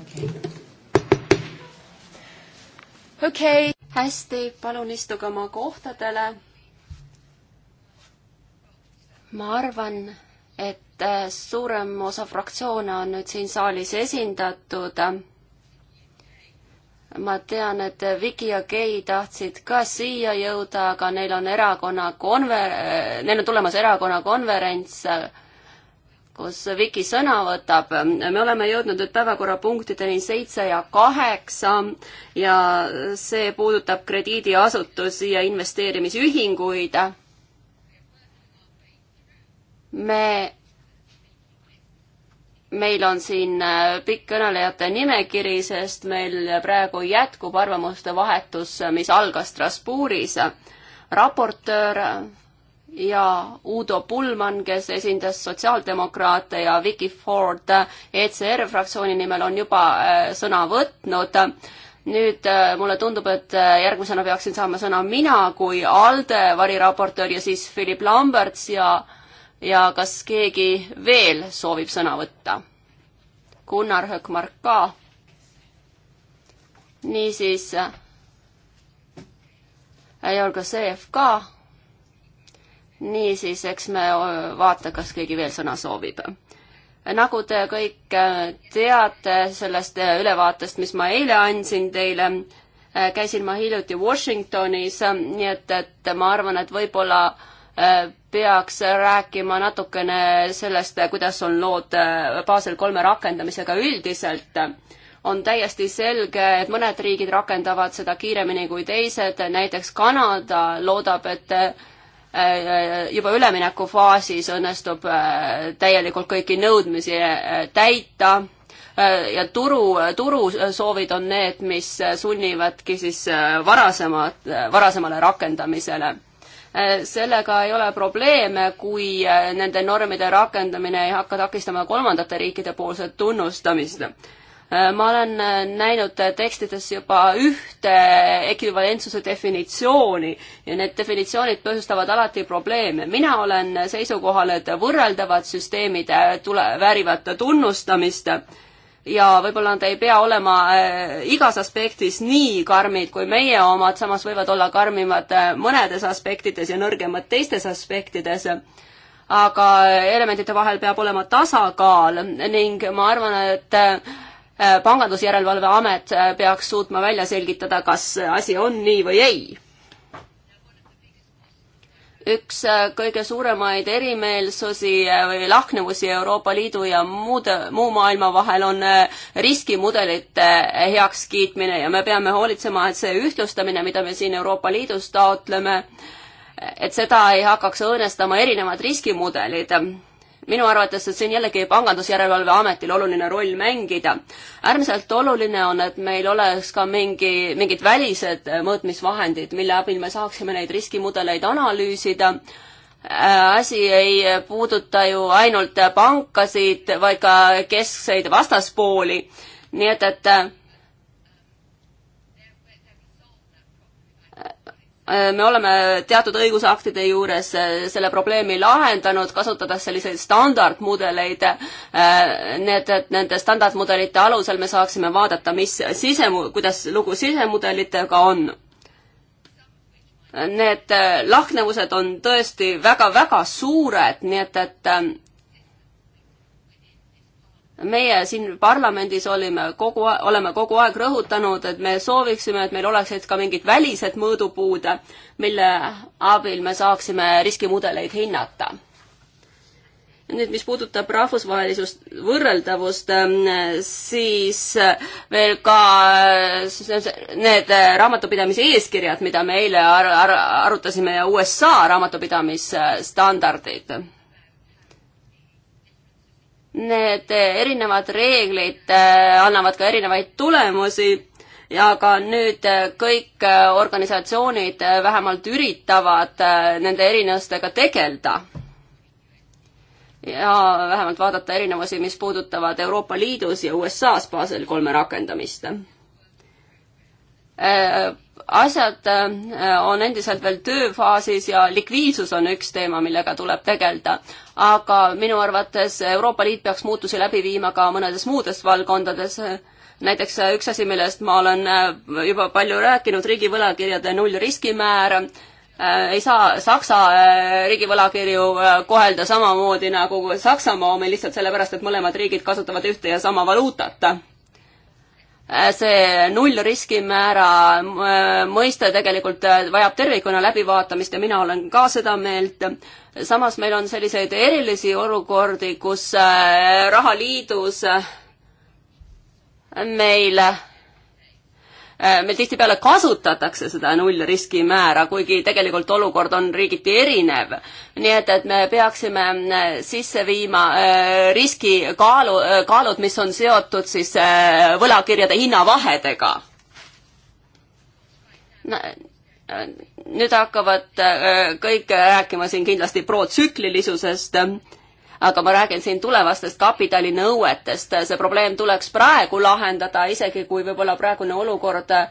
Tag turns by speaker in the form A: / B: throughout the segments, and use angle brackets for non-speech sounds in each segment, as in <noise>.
A: okei
B: okay. okay.. hästi, palun istuge oma kohtadele. ma arvan, et äh, suurem osa fraktsioone on nüüd siin saalis esindatud. ma tean, et Viki ja Kei tahtsid ka siia jõuda, aga neil on erakonna konver-, äh, neil on tulemas erakonna konverents kus Viki sõna võtab. me oleme jõudnud nüüd päevakorrapunktideni seitse ja kaheksa ja see puudutab krediidiasutusi ja investeerimisühinguid. me, meil on siin pikk kõnelejate nimekiri, sest meil praegu jätkub arvamuste vahetus, mis algas Strasbourgis. raportöör ja Udo Pullman, kes esindas sotsiaaldemokraate ja Vicky Ford ECR fraktsiooni nimel on juba äh, sõna võtnud. nüüd äh, mulle tundub, et äh, järgmisena peaksin saama sõna mina kui ALDE variraportöör ja siis Philip Lamberts ja, ja kas keegi veel soovib sõna võtta? Gunnar Hökmark ka. niisiis. Jorgo Seev ka niisiis, eks me vaata, kas keegi veel sõna soovib. nagu te kõik äh, teate sellest äh, ülevaatest, mis ma eile andsin teile, äh, käisin ma hiljuti Washingtonis, nii et, et ma arvan, et võib-olla peaks rääkima natukene sellest, kuidas on lood Basel kolme rakendamisega üldiselt. on täiesti selge, et mõned riigid rakendavad seda kiiremini kui teised, näiteks Kanada loodab, et Äh, juba üleminekufaasis õnnestub äh, täielikult kõiki nõudmisi äh, täita ja turu, turusoovid on need, mis sunnivadki siis varasemat, varasemale rakendamisele. sellega ei ole probleeme, kui nende normide rakendamine ei hakka takistama kolmandate riikide poolset tunnustamist Äh, ma olen äh, näinud äh, tekstides juba ühte ekvivalentsuse definitsiooni ja need definitsioonid põhjustavad alati probleeme. mina olen seisukohal, et võrreldavad süsteemid tule, väärivad tunnustamist ja võib-olla nad ei pea olema igas aspektis nii karmid kui meie omad, samas võivad olla karmimad mõnedes aspektides ja nõrgemad teistes aspektides aga elementide vahel peab olema tasakaal ning ma arvan, et Äh, pangandusjärelevalve amet äh, peaks suutma välja selgitada, kas asi on nii või ei. üks äh, kõige suuremaid erimeelsusi või lahknevusi Euroopa Liidu ja muude, muu maailma vahel on riskimudelite heakskiitmine ja me peame hoolitsema, et see ühtlustamine, mida me siin Euroopa Liidus taotleme, et seda ei hakkaks õõnestama erinevad riskimudelid minu arvates, et siin jällegi Pangandusjärelevalve Ametil oluline roll mängida. äärmiselt oluline on, et meil oleks ka mingi, mingid välised mõõtmisvahendid, mille abil me saaksime neid riskimudeleid analüüsida. Äh, asi ei puuduta ju ainult pankasid, vaid ka keskseid vastaspooli, nii et, et äh, Äh, me oleme teatud õigusaktide juures äh, selle probleemi lahendanud, kasutades selliseid standardmudeleid. Äh, need, nende standardmudelite alusel me saaksime vaadata, mis sisemu-, kuidas lugu sisemudelitega on. Need lahknevused on tõesti väga-väga suured, nii et, et meie siin parlamendis olime kogu, oleme kogu aeg rõhutanud, et me sooviksime, et meil oleksid ka mingid välised mõõdupuud, mille abil me saaksime riskimudeleid hinnata. nüüd, mis puudutab rahvusvahelisust, võrreldavust, ähm, siis äh, veel ka äh, need äh, raamatupidamise eeskirjad, mida me eile ar ar arutasime ja USA raamatupidamisstandardid Need erinevad reeglid äh, annavad ka erinevaid tulemusi ja ka nüüd äh, kõik äh, organisatsioonid vähemalt üritavad nende erinevustega tegeleda. ja vähemalt vaadata erinevusi, mis puudutavad Euroopa Liidus ja USA-s Basel kolme rakendamist Äh, asjad äh, on endiselt veel tööfaasis ja likviidsus on üks teema, millega tuleb tegeleda. aga minu arvates Euroopa Liit peaks muutusi läbi viima ka mõnedes muudes valdkondades. näiteks äh, üks asi, millest ma olen juba palju rääkinud, riigivõlakirjade nullriskimäär. ei saa Saksa riigivõlakirju kohelda samamoodi nagu Saksamaa omi lihtsalt sellepärast, et mõlemad riigid kasutavad ühte ja sama valuutat Äh, see nullriskimäära äh, mõiste tegelikult äh, vajab tervikuna läbivaatamist ja mina olen ka seda meelt. samas meil on selliseid erilisi olukordi, kus rahaliidus meil Äh, meil tihtipeale kasutatakse seda nullriskimäära, kuigi tegelikult olukord on riigiti erinev. nii et, et me peaksime äh, sisse viima äh, riskikaalu, kaalud, mis on seotud siis võlakirjade hinnavahedega no, nüüd hakkavad kõik rääkima siin kindlasti protsüklilisusest aga ma räägin siin tulevastest kapitalinõuetest, see probleem tuleks praegu lahendada, isegi kui võib-olla praegune olukord äh,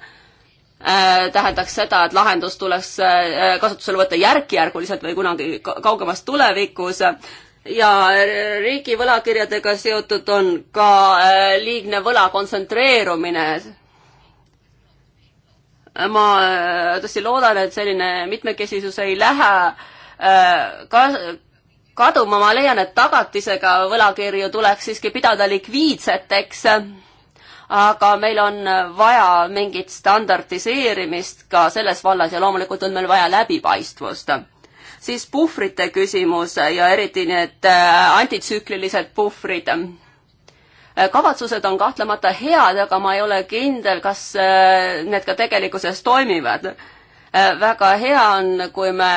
B: tähendaks seda, et lahendus tuleks äh, kasutusele võtta järk-järguliselt või kunagi kaugemas tulevikus ja riigi võlakirjadega seotud on ka äh, liigne võla kontsentreerumine. ma tõesti loodan, et selline mitmekesisus ei lähe ka kaduma, ma leian, et tagatisega võlakirju tuleks siiski pidada likviidseteks, aga meil on vaja mingit standardiseerimist ka selles vallas ja loomulikult on meil vaja läbipaistvust. siis puhvrite küsimus ja eriti need äh, antitsüklilised puhvrid äh, kavatsused on kahtlemata head, aga ma ei ole kindel, kas äh, need ka tegelikkuses toimivad. Äh, väga hea on, kui me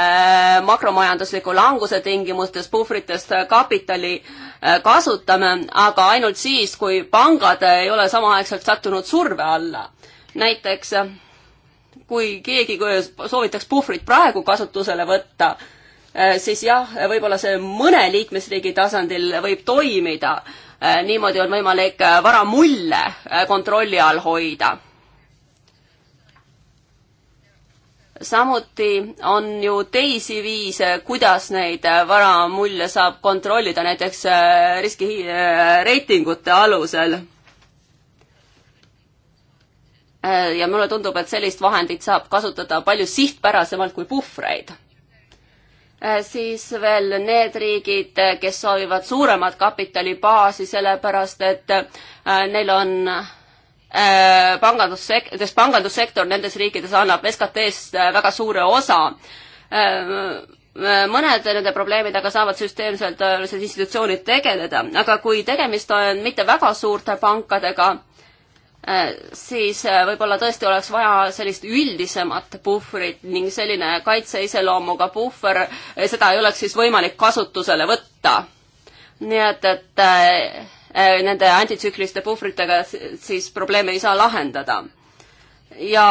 B: makromajandusliku languse tingimustes puhvritest äh, kapitali äh, kasutame, aga ainult siis, kui pangad ei ole samaaegselt sattunud surve alla. näiteks kui keegi soovitaks puhvrit praegu kasutusele võtta, siis jah, võib-olla see mõne liikmesriigi tasandil võib toimida. niimoodi on võimalik varamulle kontrolli all hoida samuti on ju teisi viise, kuidas neid äh, varamulje saab kontrollida, näiteks äh, riskireitingute äh, alusel. ja mulle tundub, et sellist vahendit saab kasutada palju sihtpärasemalt kui puhvreid. siis veel need riigid, kes soovivad suuremat kapitalibaasi, sellepärast et neil on Äh, pangandussek-, sest pangandussektor nendes riikides annab SKT-st äh, väga suure osa. Äh, mõned nende probleemidega saavad süsteemselt see institutsioonid tegeleda, aga kui tegemist on mitte väga suurte pankadega, siis võib-olla tõesti oleks vaja sellist üldisemat puhvrit ning selline kaitse iseloomuga puhver, seda ei oleks siis võimalik kasutusele võtta. nii et, et Äh, nende antitsükliste puhvritega, siis probleeme ei saa lahendada ja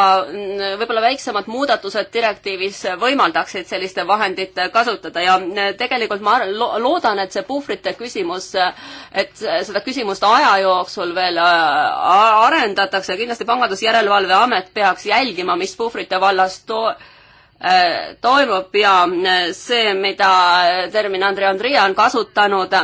B: võib-olla väiksemad muudatused direktiivis võimaldaksid selliste vahendite kasutada ja tegelikult ma loodan, et see puhvrite küsimus, et seda küsimust aja jooksul veel äh, arendatakse, kindlasti Pangandusjärelevalveamet peaks jälgima, mis puhvrite vallas to-, äh, toimub ja see, mida termin Andrei Andrei on kasutanud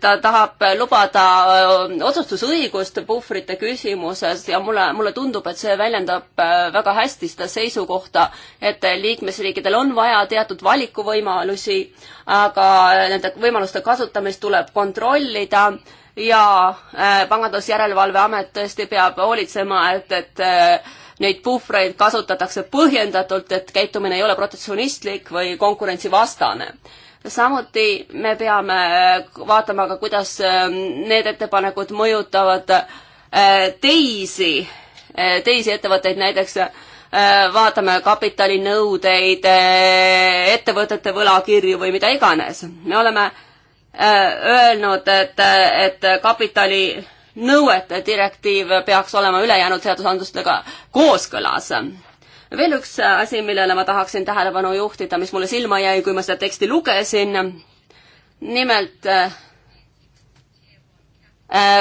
B: ta tahab lubada äh, otsustusõigust puhvrite küsimuses ja mulle, mulle tundub, et see väljendab äh, väga hästi seda seisukohta, et liikmesriikidel on vaja teatud valikuvõimalusi, aga nende võimaluste kasutamist tuleb kontrollida ja äh, Pangandusjärelevalveamet tõesti peab hoolitsema, et, et neid puhvreid kasutatakse põhjendatult, et käitumine ei ole protektsionistlik või konkurentsivastane samuti me peame äh, vaatama ka, kuidas ähm, need ettepanekud mõjutavad äh, teisi, äh, teisi ettevõtteid, näiteks vaatame kapitalinõudeid, ettevõtete võlakirju või mida iganes. me oleme öelnud, et, et kapitalinõuete direktiiv peaks olema ülejäänud seadusandlustega kooskõlas veel üks asi, millele ma tahaksin tähelepanu juhtida, mis mulle silma jäi, kui ma seda teksti lugesin. nimelt äh,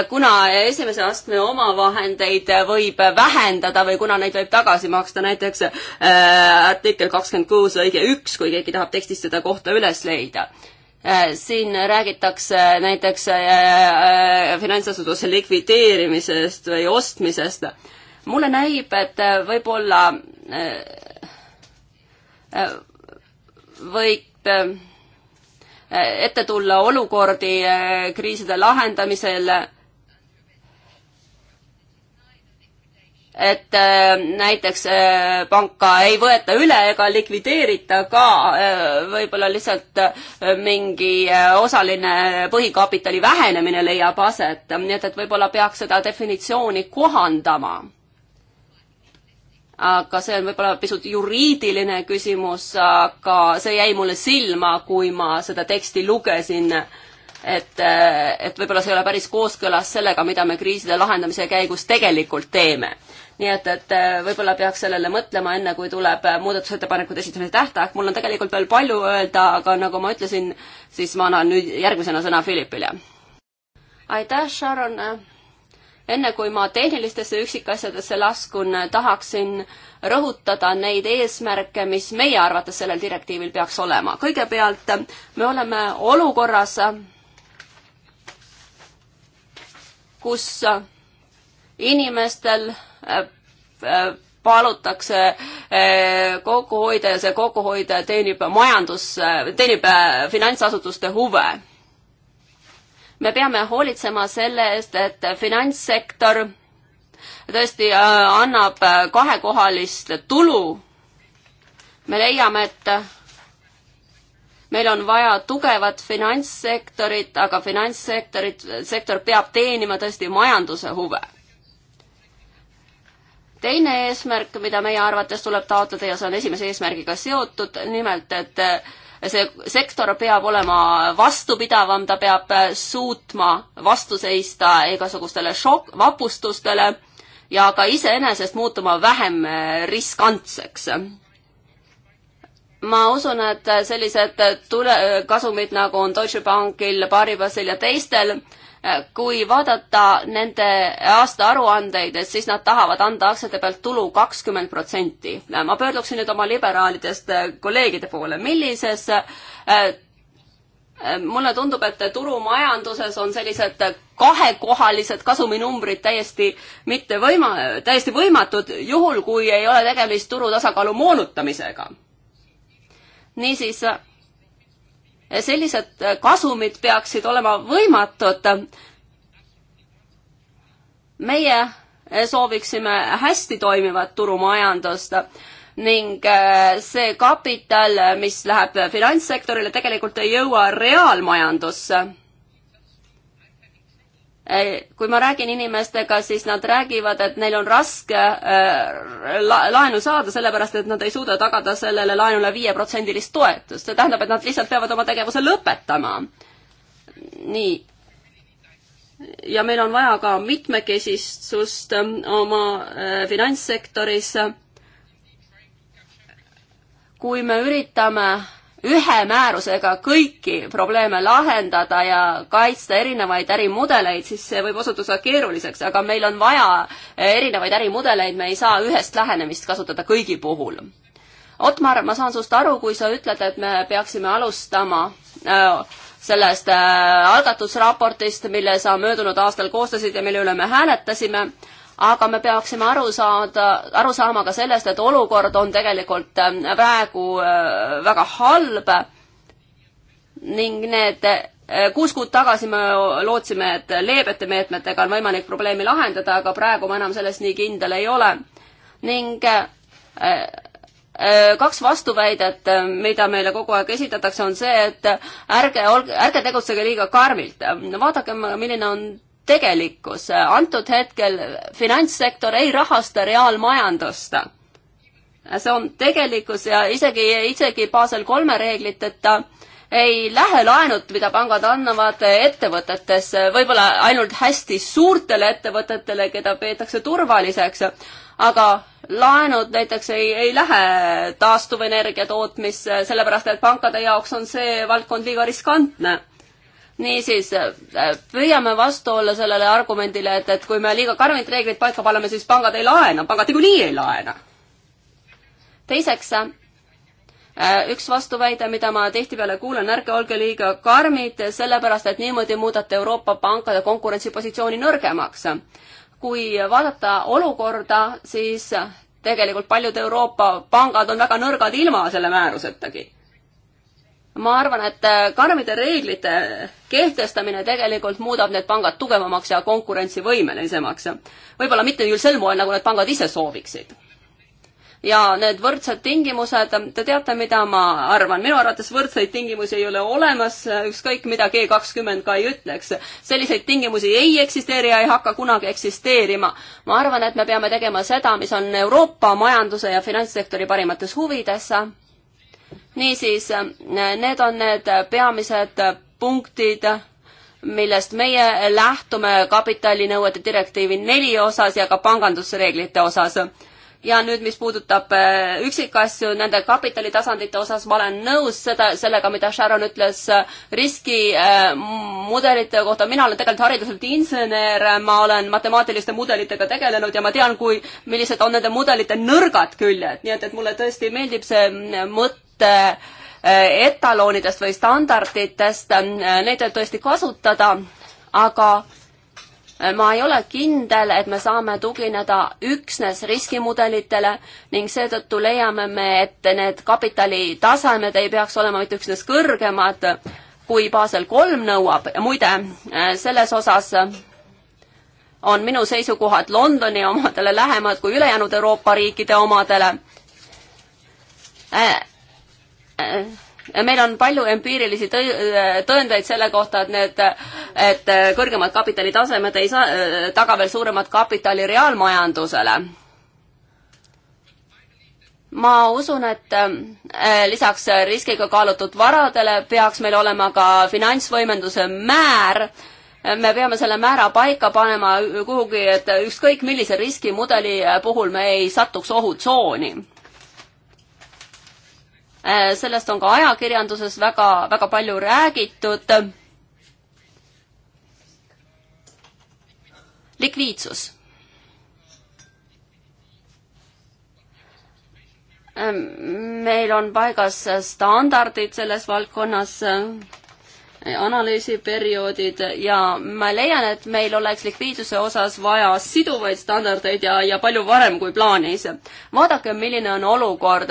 B: kuna esimese astme omavahendeid võib vähendada või kuna neid võib tagasi maksta, näiteks äh, artikkel kakskümmend kuus lõige üks, kui keegi tahab tekstist seda kohta üles leida äh, siin räägitakse näiteks finantsasutuse likvideerimisest või ostmisest mulle näib, et äh, võib-olla äh, äh, võib ette tulla olukordi kriiside lahendamisel, et näiteks panka ei võeta üle ega likvideerita ka, võib-olla lihtsalt mingi osaline põhikapitali vähenemine leiab aset, nii et, et võib-olla peaks seda definitsiooni kohandama aga see on võib-olla pisut juriidiline küsimus, aga see jäi mulle silma, kui ma seda teksti lugesin, et, et võib-olla see ei ole päris kooskõlas sellega, mida me kriiside lahendamise käigus tegelikult teeme. nii et, et võib-olla peaks sellele mõtlema, enne kui tuleb muudatusettepanekute esitamise tähtaeg, mul on tegelikult veel palju öelda, aga nagu ma ütlesin, siis ma annan nüüd järgmisena sõna Philippile. aitäh, Sharon enne kui ma tehnilistesse üksikasjadesse laskun, tahaksin rõhutada neid eesmärke, mis meie arvates sellel direktiivil peaks olema. kõigepealt me oleme olukorras, kus inimestel äh, äh, palutakse äh, kokku hoida ja see kokkuhoid teenib majandus, teenib finantsasutuste huve me peame hoolitsema selle eest, et finantssektor tõesti äh, annab äh, kahekohalist tulu. me leiame, et meil on vaja tugevat finantssektorit, aga finantssektorit, sektor peab teenima tõesti majanduse huve. teine eesmärk, mida meie arvates tuleb taotleda ja see on esimese eesmärgiga seotud, nimelt et äh, see sektor peab olema vastupidavam, ta peab suutma vastu seista igasugustele šokk, vapustustele ja ka iseenesest muutuma vähem riskantseks. ma usun, et sellised tule-, kasumid nagu on Deutsche Bankil, Paribasil ja teistel, kui vaadata nende aastaaruandeid, et siis nad tahavad anda aktsiate pealt tulu kakskümmend protsenti. ma pöörduksin nüüd oma liberaalidest äh, kolleegide poole, millises äh, äh, mulle tundub, et turumajanduses on sellised kahekohalised kasuminumbrid täiesti mitte võima-, täiesti võimatud, juhul kui ei ole tegemist turu tasakaalu moonutamisega. niisiis sellised kasumid peaksid olema võimatud. meie sooviksime hästi toimivat turumajandust ning äh, see kapital, mis läheb finantssektorile, tegelikult ei jõua reaalmajandusse kui ma räägin inimestega, siis nad räägivad, et neil on raske äh, la laenu saada, sellepärast et nad ei suuda tagada sellele laenule viieprotsendilist toetust. see tähendab, et nad lihtsalt peavad oma tegevuse lõpetama. nii. ja meil on vaja ka mitmekesisust ähm, oma äh, finantssektoris. kui me üritame ühe määrusega kõiki probleeme lahendada ja kaitsta erinevaid ärimudeleid, siis see võib osutuda keeruliseks, aga meil on vaja erinevaid ärimudeleid, me ei saa ühest lähenemist kasutada kõigi puhul. Otmar, ma saan sinust aru, kui sa ütled, et me peaksime alustama äh, sellest äh, algatusraportist, mille sa möödunud aastal koostasid ja mille üle me hääletasime aga me peaksime aru saada, aru saama ka sellest, et olukord on tegelikult äh, praegu äh, väga halb ning need äh, kuus kuud tagasi me lootsime, et leebete meetmetega on võimalik probleemi lahendada, aga praegu ma enam selles nii kindel ei ole. ning kaks vastuväidet, mida meile kogu aeg esitatakse, on see, et ärge olge, ärge tegutsege liiga karmilt. vaadake, milline on tegelikkus. antud hetkel finantssektor ei rahasta reaalmajandust. see on tegelikkus ja isegi, isegi Basel kolme reegliteta ei lähe laenud, mida pangad annavad ettevõtetesse, võib-olla ainult hästi suurtele ettevõtetele, keda peetakse turvaliseks, aga laenud näiteks ei, ei lähe taastuvenergia tootmisse, sellepärast et pankade jaoks on see valdkond liiga riskantne niisiis, äh, äh, püüame vastu olla sellele argumendile, et, et kui me liiga karmid reeglid paika paneme, siis pangad ei laena, pangad niikuinii ei laena. teiseks, äh, üks vastuväide, mida ma tihtipeale kuulen, ärge olge liiga karmid, sellepärast et niimoodi muudate Euroopa pankade konkurentsipositsiooni nõrgemaks. kui vaadata olukorda, siis tegelikult paljud Euroopa pangad on väga nõrgad ilma selle määrusetagi ma arvan, et äh, karmide reeglite kehtestamine tegelikult muudab need pangad tugevamaks ja konkurentsivõimelisemaks. võib-olla mitte küll sel moel, nagu need pangad ise sooviksid. ja need võrdsed tingimused, te teate, mida ma arvan, minu arvates võrdseid tingimusi ei ole olemas, ükskõik mida G kakskümmend ka ei ütleks. selliseid tingimusi ei eksisteeri ja ei hakka kunagi eksisteerima. ma arvan, et me peame tegema seda, mis on Euroopa majanduse ja finantssektori parimates huvides niisiis, äh, need on need peamised punktid, millest meie lähtume kapitalinõuete direktiivi neli osas ja ka pangandusreeglite osas. ja nüüd, mis puudutab äh, üksikasju nende kapitalitasandite osas, ma olen nõus seda, sellega, mida Sharon ütles äh, riskimudelite kohta, mina olen tegelikult hariduselt insener, ma olen matemaatiliste mudelitega tegelenud ja ma tean, kui, millised on nende mudelite nõrgad küljed, nii et, et mulle tõesti meeldib see mm, mõte, Eh, etalonidest või standarditest, eh, neid võib tõesti kasutada, aga eh, ma ei ole kindel, et me saame tugineda üksnes riskimudelitele ning seetõttu leiame me, et need kapitalitasemed ei peaks olema mitte üksnes kõrgemad, kui Basel kolm nõuab ja muide, selles osas on minu seisukohad Londoni omadele lähemad kui ülejäänud Euroopa riikide omadele äh, meil on palju empiirilisi tõendeid selle kohta, et need, et kõrgemad kapitalitasemed ei saa, taga veel suuremat kapitali reaalmajandusele. ma usun, et äh, lisaks riskiga kaalutud varadele peaks meil olema ka finantsvõimenduse määr, me peame selle määra paika panema kuhugi, et ükskõik millise riskimudeli puhul me ei satuks ohutsooni Äh, sellest on ka ajakirjanduses väga, väga palju räägitud. likviidsus. Äh, meil on paigas standardid selles valdkonnas, äh, analüüsiperioodid ja ma leian, et meil oleks likviidsuse osas vaja siduvaid standardeid ja, ja palju varem kui plaanis. vaadake, milline on olukord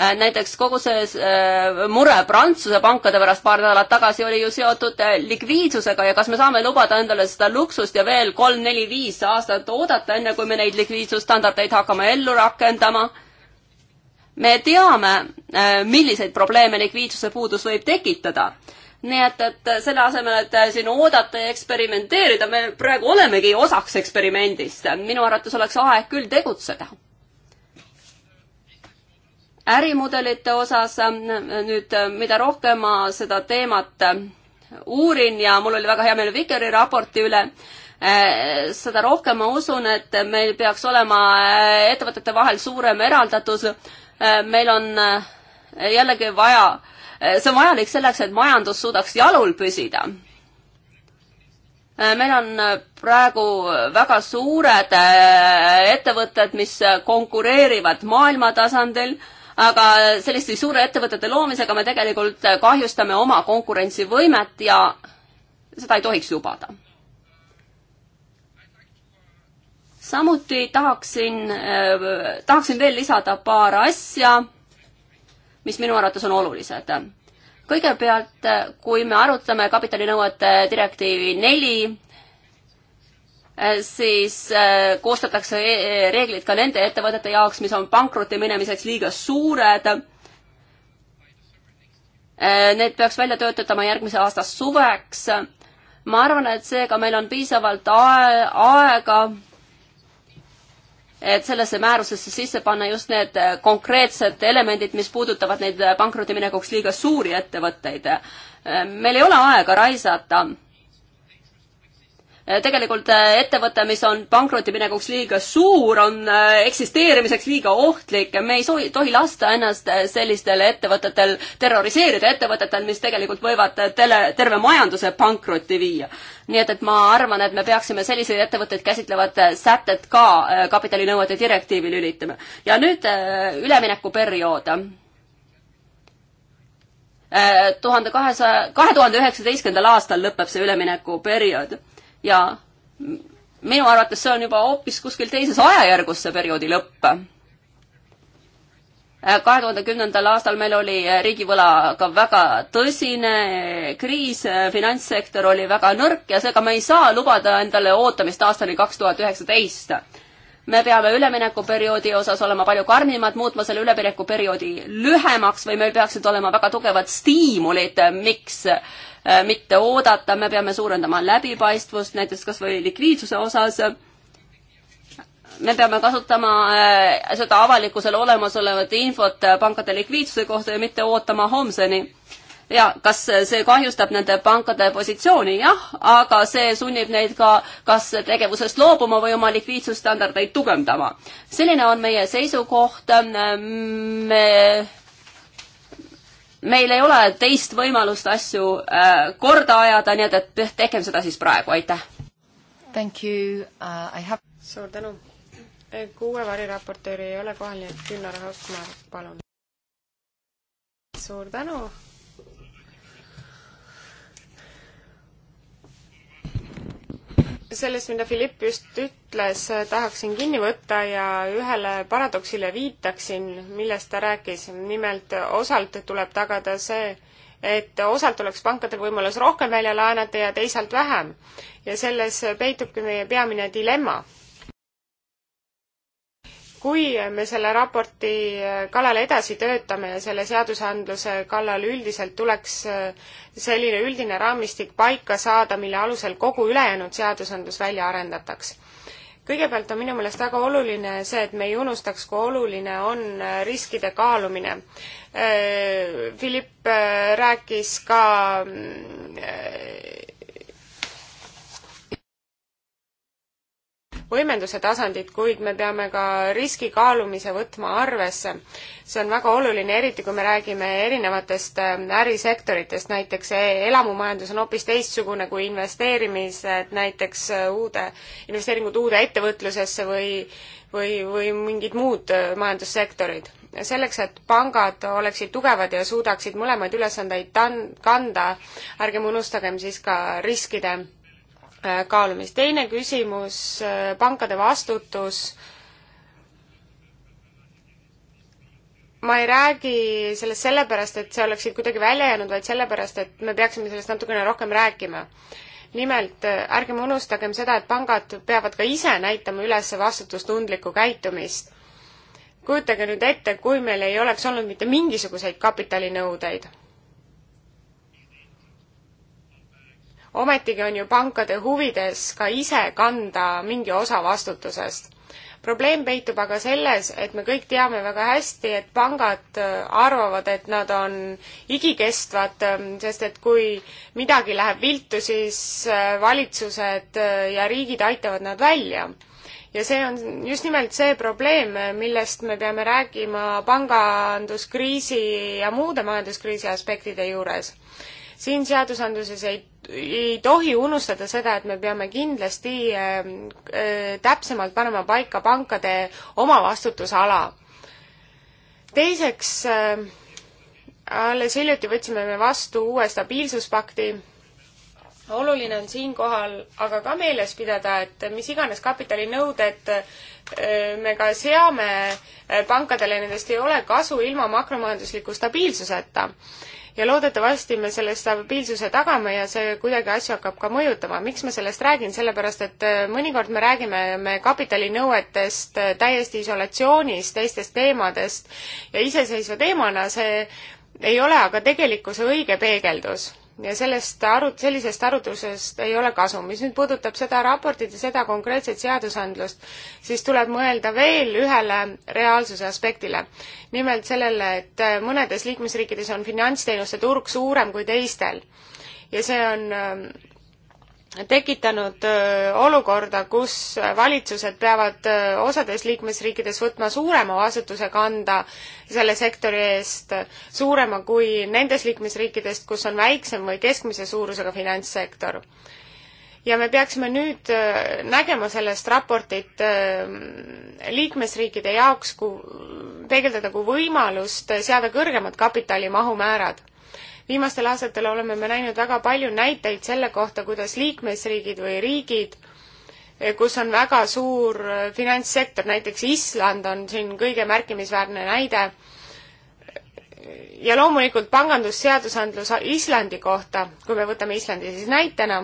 B: Äh, näiteks kogu see äh, mure Prantsuse pankade pärast paar nädalat tagasi oli ju seotud äh, likviidsusega ja kas me saame lubada endale seda luksust ja veel kolm-neli-viis aastat oodata, enne kui me neid likviidsusstandardeid hakkame ellu rakendama? me teame, milliseid probleeme likviidsuse puudus võib tekitada nii et, et selle asemel, et siin oodata ja eksperimenteerida, me praegu olemegi osaks eksperimendist. minu arvates oleks aeg küll tegutseda ärimudelite osas nüüd, mida rohkem ma seda teemat uurin ja mul oli väga hea meel Vikeri raporti üle, seda rohkem ma usun, et meil peaks olema ettevõtete vahel suurem eraldatus. meil on jällegi vaja, see on vajalik selleks, et majandus suudaks jalul püsida. meil on praegu väga suured ettevõtted, mis konkureerivad maailma tasandil aga selliste suure ettevõtete loomisega me tegelikult kahjustame oma konkurentsivõimet ja seda ei tohiks lubada. samuti tahaksin, tahaksin veel lisada paar asja, mis minu arvates on olulised. kõigepealt, kui me arutame kapitalinõuete direktiivi neli, Äh, siis äh, koostatakse äh, reeglid ka nende ettevõtete jaoks, mis on pankrotti minemiseks liiga suured. Need peaks välja töötama järgmise aasta suveks. ma arvan, et seega meil on piisavalt aega, et sellesse määrusesse sisse panna just need konkreetsed elemendid, mis puudutavad neid pankrotiminekuks liiga suuri ettevõtteid. meil ei ole aega raisata Äh, tegelikult äh, ettevõte, mis on pankrotiminekuks liiga suur, on äh, eksisteerimiseks liiga ohtlik. me ei soovi, tohi lasta ennast sellistel ettevõtetel terroriseerida, ettevõtetel, mis tegelikult võivad tele, terve majanduse pankrotti viia. nii et, et ma arvan, et me peaksime selliseid ettevõtteid käsitlevat sätet ka kapitalinõuete direktiivi lülitama. ja nüüd üleminekuperiood tuhande kahesaja, kahe tuhande üheksateistkümnendal aastal lõpeb see üleminekuperiood ja minu arvates see on juba hoopis kuskil teises ajajärgus, see perioodi lõpp. Äh, kahe tuhande kümnendal aastal meil oli äh, riigivõlaga väga tõsine äh, kriis, finantssektor oli väga nõrk ja seega me ei saa lubada endale ootamist aastani kaks tuhat üheksateist me peame üleminekuperioodi osas olema palju karmimad, muutma selle üleminekuperioodi lühemaks või meil peaksid olema väga tugevad stiimulid, miks äh, Äh, mitte oodata, me peame suurendama läbipaistvust näiteks kas või likviidsuse osas. me peame kasutama äh, seda avalikkusele olemasolevat infot äh, pankade likviidsuse kohta ja mitte ootama homseni. ja kas see kahjustab nende pankade positsiooni? jah, aga see sunnib neid ka kas tegevusest loobuma või oma likviidsusstandardeid tugevdama. selline on meie seisukoht. me meil ei ole teist võimalust asju äh, korda ajada, nii et, et tehkem seda siis praegu, aitäh! Thank you uh,, I have
C: suur tänu! kuue variraportööri ei ole kohal, nii et Gunnar Hokmar, palun! suur tänu! sellest, mida Philipp just ütles, tahaksin kinni võtta ja ühele paradoksile viitaksin, millest ta rääkis. nimelt osalt tuleb tagada see, et osalt oleks pankadel võimalus rohkem välja laenata ja teisalt vähem. ja selles peitubki meie peamine dilemma kui me selle raporti äh, kallal edasi töötame ja selle seadusandluse kallal üldiselt tuleks äh, selline üldine raamistik paika saada, mille alusel kogu ülejäänud seadusandlus välja arendataks. kõigepealt on minu meelest väga oluline see, et me ei unustaks, kui oluline on äh, riskide kaalumine. Philipp rääkis ka mm, võimenduse tasandit, kuid me peame ka riski kaalumise võtma arvesse. see on väga oluline, eriti kui me räägime erinevatest äh, ärisektoritest, näiteks äh, elamumajandus on hoopis teistsugune kui investeerimised näiteks äh, uude, investeeringud uude ettevõtlusesse või või, või mingid muud majandussektorid. selleks, et pangad oleksid tugevad ja suudaksid mõlemaid ülesandeid tan-, kanda, ärgem unustagem siis ka riskide Äh, kaalumist. teine küsimus, äh, pankade vastutus. ma ei räägi sellest sellepärast, et see oleks siit kuidagi välja jäänud, vaid sellepärast, et me peaksime sellest natukene rohkem rääkima. nimelt äh, ärgem unustagem seda, et pangad peavad ka ise näitama üles vastutustundlikku käitumist. kujutage nüüd ette, kui meil ei oleks olnud mitte mingisuguseid kapitalinõudeid ometigi on ju pankade huvides ka ise kanda mingi osa vastutusest. probleem peitub aga selles, et me kõik teame väga hästi, et pangad äh, arvavad, et nad on igikestvad, ähm, sest et kui midagi läheb viltu, siis äh, valitsused äh, ja riigid aitavad nad välja ja see on just nimelt see probleem, millest me peame rääkima panganduskriisi ja muude majanduskriisi aspektide juures. siin seadusandluses ei ei tohi unustada seda, et me peame kindlasti ähm, äh, täpsemalt panema paika pankade omavastutusala. teiseks, ähm, alles hiljuti võtsime me vastu uue stabiilsuspakti. oluline on siinkohal aga ka meeles pidada, et mis iganes kapitalinõuded äh, me ka seame äh, pankadele, nendest ei ole kasu ilma makromajandusliku stabiilsuseta ja loodetavasti me selle stabiilsuse tagame ja see kuidagi asju hakkab ka mõjutama. miks ma sellest räägin, sellepärast et äh, mõnikord me räägime me kapitalinõuetest äh, täiesti isolatsioonis teistest teemadest ja iseseisva teemana see ei ole aga tegelikkuse õige peegeldus ja sellest arut-, sellisest arutlusest ei ole kasu. mis nüüd puudutab seda raportit ja seda konkreetset seadusandlust, siis tuleb mõelda veel ühele reaalsuse aspektile. nimelt sellele, et mõnedes liikmesriikides on finantsteenuste turg suurem kui teistel ja see on ähm, tekitanud olukorda, kus valitsused peavad osades liikmesriikides võtma suurema vastutuse kanda selle sektori eest, suurema kui nendes liikmesriikidest, kus on väiksem või keskmise suurusega finantssektor. ja me peaksime nüüd nägema sellest raportit liikmesriikide jaoks, kui peegeldada kui võimalust seada kõrgemad kapitalimahumäärad viimastel aastatel oleme me näinud väga palju näiteid selle kohta, kuidas liikmesriigid või riigid, kus on väga suur äh, finantssektor, näiteks Island on siin kõige märkimisväärne näide, ja loomulikult pangandusseadusandlus Islandi kohta, kui me võtame Islandi siis näitena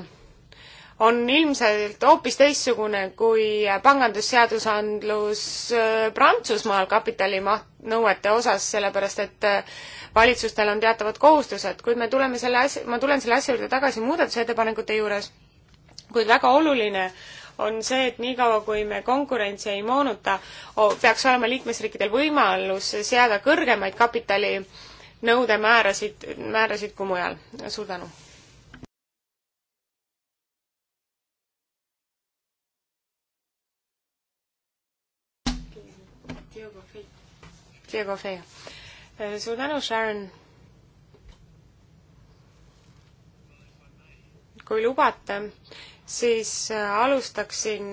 C: on ilmselt hoopis teistsugune kui pangandusseadusandlus äh, Prantsusmaal kapitalimaht nõuete osas, sellepärast et äh, valitsustel on teatavad kohustused, kuid me tuleme selle asja, ma tulen selle asja juurde tagasi muudatusettepanekute juures, kuid väga oluline on see, et niikaua, kui me konkurentsi ei moonuta, peaks olema liikmesriikidel võimalus seada kõrgemaid kapitalinõudemäärasid, määrasid kui mujal. suur tänu! Diego Fea. Eh, suur tänu, Sharon. kui lubate, siis eh, alustaksin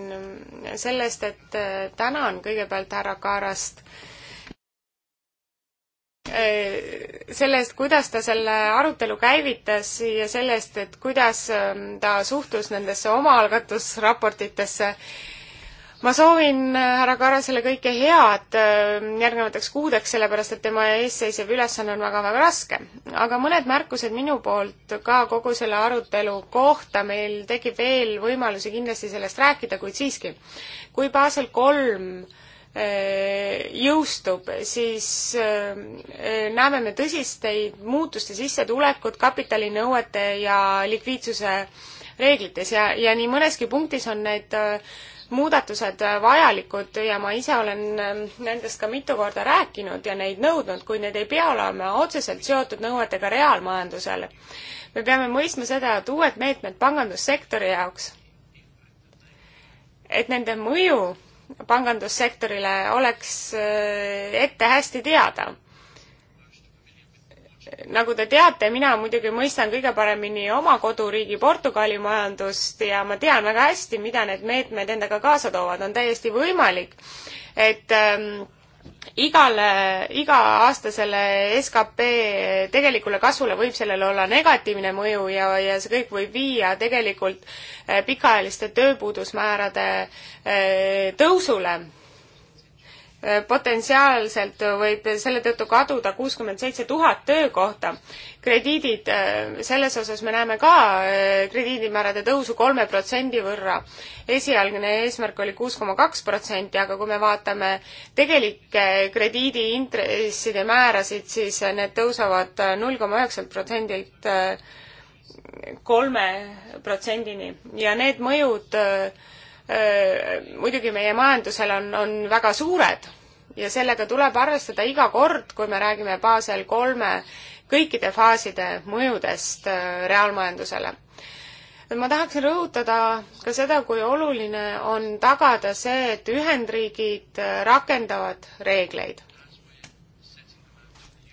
C: sellest, et eh, tänan kõigepealt härra Kaarast selle eest, kuidas ta selle arutelu käivitas ja selle eest, et kuidas ta suhtus nendesse omaalgatusraportitesse ma soovin äh, härra Karasele kõike head äh, järgnevateks kuudeks, sellepärast et tema eesseisev ülesanne on väga-väga raske. aga mõned märkused minu poolt ka kogu selle arutelu kohta, meil tekib veel võimalusi kindlasti sellest rääkida, kuid siiski, kui Basel kolm äh, jõustub, siis näeme me tõsisteid muutuste sissetulekut kapitalinõuete ja likviidsuse reeglites ja, ja nii mõneski punktis on need äh, muudatused vajalikud ja ma ise olen ähm, nendest ka mitu korda rääkinud ja neid nõudnud, kuid need ei pea olema otseselt seotud nõuetega reaalmajandusele. me peame mõistma seda, et uued meetmed pangandussektori jaoks, et nende mõju pangandussektorile oleks äh, ette hästi teada nagu te teate, mina muidugi mõistan kõige paremini oma koduriigi Portugali majandust ja ma tean väga hästi, mida need meetmed endaga kaasa toovad, on täiesti võimalik, et ähm, igale, iga-aastasele skp tegelikule kasvule võib sellel olla negatiivne mõju ja, ja see kõik võib viia tegelikult äh, pikaajaliste tööpuudusmäärade äh, tõusule Äh, potentsiaalselt võib selle tõttu kaduda kuuskümmend seitse tuhat töökohta. krediidid, äh, selles osas me näeme ka äh, krediidimäärade tõusu kolme protsendi võrra. esialgne eesmärk oli kuus koma kaks protsenti, aga kui me vaatame tegelikke krediidiintresside määrasid, siis need tõusevad null koma üheksalt protsendilt kolme protsendini ja need mõjud äh, muidugi meie majandusel on, on väga suured ja sellega tuleb arvestada iga kord, kui me räägime Basel kolme kõikide faaside mõjudest reaalmajandusele. ma tahaksin rõhutada ka seda, kui oluline on tagada see, et Ühendriigid rakendavad reegleid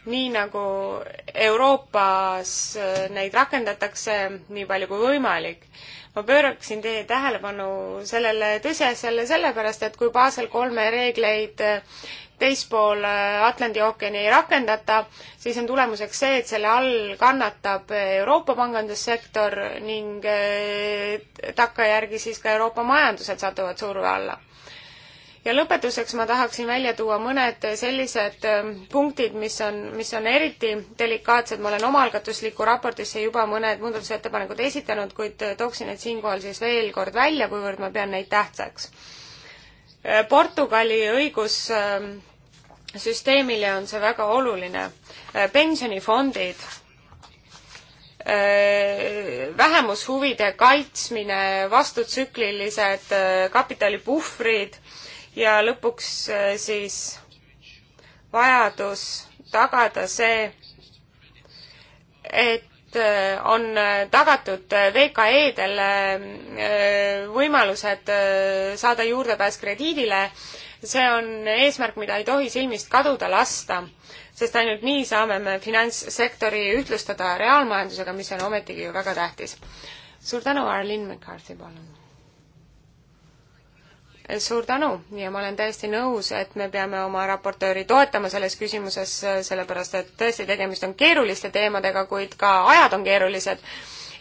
C: nii nagu Euroopas äh, neid rakendatakse, nii palju kui võimalik. ma pööraksin teie tähelepanu sellele tõsiasjale sellepärast, et kui Basel kolme reegleid äh, teispool äh, Atlandi ookeani ei rakendata, siis on tulemuseks see, et selle all kannatab Euroopa pangandussektor ning takkajärgi siis ka Euroopa majandused satuvad surve alla ja lõpetuseks ma tahaksin välja tuua mõned sellised ähm, punktid, mis on, mis on eriti delikaatsed, ma olen omaalgatuslikku raportisse juba mõned muudatusettepanekud esitanud, kuid äh, tooksin need siinkohal siis veel kord välja, kuivõrd ma pean neid tähtsaks. Äh, Portugali õigus ähm, süsteemile on see väga oluline. Äh, pensionifondid, vähemushuvide kaitsmine, vastutsüklilised kapitalipuhvrid ja lõpuks äh, siis vajadus tagada see, et äh, on äh, tagatud VKE-dele võimalused saada juurdepääs krediidile, see on eesmärk, mida ei tohi silmist kaduda lasta, sest ainult nii saame me finantssektori ühtlustada reaalmajandusega, mis on ometigi ju väga tähtis. suur tänu, Arlene McCarthy, palun! suur tänu ja ma olen täiesti nõus, et me peame oma raportööri toetama selles küsimuses, sellepärast et tõesti, tegemist on keeruliste teemadega, kuid ka ajad on keerulised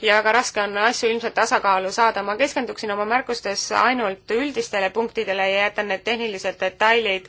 C: ja väga raske on asju ilmselt tasakaalu saada. ma keskenduksin oma märkustes ainult üldistele punktidele ja jätan need tehnilised detailid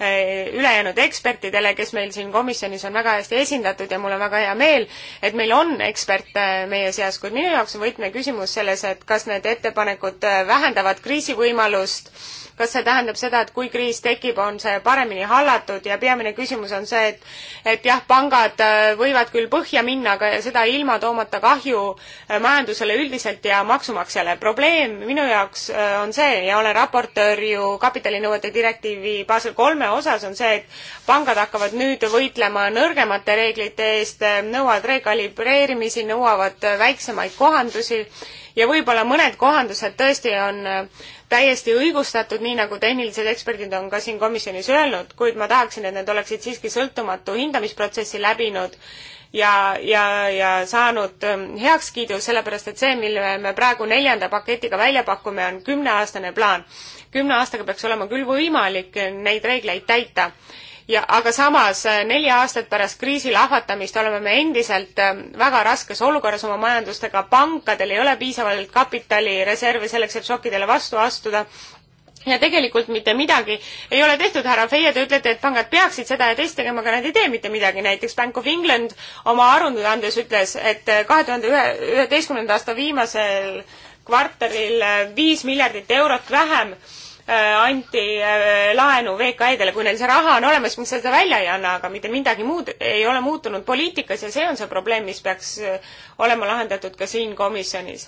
C: eh, ülejäänud ekspertidele, kes meil siin komisjonis on väga hästi esindatud ja mul on väga hea meel, et meil on eksperte meie seas, kuid minu jaoks on võtmeküsimus selles, et kas need ettepanekud eh, vähendavad kriisivõimalust äh, kas see tähendab seda, et kui kriis tekib, on see paremini hallatud ja peamine küsimus on see, et et jah, pangad äh, võivad küll põhja minna, aga seda ilma toomata kahju äh, majandusele üldiselt ja maksumaksjale. probleem minu jaoks äh, on see ja olen raportöör ju kapitalinõuete direktiivi baasil kolme osas, on see, et pangad hakkavad nüüd võitlema nõrgemate reeglite eest, nõuavad rekalibreerimisi, nõuavad väiksemaid kohandusi ja võib-olla mõned kohandused tõesti on täiesti õigustatud, nii nagu tehnilised eksperdid on ka siin komisjonis öelnud, kuid ma tahaksin, et need oleksid siiski sõltumatu hindamisprotsessi läbinud ja, ja, ja saanud ähm, heakskiidu, sellepärast et see, mille me praegu neljanda paketiga välja pakume, on kümneaastane plaan. kümne aastaga peaks olema küll võimalik neid reegleid täita ja aga samas äh, nelja aastat pärast kriisi lahvatamist oleme me endiselt äh, väga raskes olukorras oma majandustega, pankadel ei ole piisavalt kapitalireserve selleks, et šokkidele vastu astuda ja tegelikult mitte midagi ei ole tehtud, härra Feie, te ütlete, et pangad peaksid seda ja teist tegema, aga nad ei tee mitte midagi, näiteks Bank of England oma aruandes ütles, et äh, kahe tuhande ühe, üheteistkümnenda aasta viimasel kvartalil viis miljardit eurot vähem äh, Äh, anti äh, laenu VKE-dele, kui neil see raha on olemas, miks seda välja ei anna, aga mitte midagi muud ei ole muutunud poliitikas ja see on see probleem, mis peaks äh, olema lahendatud ka siin komisjonis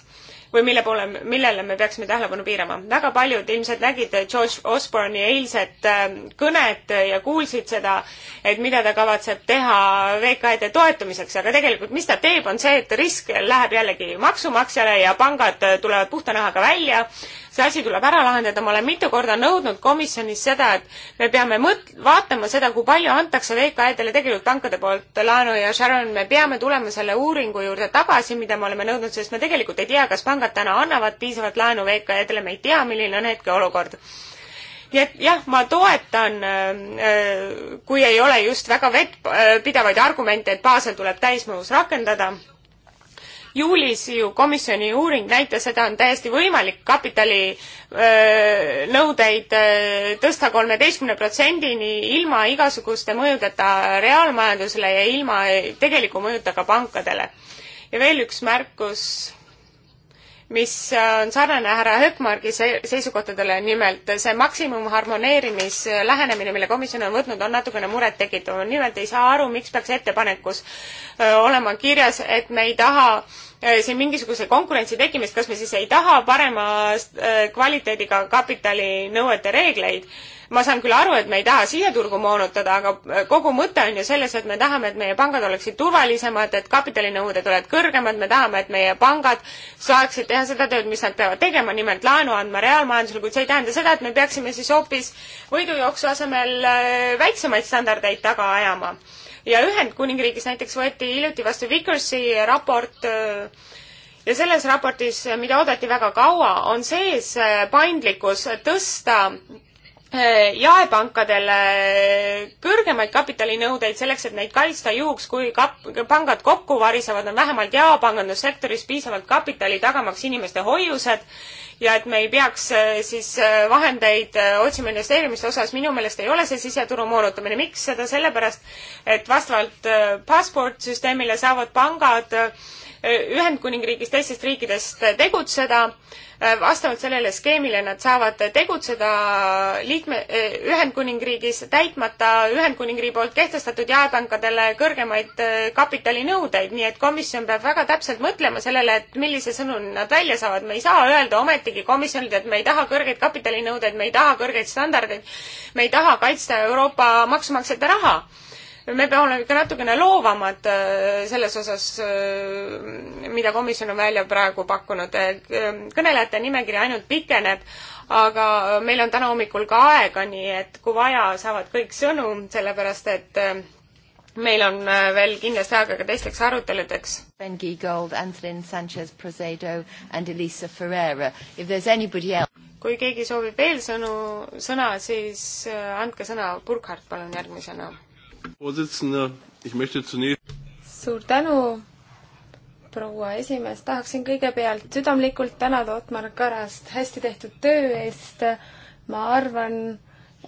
C: või mille poole, millele me peaksime tähelepanu piirama. väga paljud ilmselt nägid George Osborne'i eilset kõnet ja kuulsid seda, et mida ta kavatseb teha VKE-de toetamiseks, aga tegelikult mis ta teeb, on see, et risk läheb jällegi maksumaksjale ja pangad tulevad puhta nahaga välja, see asi tuleb ära lahendada, ma olen mitu korda nõudnud komisjonis seda, et me peame mõt-, vaatama seda, kui palju antakse VKE-dele tegelikult pankade poolt laenu ja Sharon, me peame tulema selle uuringu juurde tagasi, mida me oleme nõudnud, sest me tegelikult ei tea, kas pangad täna annavad piisavalt laenu VKE-dele, me ei tea, milline on hetkeolukord nii et jah, ma toetan, äh, äh, kui ei ole just väga vettpidavaid äh, argumente, et baasel tuleb täismõjus rakendada juulis ju komisjoni uuring näitas, seda on täiesti võimalik kapitalinõudeid tõsta kolmeteistkümne protsendini ilma igasuguste mõjudeta reaalmajandusele ja ilma tegeliku mõjuta ka pankadele. ja veel üks märkus mis on sarnane härra Höökmargi seisukohtadele, nimelt see maksimumharmoneerimislähenemine, mille komisjon on võtnud, on natukene murettekitav. nimelt ei saa aru, miks peaks ettepanekus olema kirjas, et me ei taha siin mingisuguse konkurentsi tekkimist, kas me siis ei taha parema kvaliteediga kapitalinõuete reegleid ma saan küll aru, et me ei taha siseturgu moonutada, aga äh, kogu mõte on ju selles, et me tahame, et meie pangad oleksid turvalisemad, et kapitalinõuded oled kõrgemad, me tahame, et meie pangad saaksid teha seda tööd, mis nad peavad tegema, nimelt laenu andma reaalmajandusele, kuid see ei tähenda seda, et me peaksime siis hoopis võidujooksu asemel äh, väiksemaid standardeid taga ajama. ja Ühendkuningriigis näiteks võeti hiljuti vastu Vickersi raport äh, ja selles raportis, mida oodati väga kaua, on sees paindlikkus tõsta Äh, jaepankadele kõrgemaid kapitalinõudeid selleks, et neid kaitsta juhuks, kui kap-, pangad kokku varisevad, on vähemalt jaepangandussektoris piisavalt kapitali tagamaks inimeste hoiused ja et me ei peaks äh, siis äh, vahendeid otsima investeerimiste osas, minu meelest ei ole see siseturu moonutamine. miks seda? sellepärast, et vastavalt passport süsteemile saavad pangad äh, Äh, Ühendkuningriigis, teistest riikidest tegutseda. Äh, vastavalt sellele skeemile nad saavad tegutseda liikme, äh, Ühendkuningriigis täitmata Ühendkuningriigi poolt kehtestatud jaepankadele kõrgemaid kapitalinõudeid, nii et komisjon peab väga täpselt mõtlema sellele, et millise sõnumi nad välja saavad. me ei saa öelda ometigi komisjonilt, et me ei taha kõrgeid kapitalinõudeid, me ei taha kõrgeid standardeid, me ei taha kaitsta Euroopa maksumaksjate raha me peame olema ikka natukene loovamad äh, selles osas, äh, mida komisjon on välja praegu pakkunud. Äh, kõnelejate nimekiri ainult pikeneb, aga meil on täna hommikul ka aega, nii et kui vaja, saavad kõik sõnu, sellepärast et meil on veel kindlasti aega ka teisteks aruteludeks.
B: Ben Giegold, Anthony Sanchez Prosedo and Elisa Ferreira. If there is anybody else
C: kui keegi soovib veel sõnu, sõna, siis andke sõna, Burkhard, palun järgmisena suur tänu, proua esimees, tahaksin kõigepealt südamlikult tänada Otmar Karast hästi tehtud töö eest. ma arvan,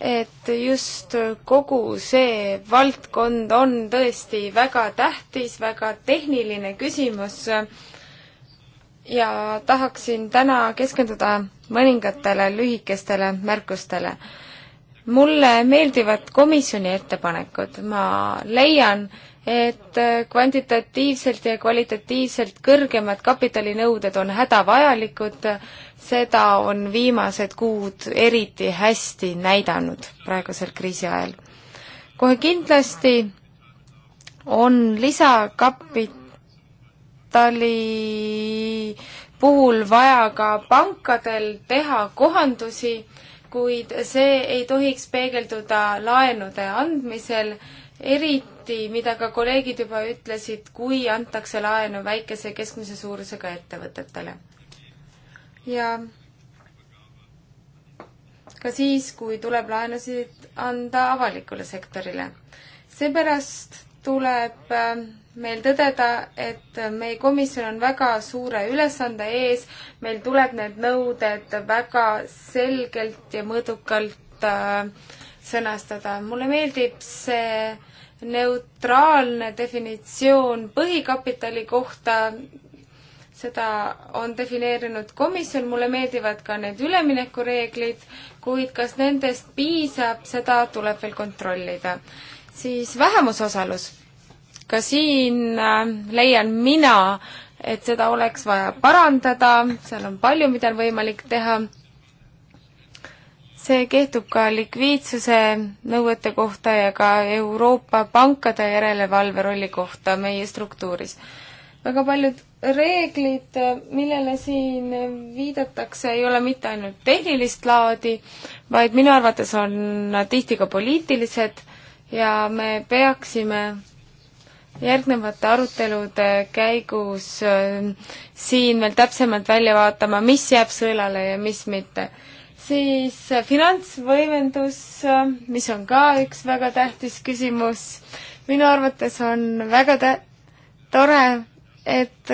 C: et just kogu see valdkond on tõesti väga tähtis, väga tehniline küsimus. ja tahaksin täna keskenduda mõningatele lühikestele märkustele mulle meeldivad komisjoni ettepanekud, ma leian, et kvantitatiivselt ja kvalitatiivselt kõrgemad kapitalinõuded on hädavajalikud, seda on viimased kuud eriti hästi näidanud praegusel kriisi ajal. kohe kindlasti on lisakapitali puhul vaja ka pankadel teha kohandusi, kuid see ei tohiks peegelduda laenude andmisel, eriti, mida ka kolleegid juba ütlesid, kui antakse laenu väikese ja keskmise suurusega ettevõtetele. ja ka siis, kui tuleb laenusid anda avalikule sektorile. seepärast tuleb ähm, meil tõdeda, et meie komisjon on väga suure ülesande ees, meil tuleb need nõuded väga selgelt ja mõõdukalt äh, sõnastada. mulle meeldib see neutraalne definitsioon põhikapitali kohta, seda on defineerinud komisjon, mulle meeldivad ka need üleminekureeglid, kuid kas nendest piisab, seda tuleb veel kontrollida. siis vähemusosalus ka siin äh, leian mina, et seda oleks vaja parandada, seal on palju, mida on võimalik teha. see kehtib ka likviidsuse nõuete kohta ja ka Euroopa pankade järelevalve rolli kohta meie struktuuris. väga paljud reeglid, millele siin viidatakse, ei ole mitte ainult tehnilist laadi, vaid minu arvates on nad tihti ka poliitilised ja me peaksime järgnevate arutelude käigus äh, siin veel täpsemalt välja vaatama, mis jääb sõelale ja mis mitte. siis äh, finantsvõimendus, äh, mis on ka üks väga tähtis küsimus, minu arvates on väga tä-, tore, et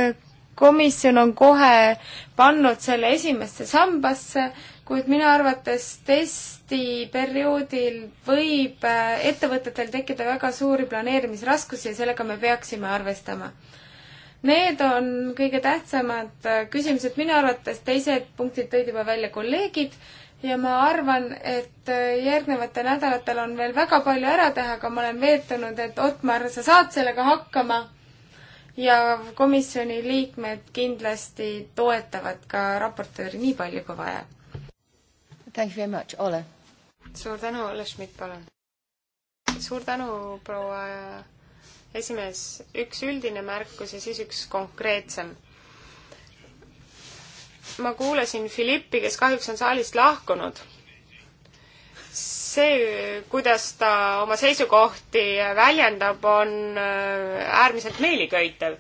C: komisjon on kohe pannud selle esimesse sambasse kuid minu arvates testiperioodil võib äh, ettevõtetel tekkida väga suuri planeerimisraskusi ja sellega me peaksime arvestama. Need on kõige tähtsamad äh, küsimused minu arvates, teised punktid tõid juba välja kolleegid ja ma arvan, et äh, järgnevatel nädalatel on veel väga palju ära teha, aga ma olen veendunud, et Otmar, sa saad sellega hakkama ja komisjoni liikmed kindlasti toetavad ka raportööri nii palju kui vaja Thank you very much, Ole. suur tänu, Olle Schmidt, palun. suur tänu, proua äh, esimees. üks üldine märkus ja siis üks konkreetsem. ma kuulasin Philippi, kes kahjuks on saalist lahkunud. see, kuidas ta oma seisukohti väljendab, on äh, äärmiselt meeliköitev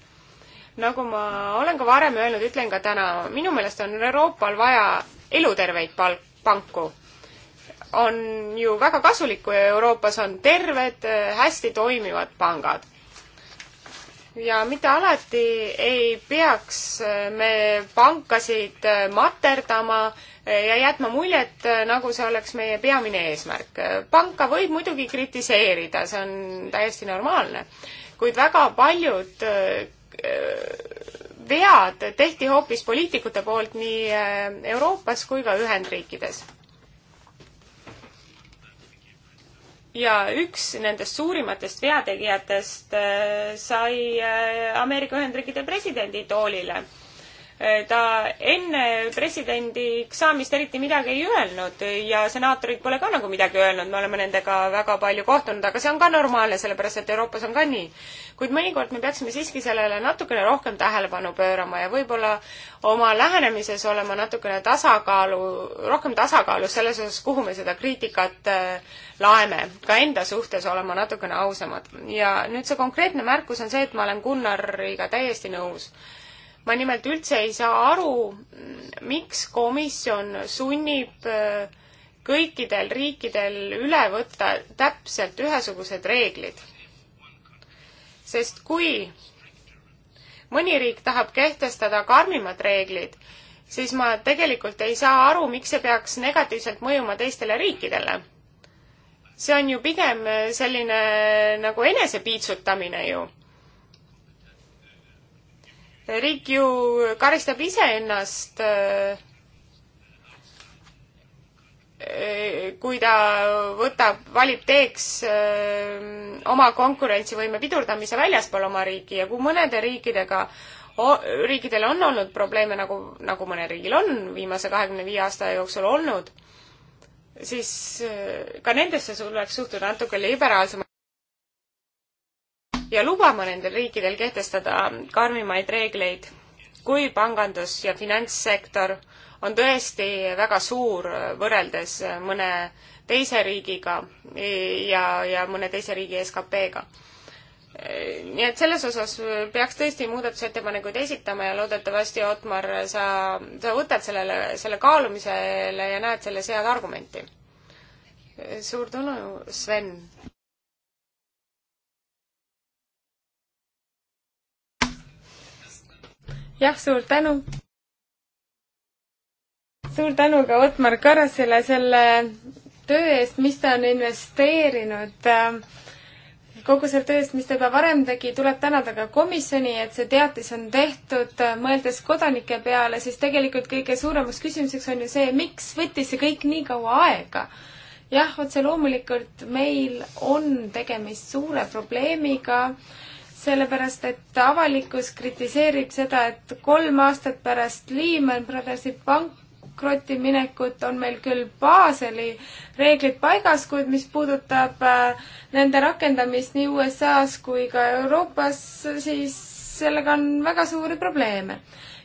C: nagu ma olen ka varem öelnud, ütlen ka täna, minu meelest on Euroopal vaja eluterveid palku panku. on ju väga kasulik, kui Euroopas on terved, hästi toimivad pangad. ja mitte alati ei peaks me pankasid materdama ja jätma muljet, nagu see oleks meie peamine eesmärk. panka võib muidugi kritiseerida, see on täiesti normaalne, kuid väga paljud vead tehti hoopis poliitikute poolt nii äh, Euroopas kui ka Ühendriikides. ja üks nendest suurimatest veategijatest äh, sai äh, Ameerika Ühendriikide presidendi toolile ta enne presidendiks saamist eriti midagi ei öelnud ja senaatorid pole ka nagu midagi öelnud, me oleme nendega väga palju kohtunud, aga see on ka normaalne, sellepärast et Euroopas on ka nii. kuid mõnikord me peaksime siiski sellele natukene rohkem tähelepanu pöörama ja võib-olla oma lähenemises olema natukene tasakaalu, rohkem tasakaalus selles osas, kuhu me seda kriitikat äh, laeme. ka enda suhtes olema natukene ausamad. ja nüüd see konkreetne märkus on see, et ma olen Gunnariga täiesti nõus ma nimelt üldse ei saa aru, miks komisjon sunnib äh, kõikidel riikidel üle võtta täpselt ühesugused reeglid. sest kui mõni riik tahab kehtestada karmimad reeglid, siis ma tegelikult ei saa aru, miks see peaks negatiivselt mõjuma teistele riikidele. see on ju pigem selline nagu enesepiitsutamine ju riik ju karistab iseennast, äh, kui ta võtab, valib teeks äh, oma konkurentsivõime pidurdamise väljaspool oma riiki ja kui mõnede riikidega O, riikidel on olnud probleeme, nagu, nagu mõnel riigil on viimase kahekümne viie aasta jooksul olnud, siis äh, ka nendesse tuleks suhtuda natuke liberaalsemalt ja lubama nendel riikidel kehtestada karmimaid reegleid, kui pangandus- ja finantssektor on tõesti väga suur võrreldes mõne teise riigiga ja, ja mõne teise riigi SKP-ga. nii et selles osas peaks tõesti muudatusettepanekuid esitama ja loodetavasti, Otmar, sa, sa võtad sellele, selle kaalumisele ja näed selles head argumenti. suur tänu, Sven! jah, suur tänu! suur tänu ka Otmar Karasele selle töö eest, mis ta on investeerinud. kogu selle töö eest, mis ta juba varem tegi, tuleb tänada ka komisjoni, et see teatis on tehtud, mõeldes kodanike peale, siis tegelikult kõige suuremaks küsimuseks on ju see, miks võttis see kõik nii kaua aega jah, otse loomulikult meil on tegemist suure probleemiga äh,, sellepärast et avalikkus kritiseerib seda, et kolm aastat pärast Lehman Brothersi pankrotti minekut on meil küll Baseli reeglid paigas, kuid mis puudutab äh, nende rakendamist nii USA-s kui ka Euroopas, siis sellega on väga suuri probleeme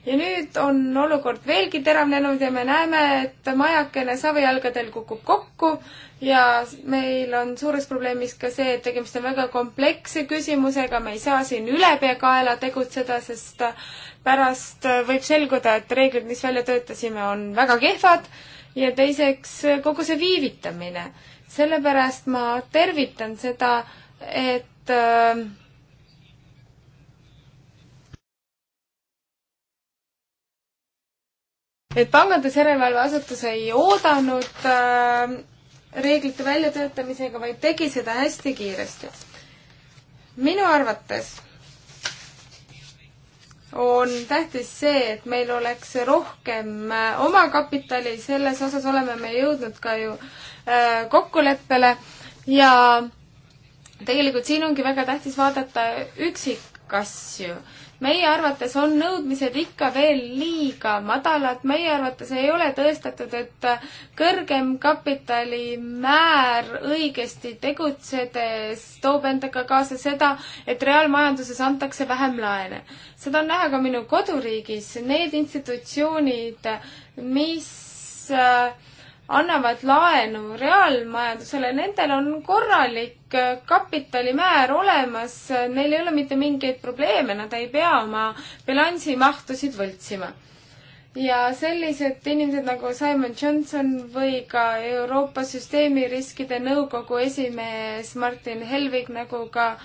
C: ja nüüd on olukord veelgi teravnenud ja me näeme, et majakene savijalgadel kukub kokku ja meil on suureks probleemiks ka see, et tegemist on väga kompleksse küsimusega, me ei saa siin ülepeakaela tegutseda, sest pärast võib selguda, et reeglid, mis välja töötasime, on väga kehvad ja teiseks kogu see viivitamine. sellepärast ma tervitan seda, et äh, et pangandusjärelevalveasutus ei oodanud äh, reeglite väljatöötamisega, vaid tegi seda hästi kiiresti. minu arvates on tähtis see, et meil oleks rohkem äh, omakapitali, selles osas oleme me jõudnud ka ju äh, kokkuleppele ja tegelikult siin ongi väga tähtis vaadata üksikasju meie arvates on nõudmised ikka veel liiga madalad, meie arvates ei ole tõestatud, et kõrgem kapitalimäär õigesti tegutsedes toob endaga kaasa seda, et reaalmajanduses antakse vähem laene. seda on näha ka minu koduriigis, need institutsioonid, mis äh, annavad laenu reaalmajandusele, nendel on korralik Äh, kapitalimäär olemas, neil ei ole mitte mingeid probleeme, nad ei pea oma bilansimahtusid võltsima. ja sellised inimesed nagu Simon Johnson või ka Euroopa Süsteemiriskide Nõukogu esimees Martin Helvig, nagu ka äh,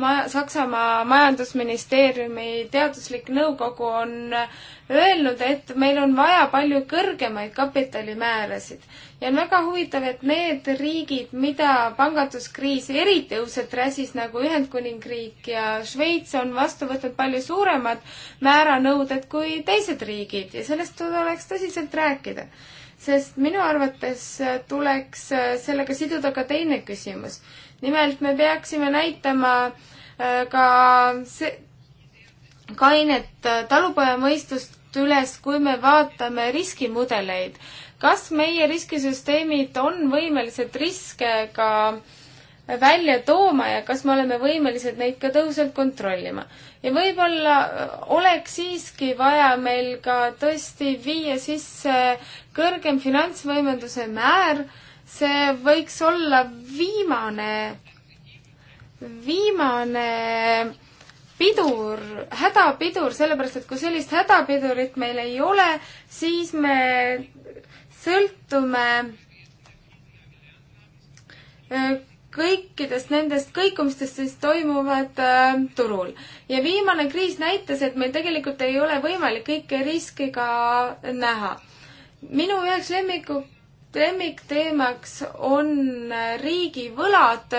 C: ma-, Saksamaa majandusministeeriumi teaduslik nõukogu on öelnud, et meil on vaja palju kõrgemaid kapitalimäärasid. ja on väga huvitav, et need riigid, mida panganduskriis eriti õudselt räsis, nagu Ühendkuningriik ja Šveits, on vastu võtnud palju suuremad määranõuded kui teised riigid ja sellest tuleks tõsiselt rääkida sest minu arvates tuleks sellega siduda ka teine küsimus nimelt me peaksime näitama äh, ka see, kainet äh, talupojamõistust üles, kui me vaatame riskimudeleid. kas meie riskisüsteemid on võimelised riske ka välja tooma ja kas me oleme võimelised neid ka tõhusalt kontrollima. ja võib-olla äh, oleks siiski vaja meil ka tõesti viia sisse kõrgem finantsvõimenduse määr äh, see võiks olla viimane, viimane pidur, hädapidur, sellepärast et kui sellist hädapidurit meil ei ole, siis me sõltume äh, kõikidest nendest kõikumistest, mis toimuvad äh, turul. ja viimane kriis näitas, et meil tegelikult ei ole võimalik kõiki riske ka näha. minu üheks lemmiku lemmikteemaks on riigivõlad.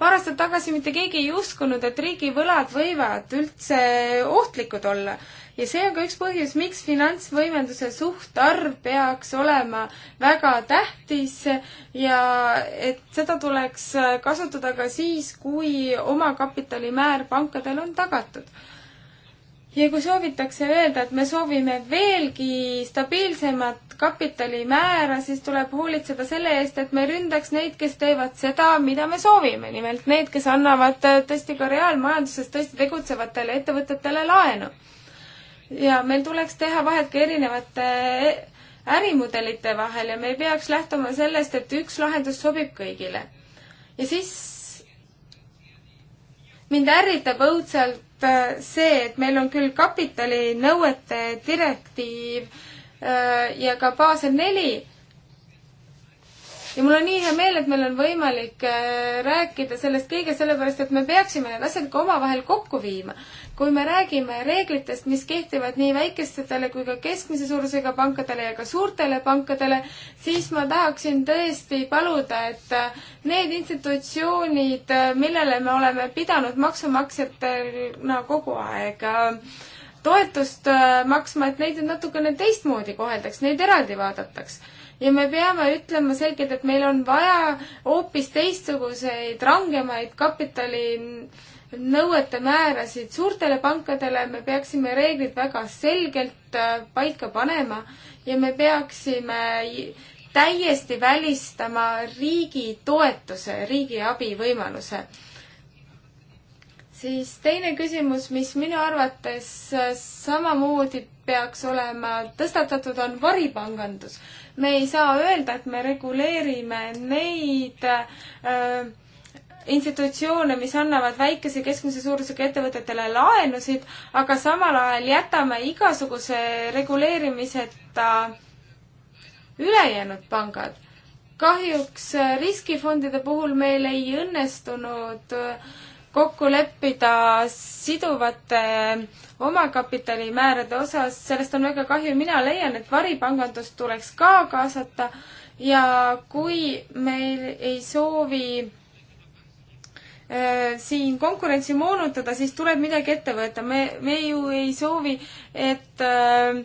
C: paar aastat tagasi mitte keegi ei uskunud, et riigivõlad võivad üldse ohtlikud olla. ja see on ka üks põhjus, miks finantsvõimenduse suhtarv peaks olema väga tähtis ja et seda tuleks kasutada ka siis, kui omakapitali määr pankadel on tagatud ja kui soovitakse öelda, et me soovime veelgi stabiilsemat kapitalimäära, siis tuleb hoolitseda selle eest, et me ründaks neid, kes teevad seda, mida me soovime, nimelt need, kes annavad äh, tõesti ka reaalmajanduses tõesti tegutsevatele ettevõtetele laenu. ja meil tuleks teha vahet ka erinevate äh, ärimudelite vahel ja me ei peaks lähtuma sellest, et üks lahendus sobib kõigile. ja siis mind ärritab õudselt äh, see, et meil on küll kapitalinõuete direktiiv äh, ja ka baasel neli. ja mul on nii hea meel, et meil on võimalik äh, rääkida sellest kõige sellepärast, et me peaksime need asjad ka omavahel kokku viima kui me räägime reeglitest, mis kehtivad nii väikestele kui ka keskmise suurusega pankadele ja ka suurtele pankadele, siis ma tahaksin tõesti paluda, et need institutsioonid, millele me oleme pidanud maksumaksjatena kogu aeg äh, toetust äh, maksma, et neid nüüd natukene teistmoodi koheldaks, neid eraldi vaadataks ja me peame ütlema selgelt, et meil on vaja hoopis teistsuguseid rangemaid kapitali nõuete määrasid suurtele pankadele, me peaksime reeglid väga selgelt äh, paika panema ja me peaksime täiesti välistama riigi toetuse, riigi abi võimaluse. siis teine küsimus, mis minu arvates äh, samamoodi peaks olema tõstatatud, on varipangandus. me ei saa öelda, et me reguleerime neid äh, institutsioone, mis annavad väikese keskmise suurusega ettevõtetele laenusid, aga samal ajal jätame igasuguse reguleerimiseta ülejäänud pangad. kahjuks äh, riskifondide puhul meil ei õnnestunud äh, kokku leppida siduvate äh, omakapitalimäärade osas, sellest on väga kahju, mina leian, et varipangandust tuleks ka kaasata ja kui meil ei soovi Äh, siin konkurentsi moonutada, siis tuleb midagi ette võtta. me, me ju ei soovi, et äh,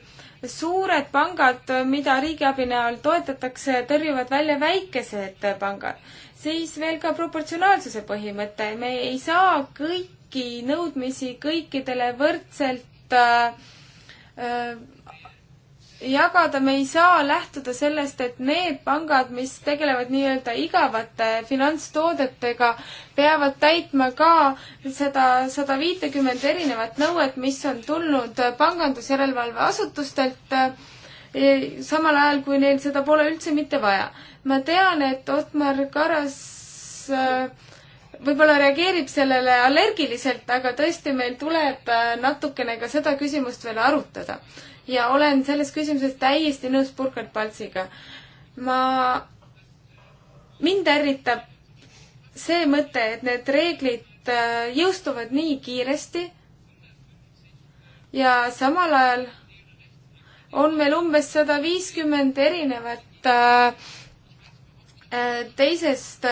C: suured pangad, mida riigiabi näol toetatakse, tõrjuvad välja väikesed pangad. siis veel ka proportsionaalsuse põhimõte. me ei saa kõiki nõudmisi kõikidele võrdselt äh, äh, jagada, me ei saa lähtuda sellest, et need pangad, mis tegelevad nii-öelda igavate finantstoodetega, peavad täitma ka seda sada viitekümmet erinevat nõuet, mis on tulnud pangandusjärelevalveasutustelt, e, samal ajal kui neil seda pole üldse mitte vaja. ma tean, et Otmar Karas e, võib-olla reageerib sellele allergiliselt, aga tõesti, meil tuleb e, natukene ka seda küsimust veel arutada ja olen selles küsimuses täiesti nõus Burkhard Paltsiga. ma, mind ärritab see mõte, et need reeglid äh, jõustuvad nii kiiresti ja samal ajal on meil umbes sada viiskümmend erinevat äh, äh, teisest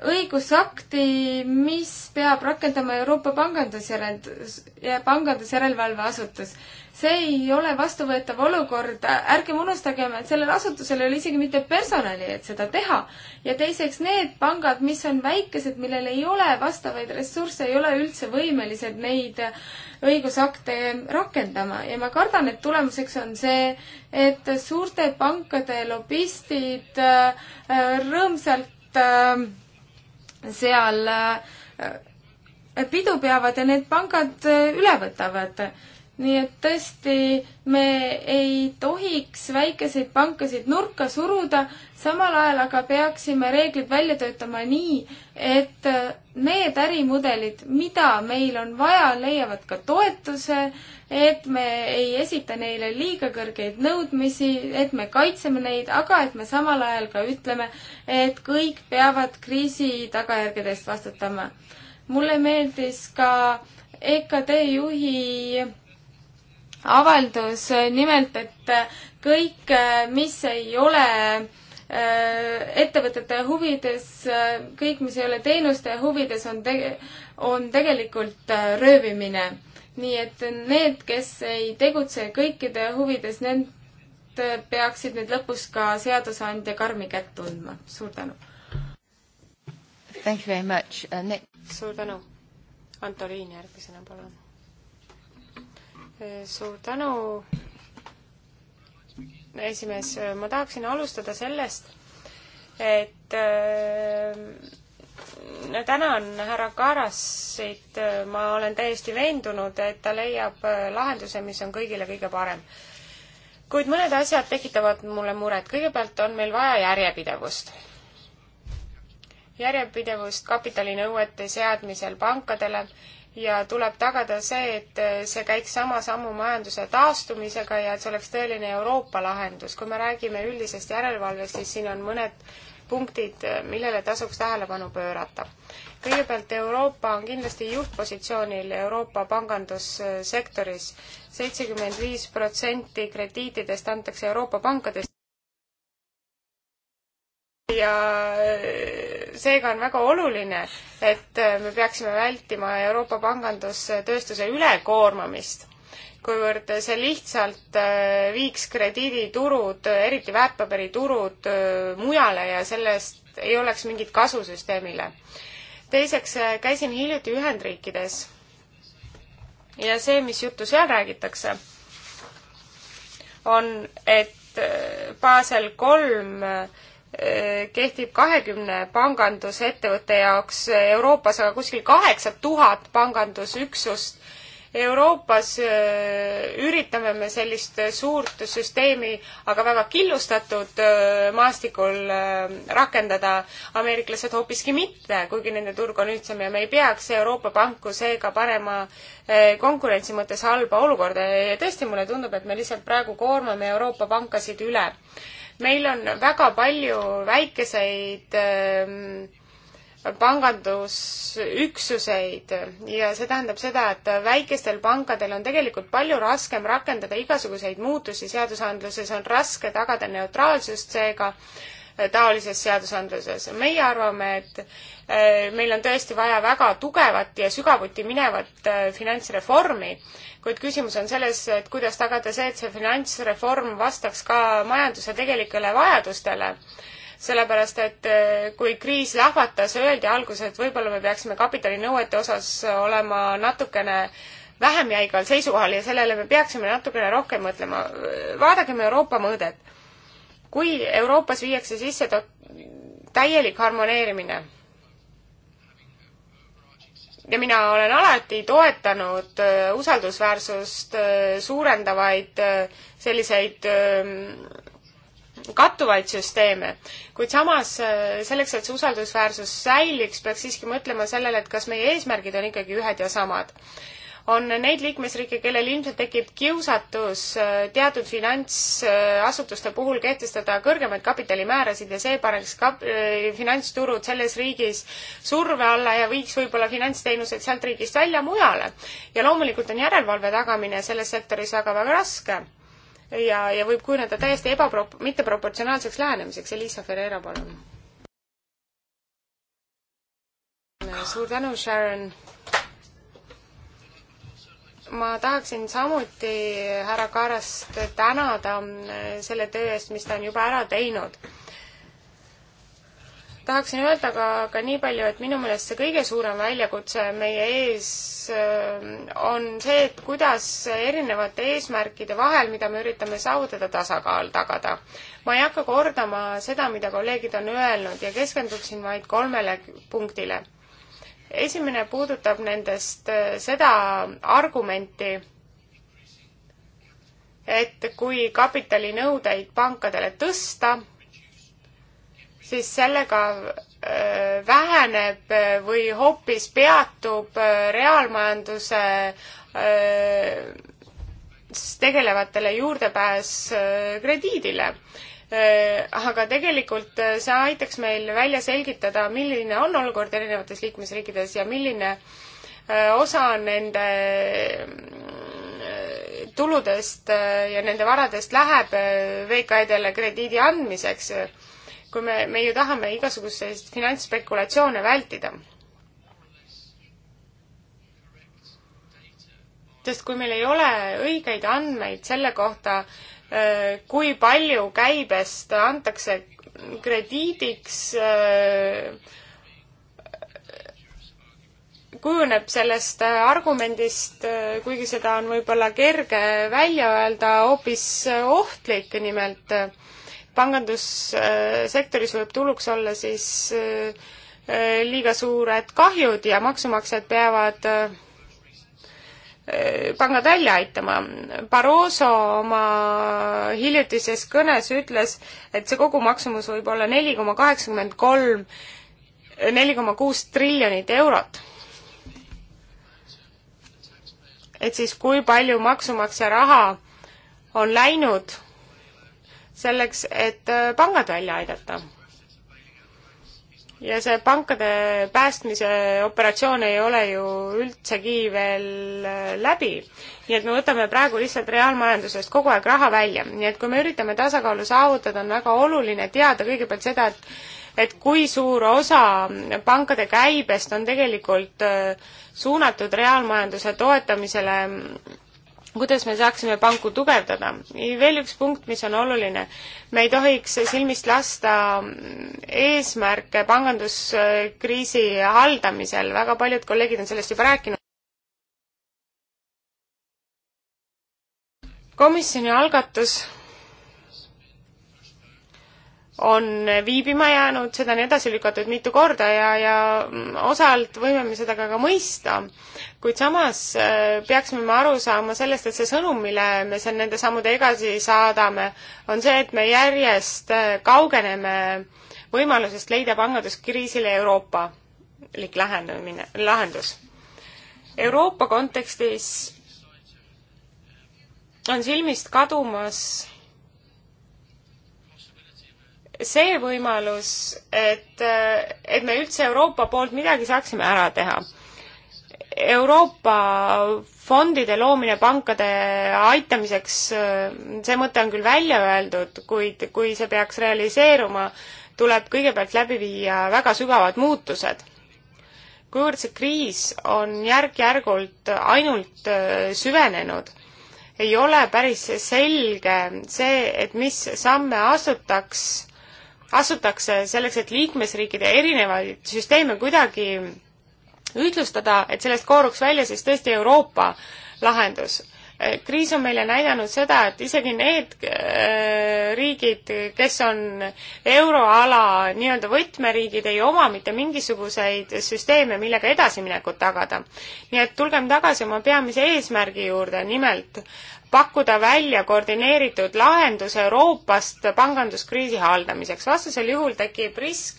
C: õigusakti, mis peab rakendama Euroopa pangandusjärel- ja pangandusjärelevalveasutus see ei ole vastuvõetav olukord, ärgem unustagem, et sellel asutusel ei ole isegi mitte personali, et seda teha. ja teiseks, need pangad, mis on väikesed, millel ei ole vastavaid ressursse, ei ole üldse võimelised neid õigusakte rakendama ja ma kardan, et tulemuseks on see, et suurte pankade lobistid äh, rõõmsalt äh, seal äh, pidu peavad ja need pangad üle võtavad nii et tõesti, me ei tohiks väikeseid pankasid nurka suruda, samal ajal aga peaksime reeglid välja töötama nii, et need ärimudelid, mida meil on vaja, leiavad ka toetuse, et me ei esita neile liiga kõrgeid nõudmisi, et me kaitseme neid, aga et me samal ajal ka ütleme, et kõik peavad kriisi tagajärgedest vastutama. mulle meeldis ka EKD juhi avaldus, nimelt et kõik, mis ei ole äh, ettevõtete huvides, kõik, mis ei ole teenuste huvides, on tege-, on tegelikult äh, röövimine. nii et need, kes ei tegutse kõikide huvides, need äh, peaksid nüüd lõpus ka seadusandja karmi kätt tundma. suur tänu! Thank you very much uh,. Nick. suur tänu. Antoliin järgmisena, palun suur tänu, esimees, ma tahaksin alustada sellest, et äh, tänan härra Karasit, ma olen täiesti veendunud, et ta leiab lahenduse, mis on kõigile kõige parem. kuid mõned asjad tekitavad mulle muret, kõigepealt on meil vaja järjepidevust järjepidevust kapitalinõuete seadmisel pankadele ja tuleb tagada see, et see käiks sama sammu majanduse taastumisega ja et see oleks tõeline Euroopa lahendus. kui me räägime üldisest järelevalvest, siis siin on mõned punktid, millele tasuks tähelepanu pöörata. kõigepealt Euroopa on kindlasti juhtpositsioonil Euroopa pangandussektoris. seitsekümmend viis protsenti krediitidest antakse Euroopa pankadest ja äh, seega on väga oluline, et äh, me peaksime vältima Euroopa pangandustööstuse ülekoormamist, kuivõrd see lihtsalt äh, viiks krediiditurud, eriti väärtpaberiturud mujale ja sellest ei oleks mingit kasu süsteemile. teiseks, käisin hiljuti Ühendriikides ja see, mis juttu seal räägitakse, on, et Basel kolm 3 kehtib kahekümne pangandusettevõtte jaoks Euroopas, aga kuskil kaheksa tuhat pangandusüksust. Euroopas äh, üritame me sellist suurt süsteemi aga väga killustatud äh, maastikul äh, rakendada, ameeriklased hoopiski mitte, kuigi nende turg on ühtsem ja me ei peaks Euroopa panku seega panema konkurentsi mõttes halba olukorda ja tõesti, mulle tundub, et me lihtsalt praegu koormame Euroopa pankasid üle meil on väga palju väikeseid ähm, pangandusüksuseid ja see tähendab seda, et väikestel pankadel on tegelikult palju raskem rakendada igasuguseid muutusi, seadusandluses on raske tagada neutraalsust, seega taolises seadusandluses. meie arvame, et äh, meil on tõesti vaja väga tugevat ja sügavuti minevat äh, finantsreformi, kuid küsimus on selles, et kuidas tagada see, et see finantsreform vastaks ka majanduse tegelikele vajadustele sellepärast et äh, kui kriis lahvatas, öeldi alguses, et võib-olla me peaksime kapitalinõuete osas olema natukene vähem jäigal seisukohal ja sellele me peaksime natukene rohkem mõtlema. vaadakem Euroopa mõõdet kui Euroopas viiakse sisse täielik harmoneerimine ja mina olen alati toetanud äh, usaldusväärsust äh, suurendavaid äh, selliseid ähm, kattuvaid süsteeme, kuid samas selleks, et see usaldusväärsus säiliks, peaks siiski mõtlema sellele, et kas meie eesmärgid on ikkagi ühed ja samad on neid liikmesriike, kellel ilmselt tekib kiusatus äh, teatud finantsasutuste puhul kehtestada kõrgemaid kapitalimäärasid ja see paneks kap-, äh, finantsturud selles riigis surve alla ja viiks võib-olla finantsteenused sealt riigist välja mujale. ja loomulikult on järelevalve tagamine selles sektoris väga-väga raske. ja, ja võib kujuneda täiesti ebapro-, mitteproportsionaalseks lähenemiseks. Elisa Ferreira, palun. suur tänu, Sharon ma tahaksin samuti härra Karast tänada äh, selle töö eest, mis ta on juba ära teinud. tahaksin öelda ka, ka nii palju, et minu meelest see kõige suurem väljakutse meie ees äh, on see, et kuidas erinevate eesmärkide vahel, mida me üritame saavutada, tasakaal tagada. ma ei hakka kordama seda, mida kolleegid on öelnud ja keskenduksin vaid kolmele punktile esimene puudutab nendest äh, seda argumenti, et kui kapitalinõudeid pankadele tõsta, siis sellega äh, väheneb äh, või hoopis peatub reaalmajanduse tegelevatele juurdepääs krediidile Äh, aga tegelikult äh, see aitaks meil välja selgitada, milline on olukord erinevates liikmesriikides ja milline äh, osa nende tuludest ja nende varadest läheb VKD-le krediidi andmiseks, kui me, me ju tahame igasuguseid finantsspekulatsioone vältida. sest kui meil ei ole õigeid andmeid selle kohta, Äh, kui palju käibest antakse krediidiks, äh, kujuneb sellest argumendist, äh, kuigi seda on võib-olla kerge välja öelda, hoopis ohtlik, nimelt pangandussektoris võib tuluks olla siis liiga suured kahjud ja maksumaksjad peavad Eh, pangad välja aitama. Barroso oma hiljutises kõnes ütles, et see kogumaksumus võib olla neli koma kaheksakümmend kolm, neli koma kuus triljonit eurot. et siis kui palju maksumaksja raha on läinud selleks, et pangad välja aidata ja see pankade päästmise operatsioon ei ole ju üldsegi veel äh, läbi. nii et me võtame praegu lihtsalt reaalmajandusest kogu aeg raha välja, nii et kui me üritame tasakaalu saavutada, on väga oluline teada kõigepealt seda, et et kui suur osa pankade käibest on tegelikult äh, suunatud reaalmajanduse toetamisele kuidas me saaksime panku tugevdada. veel üks punkt, mis on oluline. me ei tohiks silmist lasta eesmärke panganduskriisi haldamisel, väga paljud kolleegid on sellest juba rääkinud. komisjoni algatus on viibima jäänud, seda on edasi lükatud mitu korda ja, ja osalt võime me seda ka, ka mõista, kuid samas äh, peaksime me aru saama sellest, et see sõnum, mille me seal nende sammudega edasi saadame, on see, et me järjest äh, kaugeneme võimalusest leida panganduskriisile euroopalik lähenemine, lahendus. Euroopa kontekstis on silmist kadumas see võimalus, et, et me üldse Euroopa poolt midagi saaksime ära teha. Euroopa fondide loomine pankade aitamiseks, see mõte on küll välja öeldud, kuid kui see peaks realiseeruma, tuleb kõigepealt läbi viia väga sügavad muutused. kuivõrd see kriis on järk-järgult ainult äh, süvenenud ei ole päris selge see, et mis samme astutaks asutakse selleks, et liikmesriikide erinevaid süsteeme kuidagi ühtlustada, et sellest kooruks välja siis tõesti Euroopa lahendus. Eh, kriis on meile näidanud seda, et isegi need eh, riigid, kes on euroala nii-öelda võtmeriigid, ei oma mitte mingisuguseid süsteeme, millega edasiminekut tagada. nii et tulgem tagasi oma peamise eesmärgi juurde, nimelt pakkuda välja koordineeritud lahendus Euroopast panganduskriisi haldamiseks. vastasel juhul tekib risk,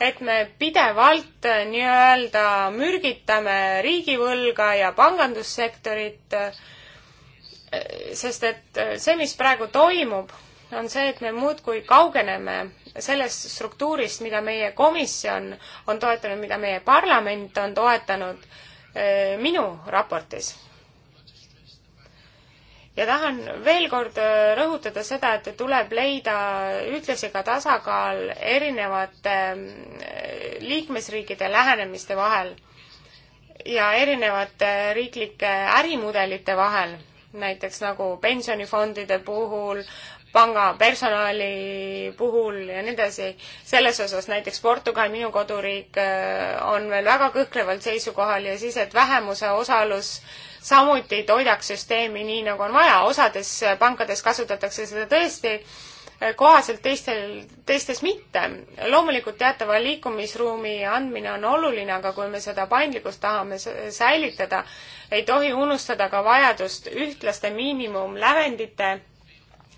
C: et me pidevalt eh, nii-öelda mürgitame riigivõlga ja pangandussektorit, eh, sest et eh, see, mis praegu toimub, on see, et me muudkui kaugeneme sellest struktuurist, mida meie komisjon on toetanud, mida meie parlament on toetanud minu raportis ja tahan veel kord äh, rõhutada seda, et tuleb leida ühtlasi ka tasakaal erinevate mm, äh, liikmesriikide lähenemiste vahel ja erinevate riiklike ärimudelite vahel, näiteks nagu pensionifondide puhul, panga personali puhul ja nii edasi. selles osas näiteks Portugal, minu koduriik, äh, on veel väga kõhklevalt seisukohal ja siis, et vähemuse osalus äh, samuti toidaks süsteemi nii, nagu on vaja. osades pankades kasutatakse seda tõesti eh, kohaselt, teistel, teistes mitte. loomulikult teatava liikumisruumi andmine on oluline, aga kui me seda paindlikkust tahame säilitada, ei tohi unustada ka vajadust ühtlaste miinimumlävendite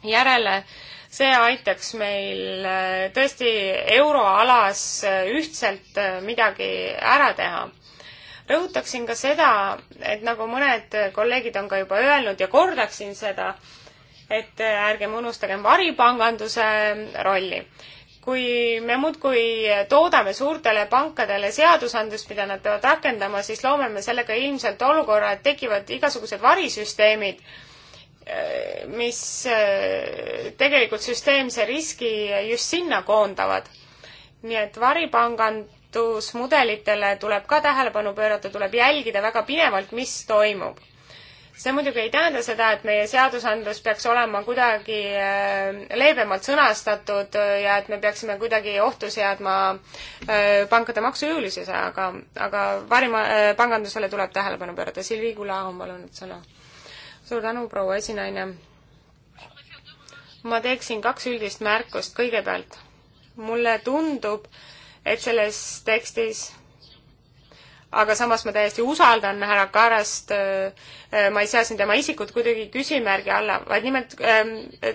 C: järele. see aitaks meil eh, tõesti euroalas eh, ühtselt midagi ära teha rõhutaksin ka seda, et nagu mõned kolleegid on ka juba öelnud ja kordaksin seda, et ärgem unustagem varipanganduse rolli. kui me muudkui toodame suurtele pankadele seadusandlust, mida nad peavad rakendama, siis loome me sellega ilmselt olukorra, et tekivad igasugused varisüsteemid, mis tegelikult süsteemse riski just sinna koondavad. nii et varipangand toitlusmudelitele tuleb ka tähelepanu pöörata, tuleb jälgida väga pinevalt, mis toimub. see muidugi ei tähenda seda, et meie seadusandlus peaks olema kuidagi äh, leebemalt sõnastatud ja et me peaksime kuidagi ohtu seadma äh, pankade maksujõulisuse, aga, aga parima, äh, pangandusele tuleb tähelepanu pöörata. Silvi Kula on palunud sõna. suur tänu, proua esinaine. ma teeksin kaks üldist märkust kõigepealt. mulle tundub, et selles tekstis aga samas ma täiesti usaldan härra Karast, äh, äh, ma ei sea siin tema isikut kuidagi küsimärgi alla, vaid nimelt ähm,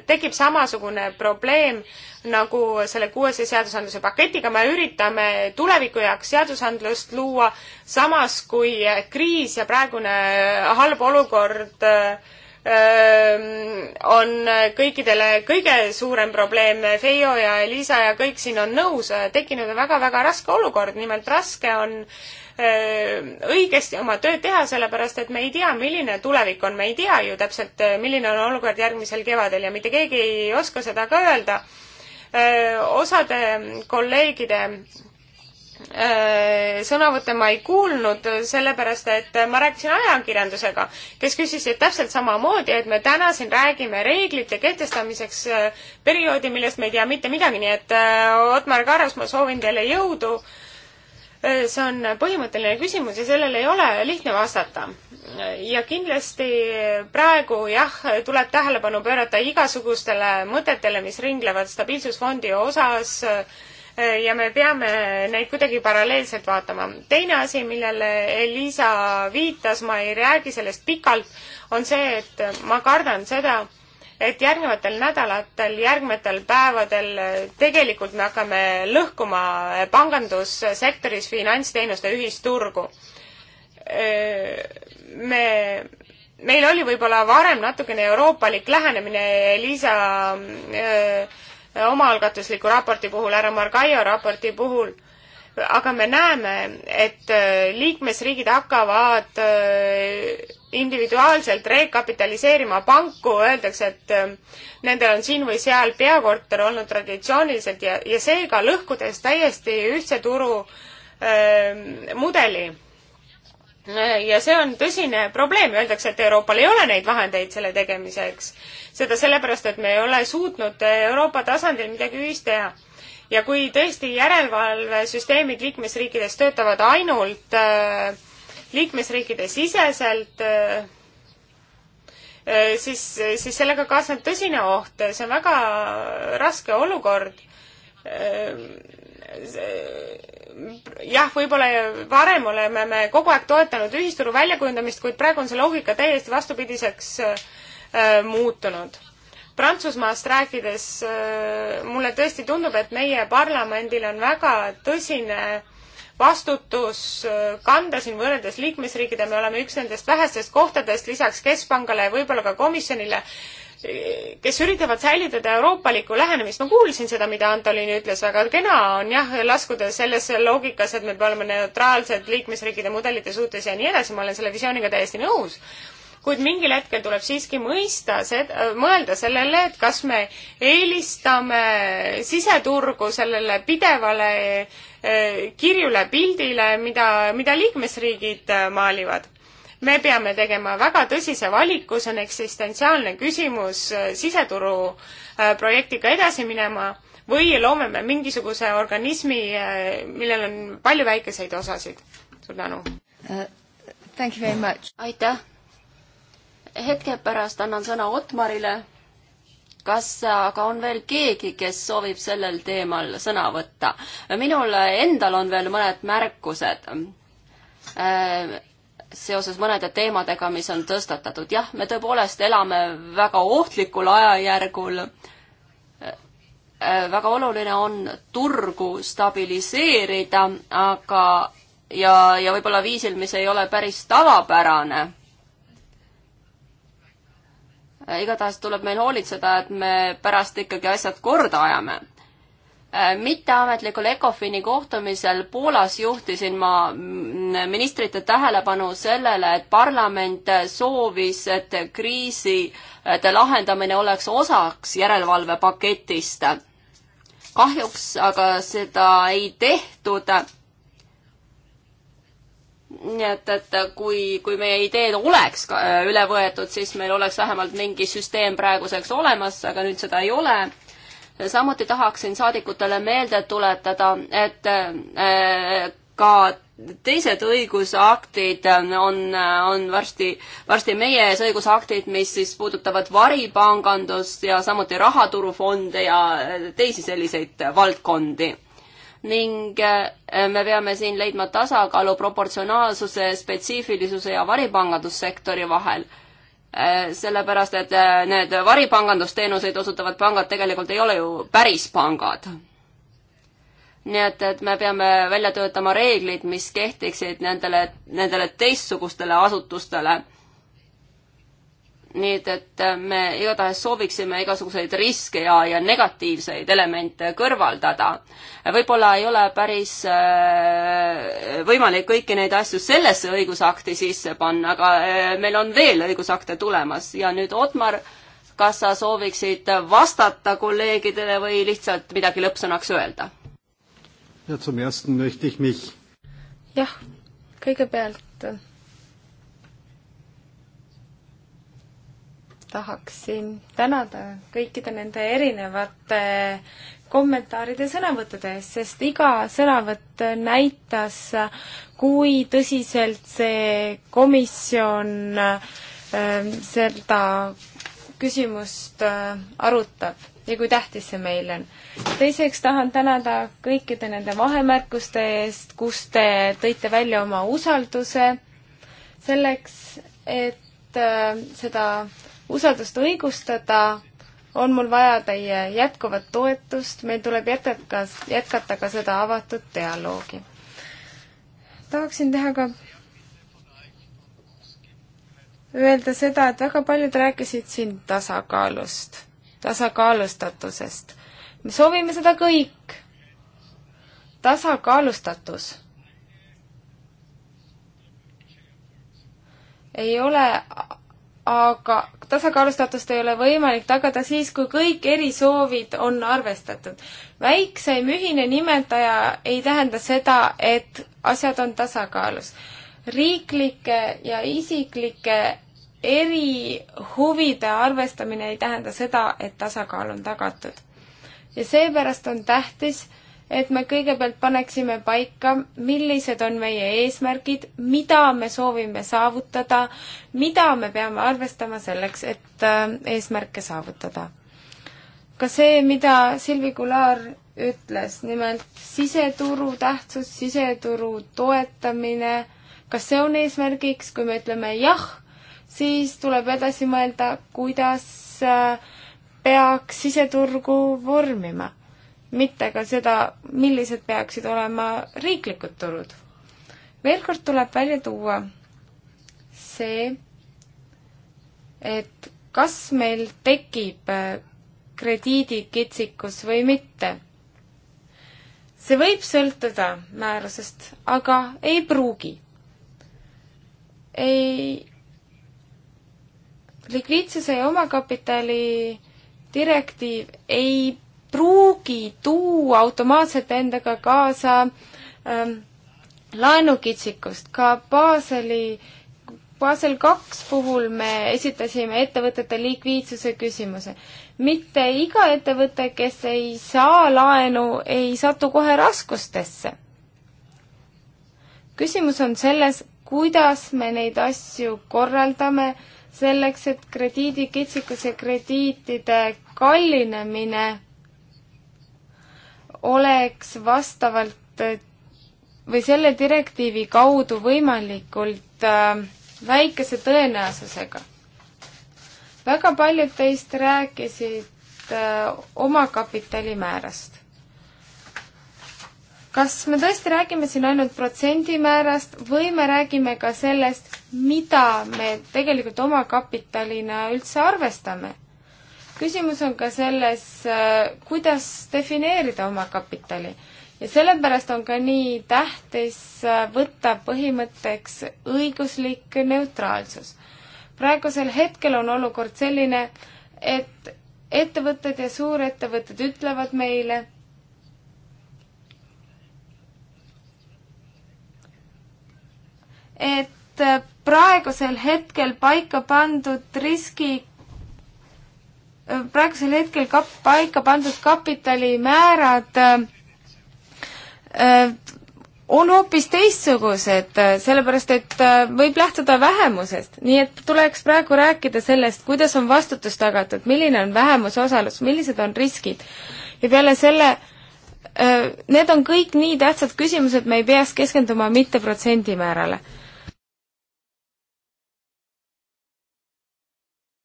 C: tekib samasugune probleem nagu selle kuuese seadusandluse paketiga, me üritame tuleviku jaoks seadusandlust luua, samas kui kriis ja praegune halb olukord äh, on kõikidele kõige suurem probleem, Feio ja Liisa ja kõik siin on nõus, tekkinud on väga-väga raske olukord, nimelt raske on õigesti oma tööd teha, sellepärast et me ei tea, milline tulevik on, me ei tea ju täpselt, milline on olukord järgmisel kevadel ja mitte keegi ei oska seda ka öelda. osade kolleegide Äh, sõnavõtte ma ei kuulnud, sellepärast et ma rääkisin ajakirjandusega, kes küsisid täpselt samamoodi, et me täna siin räägime reeglite kehtestamiseks äh, perioodi, millest me ei tea mitte midagi, nii et äh, Otmar Karas, ma soovin teile jõudu. see on põhimõtteline küsimus ja sellele ei ole lihtne vastata. ja kindlasti praegu jah, tuleb tähelepanu pöörata igasugustele mõtetele, mis ringlevad stabiilsusfondi osas äh, ja me peame neid kuidagi paralleelselt vaatama. teine asi, millele Liisa viitas, ma ei räägi sellest pikalt, on see, et ma kardan seda, et järgnevatel nädalatel, järgnevatel päevadel tegelikult me hakkame lõhkuma pangandussektoris finantsteenuste ühisturgu. me, meil oli võib-olla varem natukene euroopalik lähenemine, Liisa öö, omaalgatusliku raporti puhul, härra Margaio raporti puhul, aga me näeme, et äh, liikmesriigid hakkavad äh, individuaalselt rekapitaliseerima panku, öeldakse, et äh, nendel on siin või seal peakorter olnud traditsiooniliselt ja, ja seega lõhkudes täiesti ühtse turu öö, mudeli ja see on tõsine probleem, öeldakse, et Euroopal ei ole neid vahendeid selle tegemiseks. seda sellepärast, et me ei ole suutnud Euroopa tasandil midagi ühist teha. ja kui tõesti järelevalvesüsteemid liikmesriikides töötavad ainult äh, liikmesriikide siseselt, äh, äh, siis, siis sellega kaasneb tõsine oht, see on väga raske olukord jah, võib-olla varem oleme me kogu aeg toetanud ühisturu väljakujundamist, kuid praegu on see loogika täiesti vastupidiseks äh, muutunud. Prantsusmaast rääkides äh, mulle tõesti tundub, et meie parlamendil on väga tõsine vastutus äh, kanda siin võrreldes liikmesriikidega, me oleme üks nendest vähestest kohtadest lisaks Keskpangale ja võib-olla ka komisjonile äh,, kes üritavad säilitada euroopalikku lähenemist, ma kuulsin seda, mida Antolini ütles, väga kena on jah, laskuda sellesse loogikas, et me oleme neutraalsed liikmesriikide mudelite suhtes ja nii edasi, ma olen selle visiooniga täiesti nõus, kuid mingil hetkel tuleb siiski mõista, mõelda sellele, et kas me eelistame siseturgu sellele pidevale eh, kirjule pildile, mida, mida liikmesriigid eh, maalivad me peame tegema väga tõsise valiku, see on eksistentsiaalne küsimus, äh, siseturu äh, projektiga edasi minema või loome me mingisuguse organismi, äh, millel on palju väikeseid osasid. suur tänu
B: uh,! Thank you very much! aitäh! hetke pärast annan sõna Otmarile. kas aga on veel keegi, kes soovib sellel teemal sõna võtta? minul endal on veel mõned märkused uh, seoses mõnede teemadega, mis on tõstatatud. jah, me tõepoolest elame väga ohtlikul ajajärgul. Äh, väga oluline on turgu stabiliseerida, aga ja, ja võib-olla viisil, mis ei ole päris tavapärane. Äh, igatahes tuleb meil hoolitseda, et me pärast ikkagi asjad korda ajame Äh, mitteametlikul ECOFIN-i kohtumisel Poolas juhtisin ma mm, ministrite tähelepanu sellele, et parlament soovis, et kriiside lahendamine oleks osaks järelevalvepaketist. kahjuks aga seda ei tehtud nii et, et kui, kui meie ideed oleks äh, üle võetud, siis meil oleks vähemalt mingi süsteem praeguseks olemas, aga nüüd seda ei ole samuti tahaksin saadikutele meelde tuletada, et äh, ka teised õigusaktid on, on varsti, varsti meie ees õigusaktid, mis siis puudutavad varipangandust ja samuti rahaturufonde ja äh, teisi selliseid valdkondi. ning äh, me peame siin leidma tasakaalu proportsionaalsuse, spetsiifilisuse ja varipangandussektori vahel Äh, sellepärast et äh, need varipangandusteenuseid osutavad pangad tegelikult ei ole ju päris pangad. nii et, et me peame välja töötama reeglid, mis kehtiksid nendele, nendele teistsugustele asutustele nii et, et me igatahes sooviksime igasuguseid riske ja, ja negatiivseid elemente kõrvaldada. võib-olla ei ole päris äh, võimalik kõiki neid asju sellesse õigusakti sisse panna, aga äh, meil on veel õigusakte tulemas ja nüüd Otmar, kas sa sooviksid vastata kolleegidele või lihtsalt midagi lõppsõnaks öelda?
C: jah, kõigepealt tahaksin tänada kõikide nende erinevate kommentaaride ja sõnavõttude eest, sest iga sõnavõtt näitas, kui tõsiselt see komisjon ähm, seda küsimust äh, arutab ja kui tähtis see meil on. teiseks tahan tänada kõikide nende vahemärkuste eest, kus te tõite välja oma usalduse selleks, et äh, seda usaldust õigustada, on mul vaja teie jätkuvat toetust, meil tuleb jätkata, jätkata ka seda avatud dialoogi. tahaksin teha ka öelda seda, et väga paljud rääkisid siin tasakaalust, tasakaalustatusest. me soovime seda kõik. tasakaalustatus ei ole aga tasakaalustatust ei ole võimalik tagada siis, kui kõik erisoovid on arvestatud. väikseim ühine nimetaja ei tähenda seda, et asjad on tasakaalus. riiklike ja isiklike erihuvide arvestamine ei tähenda seda, et tasakaal on tagatud. ja seepärast on tähtis, et me kõigepealt paneksime paika, millised on meie eesmärgid, mida me soovime saavutada, mida me peame arvestama selleks, et äh, eesmärke saavutada. ka see, mida Silvi Kular ütles, nimelt siseturu tähtsus, siseturu toetamine, kas see on eesmärgiks, kui me ütleme jah, siis tuleb edasi mõelda, kuidas äh, peaks siseturgu vormima mitte ka seda, millised peaksid olema riiklikud turud. veel kord tuleb välja tuua see, et kas meil tekib äh, krediidikitsikus või mitte. see võib sõltuda määrusest, aga ei pruugi. ei, likviidsuse ja omakapitali direktiiv ei pruugi tuua automaatselt endaga kaasa ähm, laenukitsikust, ka Baseli Basel kaks puhul me esitasime ettevõtete likviidsuse küsimuse. mitte iga ettevõte, kes ei saa laenu, ei satu kohe raskustesse. küsimus on selles, kuidas me neid asju korraldame selleks, et krediidikitsikus ja krediitide kallinemine oleks vastavalt või selle direktiivi kaudu võimalikult äh, väikese tõenäosusega. väga paljud teist rääkisid äh, omakapitali määrast. kas me tõesti räägime siin ainult protsendimäärast või me räägime ka sellest, mida me tegelikult omakapitalina üldse arvestame? küsimus on ka selles, äh, kuidas defineerida omakapitali. ja sellepärast on ka nii tähtis äh, võtta põhimõtteks õiguslik neutraalsus. praegusel hetkel on olukord selline, et ettevõtted ja suurettevõtted ütlevad meile, et äh, praegusel hetkel paika pandud riski praegusel hetkel kap-, paika pandud kapitalimäärad äh, on hoopis teistsugused, äh, sellepärast et äh, võib lähtuda vähemusest, nii et tuleks praegu rääkida sellest, kuidas on vastutus tagatud, milline on vähemuse osalus, millised on riskid ja peale selle Need on kõik nii tähtsad küsimused, me ei peaks keskenduma mitte protsendimäärale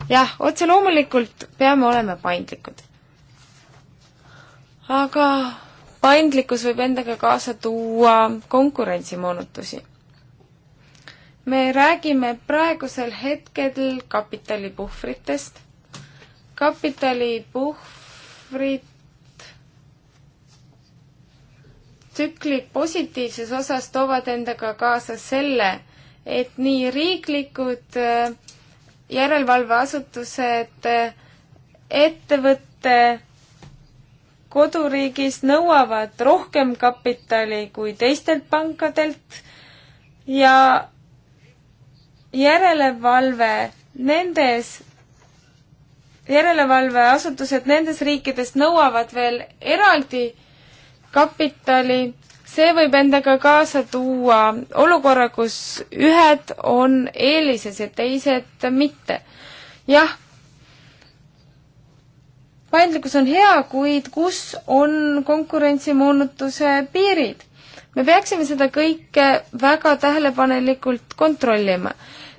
C: jah, otse loomulikult peame olema paindlikud. aga paindlikkus võib endaga kaasa tuua konkurentsimoonutusi. me räägime praegusel hetkel kapitalipuhvritest. kapitalipuhvrit tsüklid positiivses osas toovad endaga kaasa selle, et nii riiklikud äh, järelevalveasutused, ettevõtte koduriigis nõuavad rohkem kapitali kui teistelt pankadelt ja järelevalve nendes, järelevalveasutused nendes riikides nõuavad veel eraldi kapitali see võib endaga kaasa tuua olukorra, kus ühed on eelises ja teised mitte. jah, paindlikkus on hea, kuid kus on konkurentsimoonutuse piirid? me peaksime seda kõike väga tähelepanelikult kontrollima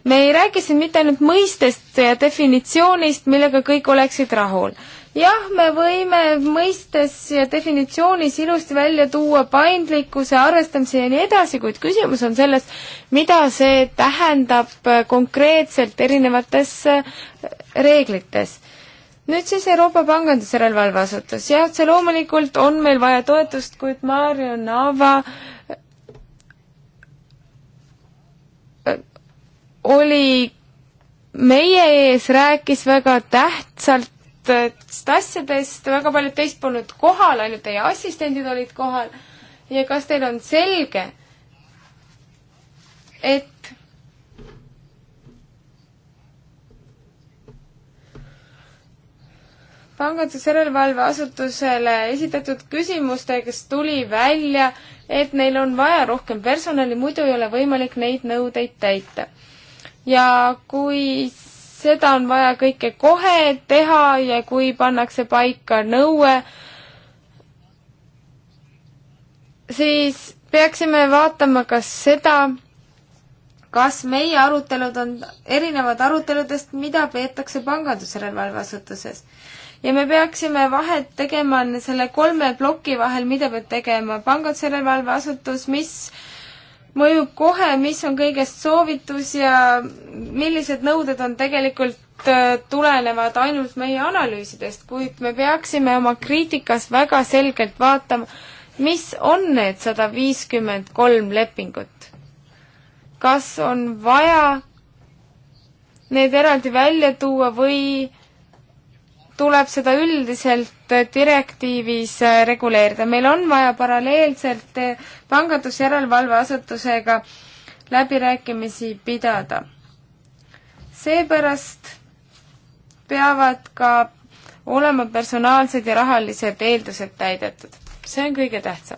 C: me ei räägi siin mitte ainult mõistest ja definitsioonist, millega kõik oleksid rahul jah, me võime mõistes ja definitsioonis ilusti välja tuua paindlikkuse, arvestamise ja nii edasi, kuid küsimus on selles, mida see tähendab äh, konkreetselt erinevates äh, reeglites nüüd siis Euroopa Pangandusjärelevalve Asutus, jah, see loomulikult on meil vaja toetust, kuid Maarja Nava äh, oli meie ees, rääkis väga tähtsalt asjadest, väga paljud teist polnud kohal, ainult teie assistendid olid kohal. ja kas teil on selge, et pangandusjärelevalveasutusele esitatud küsimustest tuli välja, et neil on vaja rohkem personali, muidu ei ole võimalik neid nõudeid täita. ja kui seda on vaja kõike kohe teha ja kui pannakse paika nõue, siis peaksime vaatama ka seda, kas meie arutelud on erinevad aruteludest, mida peetakse pangandusjärelevalveasutuses. ja me peaksime vahet tegema selle kolme ploki vahel, mida peab tegema pangandusjärelevalveasutus, mis äh, mõjub kohe, mis on kõigest soovitus ja millised nõuded on tegelikult äh, tulenevad ainult meie analüüsidest, kuid me peaksime oma kriitikas väga selgelt vaatama, mis on need sada viiskümmend kolm lepingut. kas on vaja need eraldi välja tuua või tuleb seda üldiselt direktiivis äh, reguleerida. meil on vaja paralleelselt äh, pangandusjärelevalveasutusega läbirääkimisi pidada. seepärast peavad ka olema personaalsed ja rahalised eeldused täidetud. see on kõige tähtsam.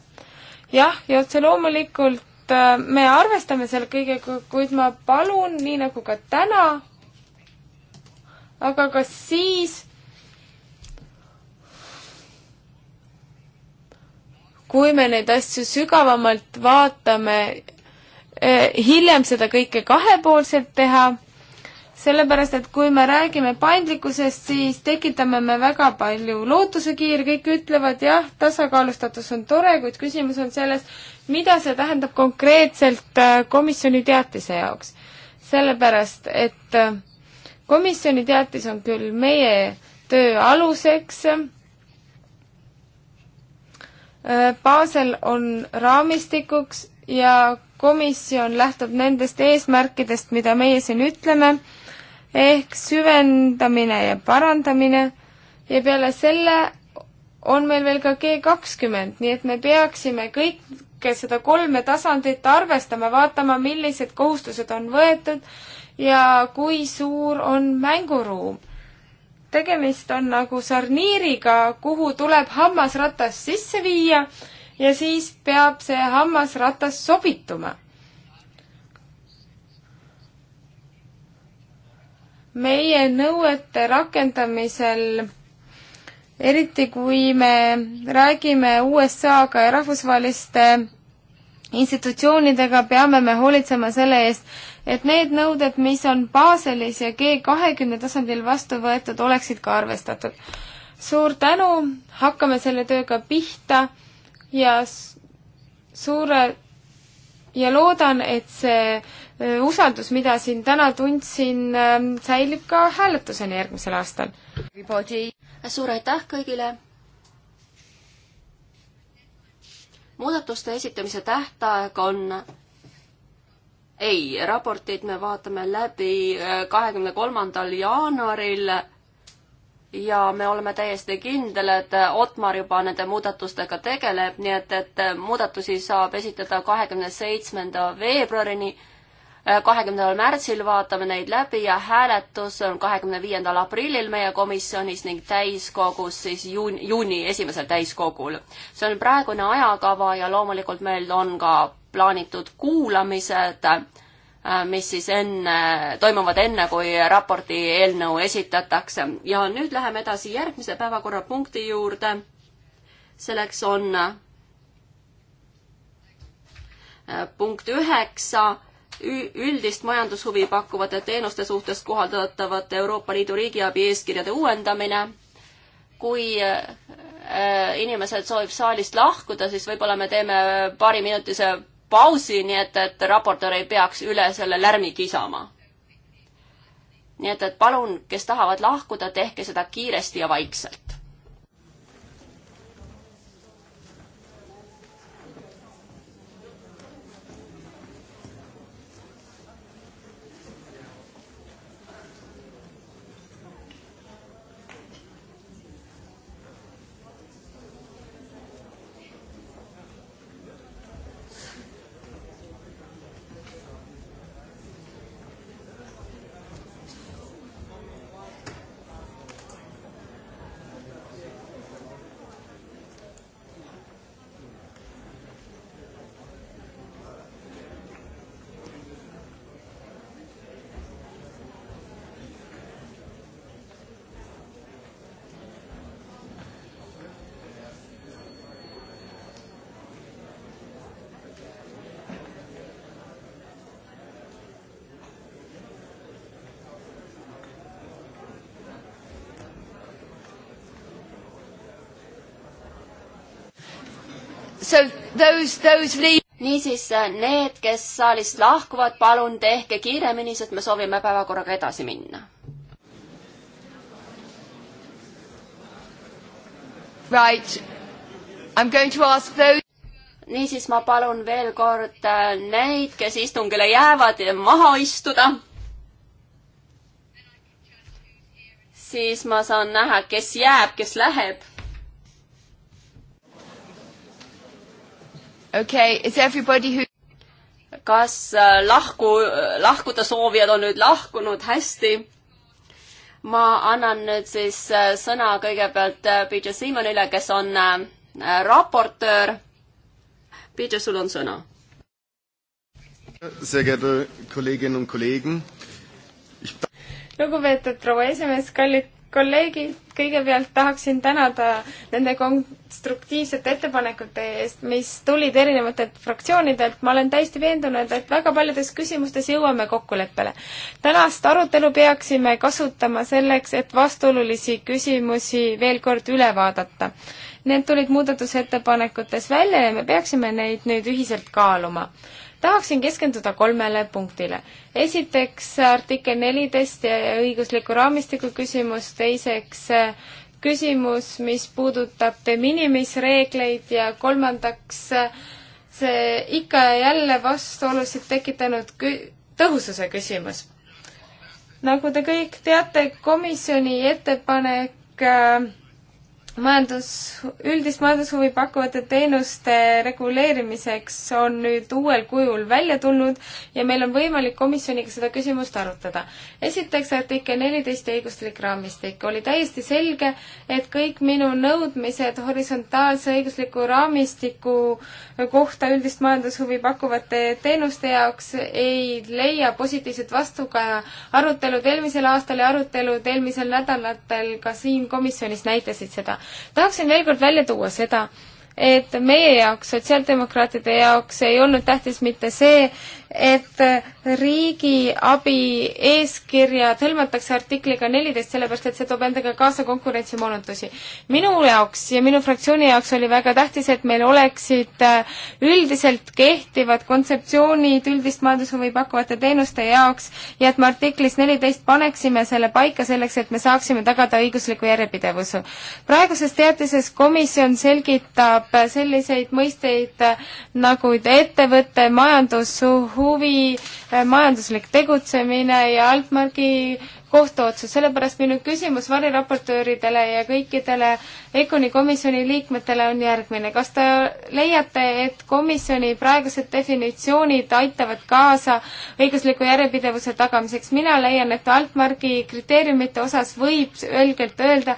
C: jah, ja otse loomulikult äh, me arvestame selle kõigega, kuid ma palun, nii nagu ka täna, aga ka siis kui me neid asju sügavamalt vaatame, eh, hiljem seda kõike kahepoolselt teha, sellepärast et kui me räägime paindlikkusest, siis tekitame me väga palju lootusekiir, kõik ütlevad jah, tasakaalustatus on tore, kuid küsimus on selles, mida see tähendab konkreetselt eh, komisjoni teatise jaoks. sellepärast, et eh, komisjoni teatis on küll meie töö aluseks, Äh, Baasel on raamistikuks ja komisjon lähtub nendest eesmärkidest, mida meie siin ütleme, ehk süvendamine ja parandamine ja peale selle on meil veel ka G kakskümmend, nii et me peaksime kõike seda kolme tasandit arvestama, vaatama, millised kohustused on võetud ja kui suur on mänguruum tegemist on nagu sarniiriga, kuhu tuleb hammasratas sisse viia ja siis peab see hammasratas sobituma. meie nõuete rakendamisel, eriti kui me räägime USA-ga ja rahvusvaheliste institutsioonidega, peame me hoolitsema selle eest, et need nõuded, mis on Baselis ja G kahekümne tasandil vastu võetud, oleksid ka arvestatud. suur tänu, hakkame selle tööga pihta ja suure ja loodan, et see äh, usaldus, mida siin täna tundsin, ähm, säilib ka hääletuseni järgmisel aastal.
B: suur aitäh kõigile! muudatuste esitamise tähtaeg on ei, raportit me vaatame läbi äh, kahekümne kolmandal jaanuaril ja me oleme täiesti kindel, et Otmar juba nende muudatustega tegeleb, nii et, et muudatusi saab esitada kahekümne seitsmenda veebruarini. Äh, kahekümnendal märtsil vaatame neid läbi ja hääletus on kahekümne viiendal aprillil meie komisjonis ning täiskogus siis juuni, juuni esimesel täiskogul. see on praegune ajakava ja loomulikult meil on ka plaanitud kuulamised, äh, mis siis enne, toimuvad enne, kui raporti eelnõu esitatakse. ja nüüd läheme edasi järgmise päevakorrapunkti juurde. selleks on äh, punkt üheksa üldist majandushuvi pakkuvate teenuste suhtes kohaldatavate Euroopa Liidu riigiabi eeskirjade uuendamine. kui äh, inimesed soovib saalist lahkuda, siis võib-olla me teeme paariminutise pausi, nii et, et raportöör ei peaks üle selle lärmi kisama. nii et, et palun, kes tahavad lahkuda, tehke seda kiiresti ja vaikselt. niisiis, need, kes saalist lahkuvad, palun tehke kiiremini, sest me soovime päevakorraga edasi minna. Right. I am going to ask those niisiis ma palun veel kord äh, neid, kes istungile jäävad, maha istuda. siis ma saan näha, kes jääb, kes läheb okay, is everybody who kas äh, lahku, äh, lahkuda soovijad on nüüd lahkunud, hästi. ma annan nüüd siis äh, sõna kõigepealt Peter Simonile, kes on raportöör. Peter, sul on sõna.
C: lugupeetud proua esimees, kallid kolleegid, kõigepealt tahaksin tänada nende konstruktiivsete ettepanekute eest, mis tulid erinevatelt fraktsioonidelt. ma olen täiesti veendunud, et väga paljudes küsimustes jõuame kokkuleppele. tänast arutelu peaksime kasutama selleks, et vastuolulisi küsimusi veel kord üle vaadata. Need tulid muudatusettepanekutes välja ja me peaksime neid nüüd ühiselt kaaluma tahaksin keskenduda kolmele punktile. esiteks artikkel neliteist ja õigusliku raamistiku küsimus, teiseks küsimus, mis puudutab de minimis reegleid ja kolmandaks see ikka ja jälle vastuolusid tekitanud kü-, tõhususe küsimus. nagu te kõik teate, komisjoni ettepanek äh, majandus, üldist majandushuvi pakkuvate teenuste reguleerimiseks on nüüd uuel kujul välja tulnud ja meil on võimalik komisjoniga seda küsimust arutada. esiteks artikkel neliteist ja õiguslik raamistik. oli täiesti selge, et kõik minu nõudmised horisontaalse õigusliku raamistiku kohta üldist majandushuvi pakkuvate teenuste jaoks ei leia positiivset vastukaja. arutelud eelmisel aastal ja arutelud eelmisel nädalatel ka siin komisjonis näitasid seda tahaksin veel kord välja tuua seda, et meie jaoks, sotsiaaldemokraatide jaoks ei olnud tähtis mitte see, et riigiabi eeskirjad hõlmatakse artikliga neliteist, sellepärast et see toob endaga kaasa konkurentsimoonutusi. minu jaoks ja minu fraktsiooni jaoks oli väga tähtis, et meil oleksid äh, üldiselt kehtivad kontseptsioonid üldist majandushuvi pakkuvate teenuste jaoks ja et me artiklis neliteist paneksime selle paika selleks, et me saaksime tagada õigusliku järjepidevuse. praeguses teatises komisjon selgitab selliseid mõisteid äh, nagu ettevõte, majandussuhu, huvi, eh, majanduslik tegutsemine ja Altmargi kohtuotsus, sellepärast minu küsimus variraportööridele ja kõikidele EKONi komisjoni liikmetele on järgmine. kas te leiate, et komisjoni praegused definitsioonid aitavad kaasa õigusliku järjepidevuse tagamiseks? mina leian, et altmargi kriteeriumite osas võib selgelt öelda,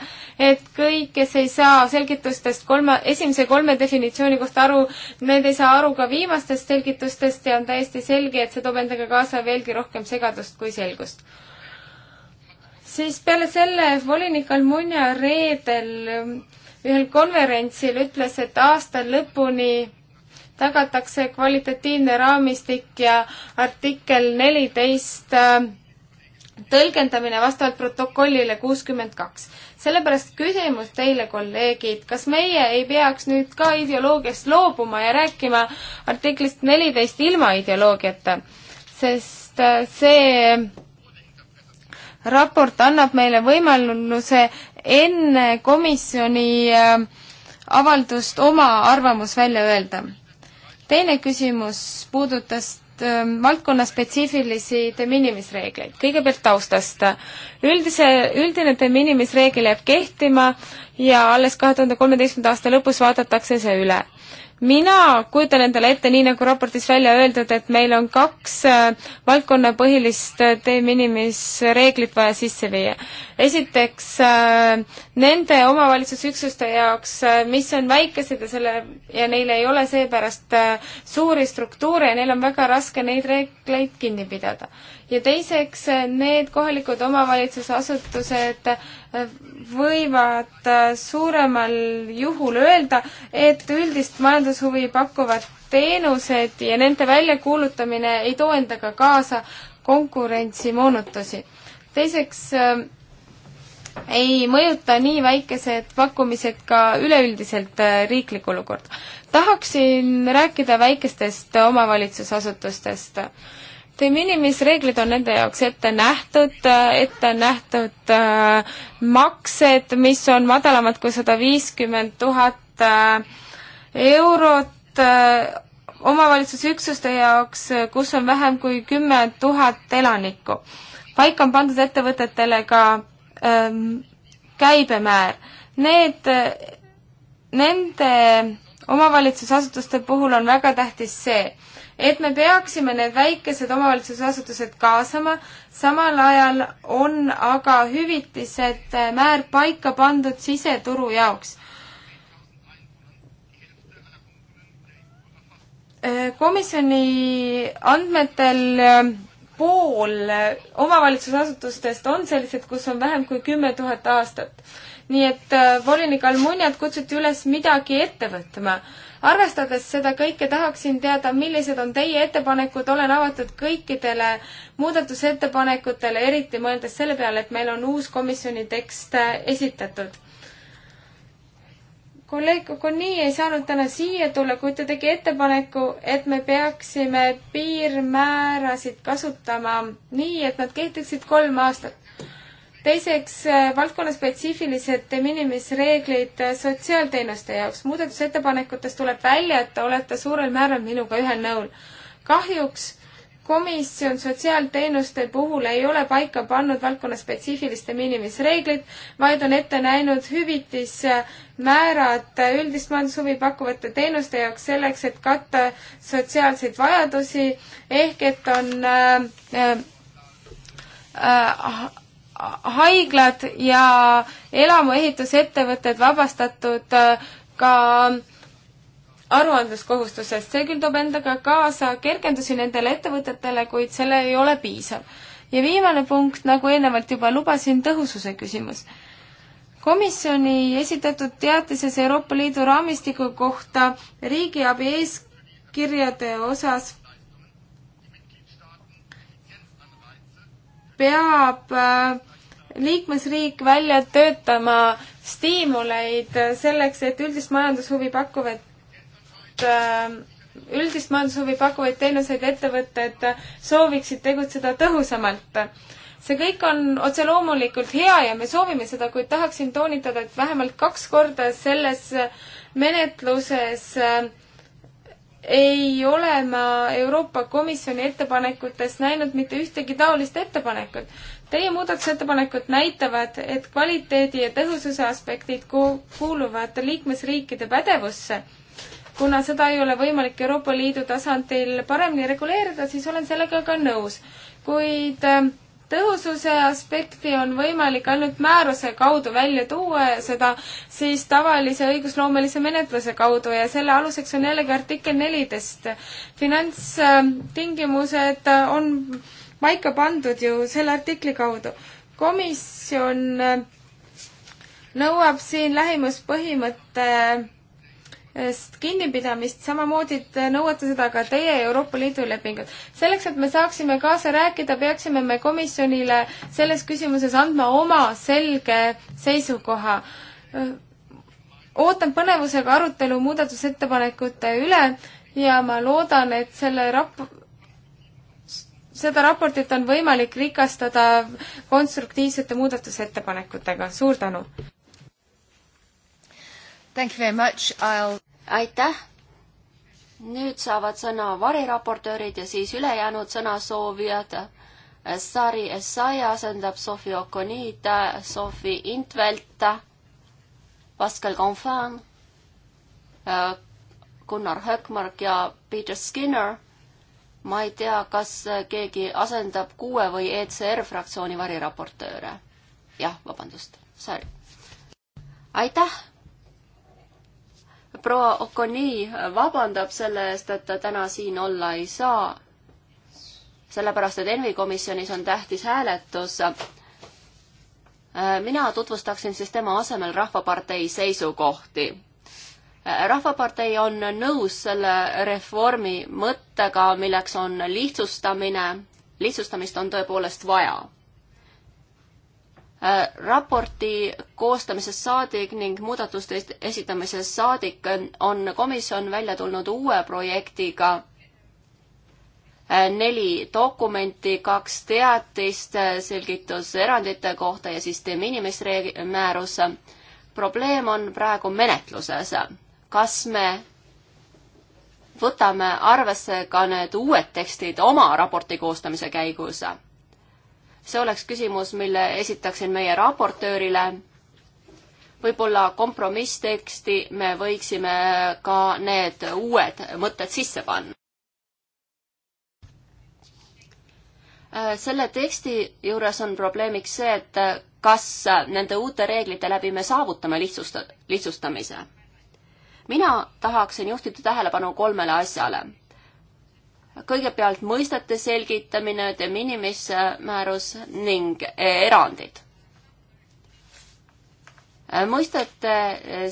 C: et kõik, kes ei saa selgitustest kolme, esimese kolme definitsiooni kohta aru, need ei saa aru ka viimastest selgitustest ja on täiesti selge, et see toob endaga kaasa veelgi rohkem segadust kui selgust siis peale selle volinik Almunia reedel ühel konverentsil ütles, et aasta lõpuni tagatakse kvalitatiivne raamistik ja artikkel neliteist äh, tõlgendamine vastavalt protokollile kuuskümmend kaks. sellepärast küsimus teile, kolleegid, kas meie ei peaks nüüd ka ideoloogiast loobuma ja rääkima artiklist neliteist ilma ideoloogiata, sest äh, see raport annab meile võimaluse enne komisjoni äh, avaldust oma arvamus välja öelda. teine küsimus puudutas äh, valdkonna spetsiifilisi de minimis reegleid. kõigepealt taustast. üldise, üldine de minimis reegel jääb kehtima ja alles kahe tuhande kolmeteistkümnenda aasta lõpus vaadatakse see üle mina kujutan endale ette, nii nagu raportis välja öeldud, et meil on kaks äh, valdkonnapõhilist äh, de minimis reeglit vaja sisse viia. esiteks äh, nende omavalitsusüksuste jaoks, mis on väikesed ja selle, ja neil ei ole seepärast suuri struktuure ja neil on väga raske neid reegleid kinni pidada ja teiseks, need kohalikud omavalitsusasutused võivad äh, suuremal juhul öelda, et üldist majandushuvi pakkuvad teenused ja nende väljakuulutamine ei too endaga kaasa konkurentsimoonutusi. teiseks äh, ei mõjuta nii väikesed pakkumised ka üleüldiselt äh, riiklikku olukorda. tahaksin rääkida väikestest omavalitsusasutustest de minimis reeglid on nende jaoks ette nähtud, ette nähtud äh, maksed, mis on madalamad kui sada viiskümmend tuhat äh, eurot äh, omavalitsusüksuste jaoks, äh, kus on vähem kui kümme tuhat elanikku. paika on pandud ettevõtetele ka ähm, käibemäär. Need, äh, nende omavalitsusasutuste puhul on väga tähtis see, et me peaksime need väikesed omavalitsusasutused kaasama, samal ajal on aga hüvitised äh, määr paika pandud siseturu jaoks. Äh, komisjoni andmetel äh, pool omavalitsusasutustest on sellised, kus on vähem kui kümme tuhat aastat. nii et volinik Almuniat kutsuti üles midagi ette võtma arvestades seda kõike, tahaksin teada, millised on teie ettepanekud, olen avatud kõikidele muudatusettepanekutele, eriti mõeldes selle peale, et meil on uus komisjoni tekst äh, esitatud. kolleeg Koni ei saanud täna siia tulla, kuid ta tegi ettepaneku, et me peaksime piirmäärasid kasutama nii, et nad kehtiksid kolm aastat teiseks, äh, valdkonnaspetsiifilised de minimis reeglid äh, sotsiaalteenuste jaoks. muudatusettepanekutest tuleb välja, et te olete suurel määral minuga ühel nõul. kahjuks komisjon sotsiaalteenuste puhul ei ole paika pannud valdkonnaspetsiifilist de minimis reeglit, vaid on ette näinud hüvitismäärad äh, üldist majandushuvi pakkuvate teenuste jaoks selleks, et katta sotsiaalseid vajadusi ehk et on äh, äh, ah, haiglad ja elamuehitusettevõtted vabastatud äh, ka aruandluskohustusest. see küll toob endaga kaasa kergendusi nendele ettevõtetele, kuid selle ei ole piisav. ja viimane punkt, nagu eelnevalt juba lubasin, tõhususe küsimus. komisjoni esitatud teatises Euroopa Liidu raamistiku kohta riigiabi eeskirjade osas peab äh, liikmesriik välja töötama stiimuleid selleks, et üldist majandushuvi pakkuvat, ähm, üldist majandushuvi pakkuvaid teenuseid ettevõtted sooviksid tegutseda tõhusamalt. see kõik on otse loomulikult hea ja me soovime seda, kuid tahaksin toonitada, et vähemalt kaks korda selles menetluses ähm, ei ole ma Euroopa Komisjoni ettepanekutes näinud mitte ühtegi taolist ettepanekut. Teie muudatusettepanekud näitavad, et kvaliteedi ja tõhususe aspektid kuuluvad liikmesriikide pädevusse. kuna seda ei ole võimalik Euroopa Liidu tasandil paremini reguleerida, siis olen sellega ka nõus. kuid ähm, tõhususe aspekti on võimalik ainult määruse kaudu välja tuua ja seda siis tavalise õigusloomelise menetluse kaudu ja selle aluseks on jällegi artikkel neliteist. finantstingimused on paika pandud ju selle artikli kaudu. komisjon äh, nõuab siin lähimuspõhimõttest äh, kinnipidamist, samamoodi te äh, nõuate seda ka teie Euroopa Liidu lepingut. selleks, et me saaksime kaasa rääkida, peaksime me komisjonile selles küsimuses andma oma selge seisukoha ootan põnevusega arutelu muudatusettepanekute üle ja ma loodan, et selle rap-, seda raportit on võimalik rikastada konstruktiivsete muudatusettepanekutega, suur tänu!
B: aitäh! nüüd saavad sõna variraportöörid ja siis ülejäänud sõnasoovijad. Sari Essai asendab Sofi Okonid, Sofi Intvelt, Pascal Confin, Gunnar Höckmark ja Peter Skinner ma ei tea, kas keegi asendab kuue või ECR fraktsiooni variraportööre. jah, vabandust, sorry. aitäh! proua Okoni vabandab selle eest, et ta täna siin olla ei saa, sellepärast et ENVI komisjonis on tähtis hääletus. mina tutvustaksin siis tema asemel Rahvapartei seisukohti rahvapartei on nõus selle reformi mõttega, milleks on lihtsustamine. lihtsustamist on tõepoolest vaja. Äh, raporti koostamisest saadik ning muudatuste esitamisest saadik on komisjon välja tulnud uue projektiga äh, neli dokumenti, kaks teatist, äh, selgitus erandite kohta ja siis de minimis määrus. probleem on praegu menetluses kas me võtame arvesse ka need uued tekstid oma raporti koostamise käigus? see oleks küsimus, mille esitaksin meie raportöörile. võib-olla kompromissteksti me võiksime ka need uued mõtted sisse panna. selle teksti juures on probleemiks see, et kas nende uute reeglite läbi me saavutame lihtsust-, lihtsustamise mina tahaksin juhtida tähelepanu kolmele asjale. kõigepealt mõistete selgitamine, de minimis määrus ning erandid mõistete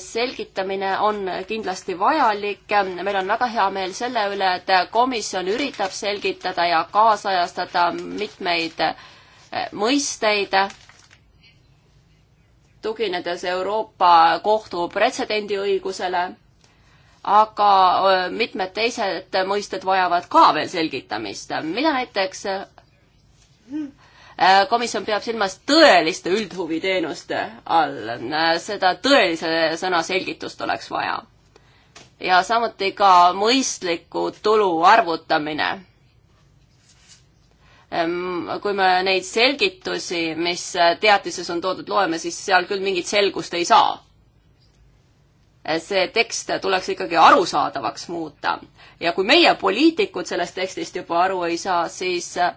B: selgitamine on kindlasti vajalik, meil on väga hea meel selle üle, et komisjon üritab selgitada ja kaasajastada mitmeid mõisteid, tuginedes Euroopa Kohtu pretsedendiõigusele aga mitmed teised mõisted vajavad ka veel selgitamist. mida näiteks komisjon peab silmas tõeliste üldhuviteenuste all, seda tõelise sõna selgitust oleks vaja. ja samuti ka mõistliku tulu arvutamine kui me neid selgitusi, mis teatises on toodud, loeme, siis seal küll mingit selgust ei saa see tekst tuleks ikkagi arusaadavaks muuta. ja kui meie, poliitikud, sellest tekstist juba aru ei saa, siis äh,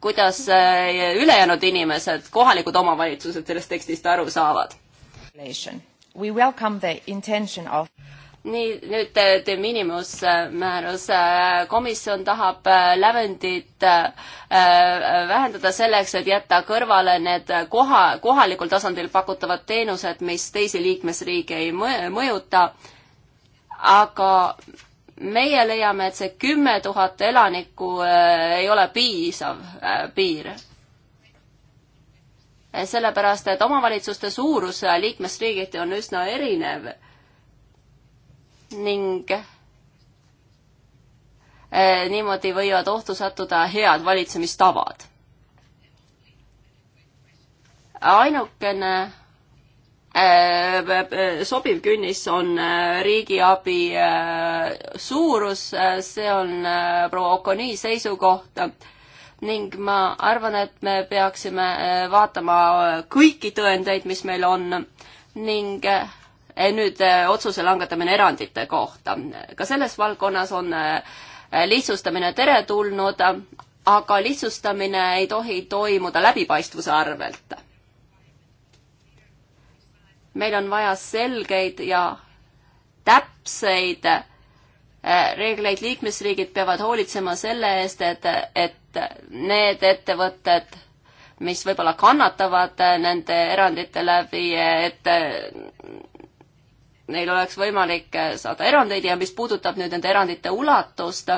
B: kuidas äh, ülejäänud inimesed, kohalikud omavalitsused sellest tekstist aru saavad? Of nii, nüüd äh, de minimus äh, määrus, äh, komisjon tahab lävendit vähendada selleks, et jätta kõrvale need koha, kohalikul tasandil pakutavad teenused, mis teisi liikmesriike ei mõjuta. aga meie leiame, et see kümme tuhat elanikku ei ole piisav piir sellepärast, et omavalitsuste suurus liikmesriigiti on üsna erinev ning eh, niimoodi võivad ohtu sattuda head valitsemistavad. ainukene eh, sobiv künnis on eh, riigiabi suurus, see on proua Okoni seisukoht ning ma arvan, et me peaksime vaatama kõiki tõendeid, mis meil on ning Eh, nüüd eh, otsuse langetamine erandite kohta. ka selles valdkonnas on eh, lihtsustamine teretulnud, aga lihtsustamine ei tohi toimuda läbipaistvuse arvelt. meil on vaja selgeid ja täpseid reegleid, liikmesriigid peavad hoolitsema selle eest, et, et need ettevõtted, mis võib-olla kannatavad nende erandite läbi, et neil oleks võimalik eh, saada erandeid ja mis puudutab nüüd nende erandite ulatust,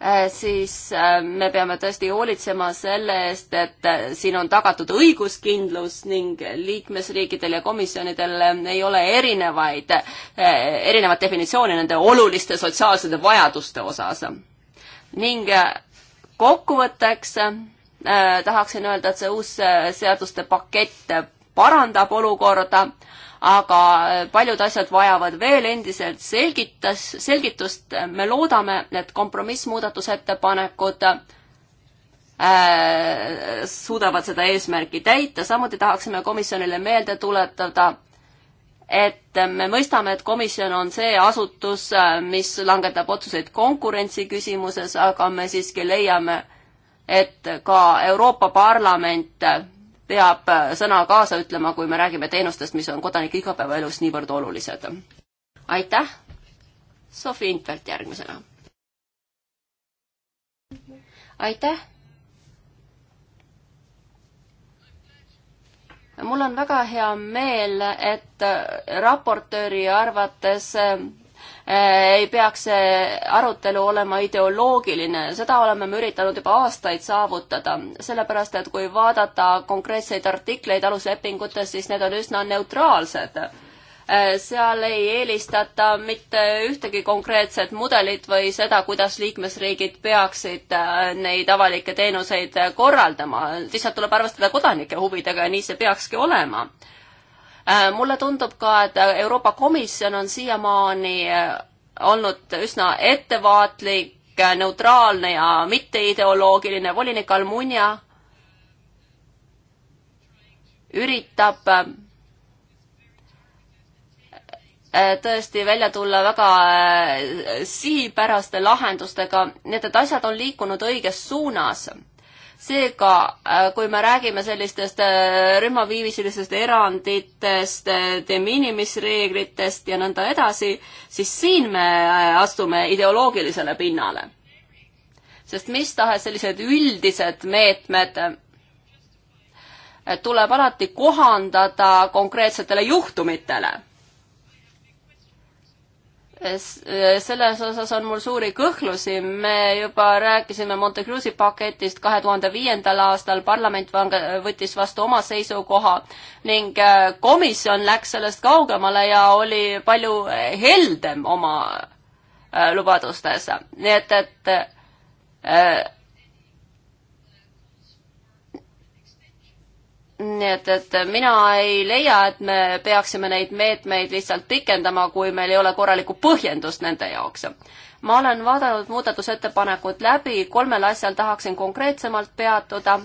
B: eh, siis eh, me peame tõesti hoolitsema selle eest, et siin on tagatud õiguskindlus ning liikmesriikidel ja komisjonidel ei ole erinevaid, erinevat definitsiooni nende oluliste sotsiaalsete vajaduste osas. ning kokkuvõtteks Äh, tahaksin öelda, et see uus äh, seaduste pakett parandab olukorda, aga äh, paljud asjad vajavad veel endiselt selgitas, selgitust. me loodame, et kompromissmuudatusettepanekud äh, suudavad seda eesmärki täita, samuti tahaksime komisjonile meelde tuletada, et me mõistame, et komisjon on see asutus, mis langetab otsuseid konkurentsi küsimuses, aga me siiski leiame, et ka Euroopa Parlament peab sõna kaasa ütlema, kui me räägime teenustest, mis on kodanike igapäevaelus niivõrd olulised. aitäh, Sofi Intvelt järgmisena. aitäh. mul on väga hea meel, et raportööri arvates Äh, ei peaks see arutelu olema ideoloogiline, seda oleme me üritanud juba aastaid saavutada, sellepärast et kui vaadata konkreetseid artikleid aluslepingutes, siis need on üsna neutraalsed. Äh, seal ei eelistata mitte ühtegi konkreetset mudelit või seda, kuidas liikmesriigid peaksid äh, neid avalikke teenuseid korraldama, lihtsalt tuleb arvestada kodanike huvidega ja nii see peakski olema Äh, mulle tundub ka, et äh, Euroopa Komisjon on siiamaani äh, olnud üsna ettevaatlik, neutraalne ja mitteideoloogiline, volinik Almunia üritab tõesti välja tulla väga sihipäraste lahendustega, nii et, et asjad on liikunud õiges suunas seega, äh, kui me räägime sellistest äh, rühmaviivisilistest eranditest, äh, de minimis reeglitest ja nõnda edasi, siis siin me astume ideoloogilisele pinnale. sest mis tahes sellised üldised meetmed tuleb alati kohandada konkreetsetele juhtumitele Eh, selles osas on mul suuri kõhklusi, me juba rääkisime Monte Cruzi paketist kahe tuhande viiendal aastal, parlament võttis vastu oma seisukoha ning eh, komisjon läks sellest kaugemale ja oli palju eh, heldem oma lubadustes, nii et, et nii et, et mina ei leia, et me peaksime neid meetmeid lihtsalt pikendama, kui meil ei ole korralikku põhjendust nende jaoks. ma olen vaadanud muudatusettepanekud läbi, kolmel asjal tahaksin konkreetsemalt peatuda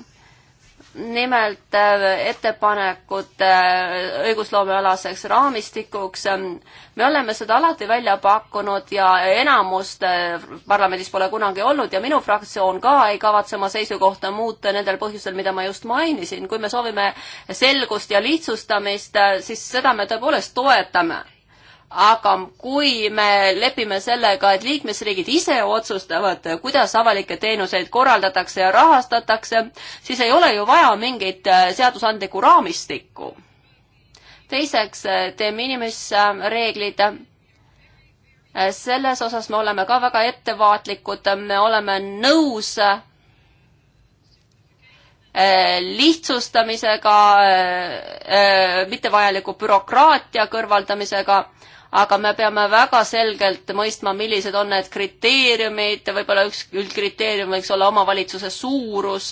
B: nimelt äh, ettepanekud äh, õigusloomealaseks raamistikuks. me oleme seda alati välja pakkunud ja enamust äh, parlamendis pole kunagi olnud ja minu fraktsioon ka ei kavatse oma seisukohta muuta nendel põhjustel, mida ma just mainisin. kui me soovime selgust ja lihtsustamist, siis seda me tõepoolest toetame aga kui me lepime sellega, et liikmesriigid ise otsustavad, kuidas avalikke teenuseid korraldatakse ja rahastatakse, siis ei ole ju vaja mingit äh, seadusandlikku raamistikku. teiseks, äh, de minimis reeglid. Äh, selles osas me oleme ka väga ettevaatlikud, me oleme nõus lihtsustamisega, mittevajaliku bürokraatia kõrvaldamisega, aga me peame väga selgelt mõistma, millised on need kriteeriumid, võib-olla üks üldkriteerium võiks olla omavalitsuse suurus.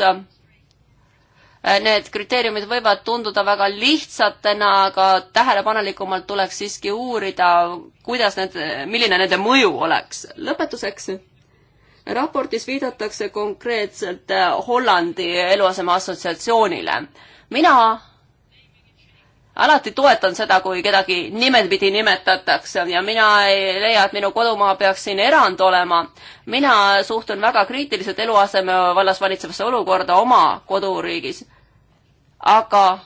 B: Need kriteeriumid võivad tunduda väga lihtsatena, aga tähelepanelikumalt tuleks siiski uurida, kuidas need, milline nende mõju oleks. lõpetuseks. raportis viidatakse konkreetselt Hollandi eluaseme assotsiatsioonile. mina alati toetan seda, kui kedagi nimepidi nimetatakse ja mina ei leia, et minu kodumaa peaks siin erand olema. mina suhtun väga kriitiliselt eluaseme vallas valitsevasse olukorda oma koduriigis. aga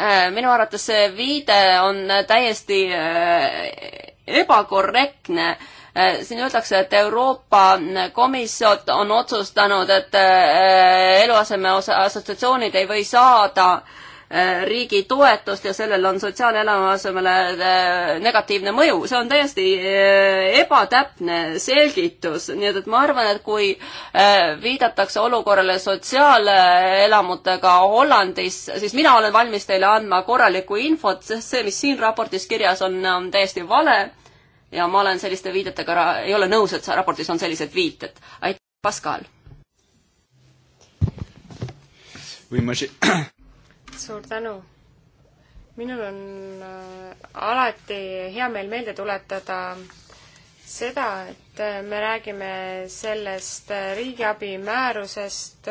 B: äh, minu arvates see viide on täiesti äh, ebakorrektne äh, siin öeldakse, et Euroopa Komisjon on otsustanud, et äh, eluaseme assotsiatsioonid ei või saada äh, Äh, riigi toetust ja sellel on sotsiaalelama asemele äh, negatiivne mõju. see on täiesti äh, ebatäpne selgitus, nii et, et ma arvan, et kui viidatakse olukorrale sotsiaalelamutega Hollandis, siis mina olen valmis teile andma korralikku infot, sest see, mis siin raportis kirjas on, on täiesti vale ja ma olen selliste viidetega, ei ole nõus, et raportis on sellised viited. aitäh, Pascal! Oui, moi j'ai <clears throat>
C: suur tänu! minul on äh, alati hea meel meelde tuletada seda, et äh, me räägime sellest äh, riigiabi määrusest,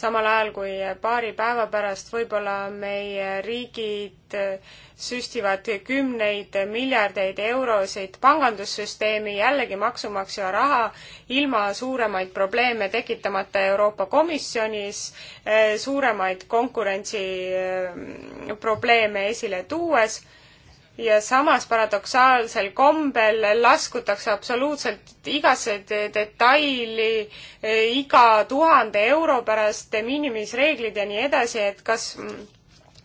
C: samal ajal kui paari päeva pärast võib-olla meie riigid süstivad kümneid miljardeid eurosid pangandussüsteemi, jällegi maksumaksja raha, ilma suuremaid probleeme tekitamata Euroopa Komisjonis, eh, suuremaid konkurentsiprobleeme esile tuues ja samas paradoksaalsel kombel laskutakse absoluutselt igasse detaili e, iga tuhande euro pärast, de minimis reeglid ja nii edasi, et kas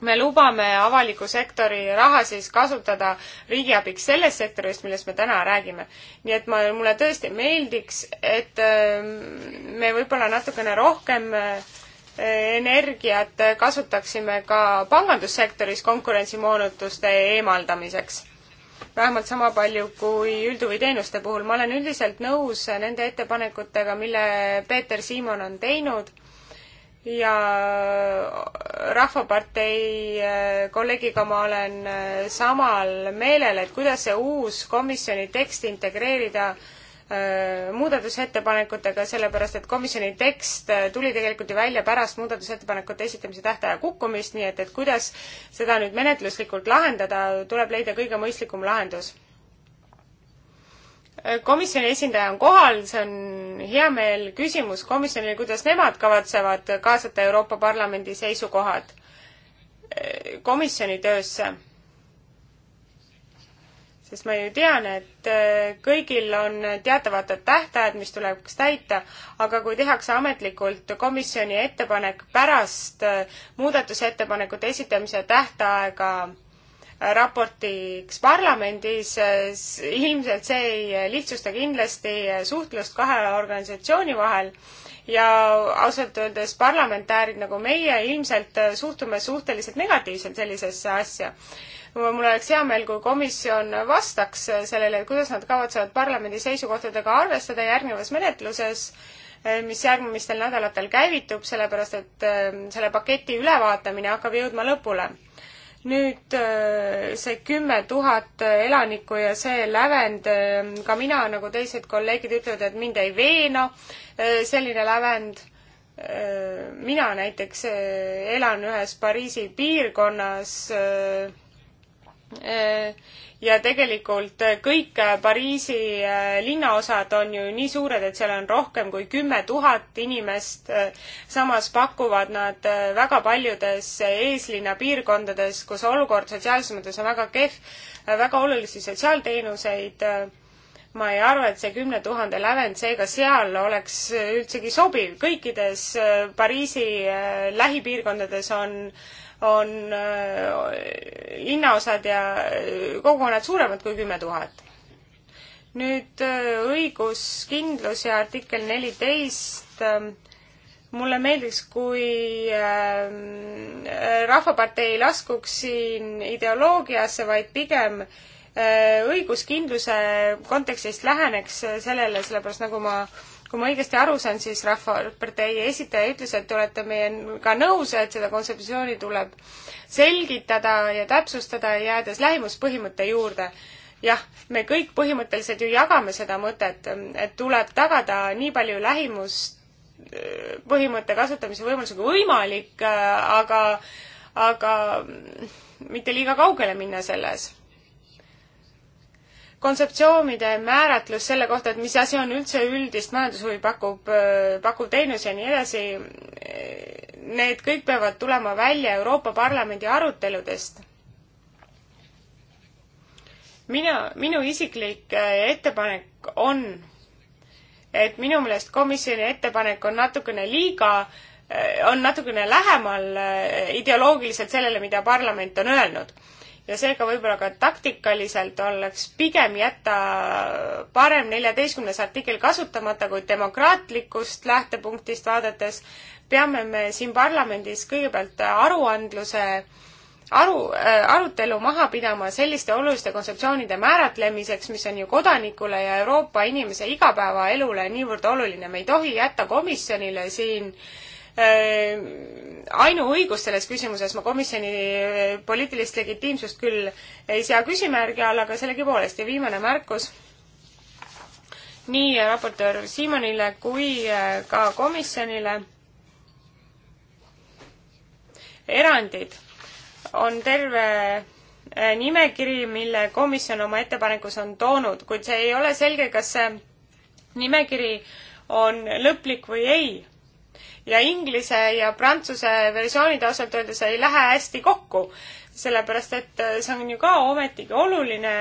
C: me lubame avaliku sektori raha siis kasutada riigiabiks selles sektoris, millest me täna räägime. nii et ma, mulle tõesti meeldiks, et e, me võib-olla natukene rohkem äh, energiat kasutaksime ka pangandussektoris konkurentsimoonutuste eemaldamiseks. vähemalt sama palju kui üldhuvi teenuste puhul. ma olen üldiselt nõus nende ettepanekutega, mille Peeter Siimon on teinud ja Rahvapartei äh, kolleegiga ma olen äh, samal meelel, et kuidas see uus komisjoni tekst integreerida äh, Äh, muudatusettepanekutega, sellepärast et komisjoni tekst äh, tuli tegelikult ju välja pärast muudatusettepanekute esitamise tähtaja kukkumist, nii et, et kuidas seda nüüd menetluslikult lahendada, tuleb leida kõige mõistlikum lahendus. Äh, komisjoni esindaja on kohal, see on hea meel küsimus komisjonile, kuidas nemad kavatsevad kaasata Euroopa Parlamendi seisukohad komisjoni töösse sest ma ju tean, et äh, kõigil on teatavad tähtajad, mis tuleks täita, aga kui tehakse ametlikult komisjoni ettepanek pärast äh, muudatusettepanekute esitamise tähtaega äh, raportiks parlamendis, ilmselt see ei lihtsusta kindlasti suhtlust kahe organisatsiooni vahel ja ausalt öeldes parlamentäärid nagu meie ilmselt suhtume suhteliselt negatiivselt sellisesse asja mul oleks hea meel, kui komisjon vastaks sellele, kuidas nad kavatsevad parlamendi seisukohtadega arvestada järgnevas menetluses, eh, mis järgmistel nädalatel käivitub, sellepärast et eh, selle paketi ülevaatamine hakkab jõudma lõpule nüüd eh, see kümme tuhat elanikku ja see lävend, ka mina, nagu teised kolleegid ütlevad, et mind ei veena selline lävend. mina näiteks elan ühes Pariisi piirkonnas Äh, ja tegelikult äh, kõik äh, Pariisi linnaosad on ju nii suured, et seal on rohkem kui kümme tuhat inimest. samas pakuvad nad väga paljudes eeslinna piirkondades, kus olukord sotsiaalses mõttes on väga kehv, väga olulisi sotsiaalteenuseid. ma ei arva, et see kümne tuhande lävend seega seal oleks üldsegi sobiv. kõikides Pariisi lähipiirkondades on äh, on linnaosad äh, ja kogukonnad suuremad kui kümme tuhat. nüüd äh, õiguskindlus ja artikkel neliteist äh, mulle meeldiks, kui Rahvapartei ei laskuks siin ideoloogiasse, vaid pigem õiguskindluse kontekstist läheneks sellele, sellepärast nagu ma kui ma õigesti aru saan, siis Rahvapartei esitaja ütles, et te olete meiega nõus, et seda kontseptsiooni tuleb selgitada ja täpsustada, jäädes lähimuspõhimõtte juurde. jah, me kõik põhimõtteliselt ju jagame seda mõtet, et tuleb tagada nii palju lähimust, põhimõtte kasutamise võimalusi kui võimalik, aga, aga mitte liiga kaugele minna selles kontseptsioonide määratlus selle kohta, et mis asi on üldse üldist majandushuvi pakub, pakub teenus ja nii edasi, need kõik peavad tulema välja Euroopa Parlamendi aruteludest. mina, minu isiklik ettepanek on, et minu meelest komisjoni ettepanek on natukene liiga on natukene lähemal ideoloogiliselt sellele, mida parlament on öelnud ja seega võib-olla ka taktikaliselt oleks pigem jätta parem neljateistkümnes artikkel kasutamata, kuid demokraatlikust lähtepunktist vaadates peame me siin parlamendis kõigepealt aruandluse aru äh,, arutelu maha pidama selliste oluliste kontseptsioonide määratlemiseks, mis on ju kodanikule ja Euroopa inimese igapäevaelule niivõrd oluline. me ei tohi jätta komisjonile siin äh, Äh, ainuõigust selles küsimuses, ma komisjoni äh, poliitilist legitiimsust küll ei sea küsimärgi alla, aga sellegipoolest ja viimane märkus nii äh, raportöör Siimonile kui ka komisjonile. erandid on terve nimekiri, mille komisjon oma ettepanekus on toonud, kuid see ei ole selge, kas see nimekiri on lõplik või ei ja inglise ja prantsuse versioonide ausalt öeldes ei lähe hästi kokku, sellepärast et äh, see on ju ka ometigi oluline.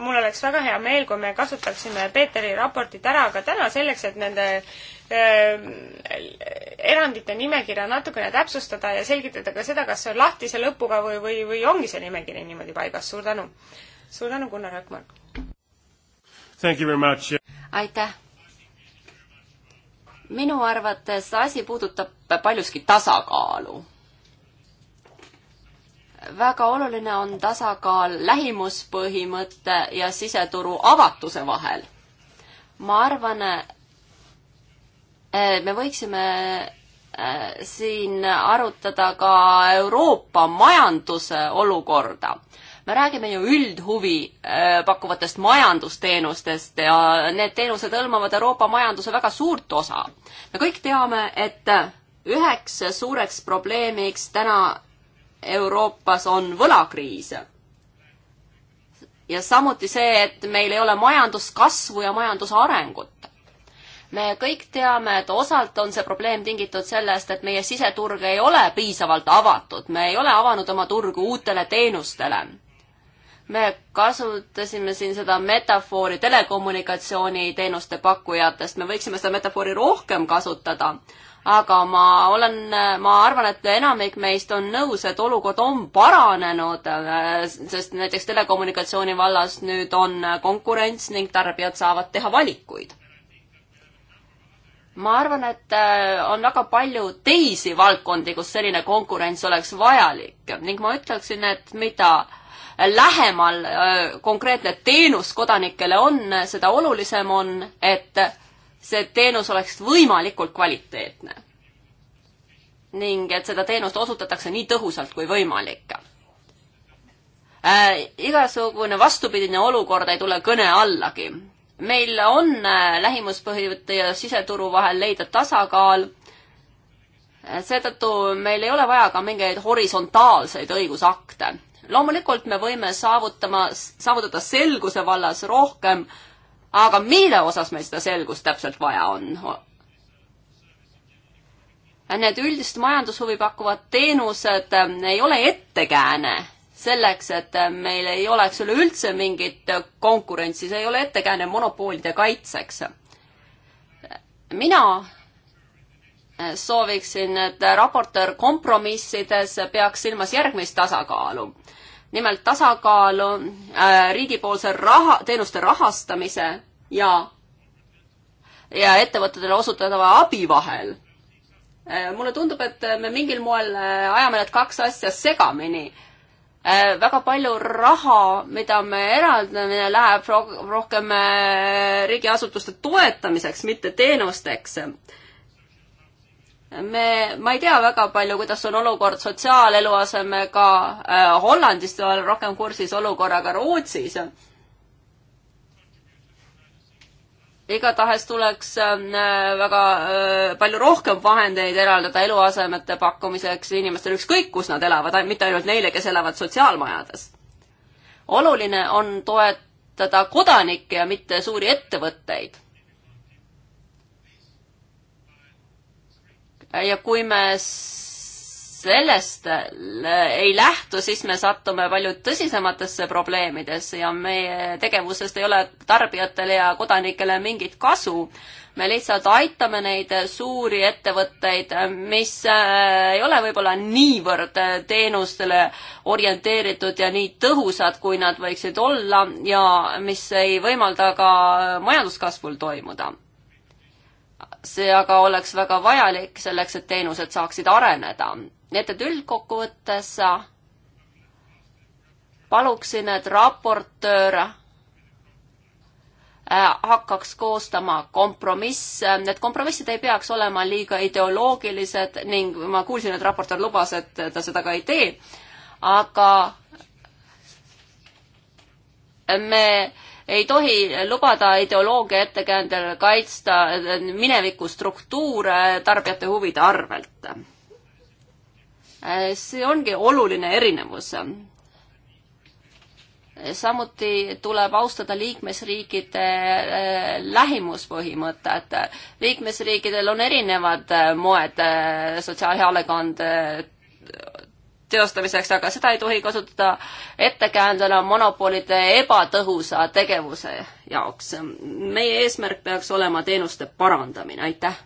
C: mul oleks väga hea meel, kui me kasutaksime Peeteri raportit ära ka täna selleks, et nende äh, erandite nimekirja natukene täpsustada ja selgitada ka seda, kas see on lahtise lõpuga või, või, või ongi see nimekiri
B: niimoodi paigas. suur tänu. suur tänu, Gunnar Hökmark. aitäh minu arvates asi puudutab paljuski tasakaalu. väga oluline on tasakaal lähimuspõhimõtte ja siseturu avatuse vahel. ma arvan, eh, me võiksime eh, siin arutada ka Euroopa majanduse olukorda me räägime ju üldhuvi äh, pakkuvatest majandusteenustest ja need teenused hõlmavad Euroopa majanduse väga suurt osa. me kõik teame, et üheks suureks probleemiks täna Euroopas on võlakriis. ja samuti see, et meil ei ole majanduskasvu ja majanduse arengut me kõik teame, et osalt on see probleem tingitud sellest, et meie siseturg ei ole piisavalt avatud, me ei ole avanud oma turgu uutele teenustele me kasutasime siin seda metafoori telekommunikatsiooniteenuste pakkujatest, me võiksime seda metafoori rohkem kasutada, aga ma olen, ma arvan, et enamik meist on nõus, et olukord on paranenud, sest näiteks telekommunikatsiooni vallas nüüd on konkurents ning tarbijad saavad teha valikuid ma arvan, et on väga palju teisi valdkondi, kus selline konkurents oleks vajalik ning ma ütleksin, et mida äh, lähemal äh, konkreetne teenus kodanikele on, seda olulisem on, et see teenus oleks võimalikult kvaliteetne. ning et seda teenust osutatakse nii tõhusalt kui võimalik äh,. igasugune vastupidine olukord ei tule kõne allagi. meil on äh, lähimuspõhimõtte ja siseturu vahel leida tasakaal äh, seetõttu meil ei ole vaja ka mingeid horisontaalseid õigusakte loomulikult me võime saavutama, saavutada selguse vallas rohkem, aga mille osas meil seda selgust täpselt vaja on? Need üldist majandushuvi pakkuvad teenused ähm, ei ole ettekääne selleks, et ähm, meil ei oleks üleüldse mingit konkurentsi, see ei ole ettekääne monopoolide kaitseks. mina äh, sooviksin, et raportöör kompromissides peaks silmas järgmist tasakaalu nimelt tasakaalu äh, riigipoolse raha, teenuste rahastamise ja, ja ettevõtetele osutatava abi vahel äh,. mulle tundub, et me mingil moel äh, ajame need kaks asja segamini äh,. väga palju raha, mida me eraldame, läheb rohkem äh, riigiasutuste toetamiseks, mitte teenusteks me, ma ei tea väga palju, kuidas on olukord sotsiaaleluasemega äh, Hollandis, te olete rohkem kursis olukorraga Rootsis. igatahes tuleks ähm, äh, väga äh, palju rohkem vahendeid eraldada eluasemete pakkumiseks inimestele, ükskõik kus nad elavad, mitte ainult neile, kes elavad sotsiaalmajades. oluline on toetada kodanikke ja mitte suuri ettevõtteid ja kui me sellest ei lähtu, siis me sattume palju tõsisematesse probleemidesse ja meie tegevusest ei ole tarbijatele ja kodanikele mingit kasu. me lihtsalt aitame neid suuri ettevõtteid, mis äh, ei ole võib-olla niivõrd teenustele orienteeritud ja nii tõhusad, kui nad võiksid olla ja mis ei võimalda ka majanduskasvul toimuda see aga oleks väga vajalik selleks, et teenused saaksid areneda. nii et, et üldkokkuvõttes äh, paluksin, et raportöör äh, hakkaks koostama kompromisse, need kompromissid ei peaks olema liiga ideoloogilised ning ma kuulsin, et raportöör lubas, et ta seda ka ei tee, aga me ei tohi lubada ideoloogia ettekäändel kaitsta mineviku struktuure tarbijate huvide arvelt. see ongi oluline erinevus. samuti tuleb austada liikmesriikide eh, lähimuspõhimõtet. liikmesriikidel on erinevad moed eh, sotsiaalhoolekande teostamiseks, aga seda ei tohi kasutada ettekäändena monopolide ebatõhusa tegevuse jaoks. meie eesmärk peaks olema teenuste parandamine, aitäh.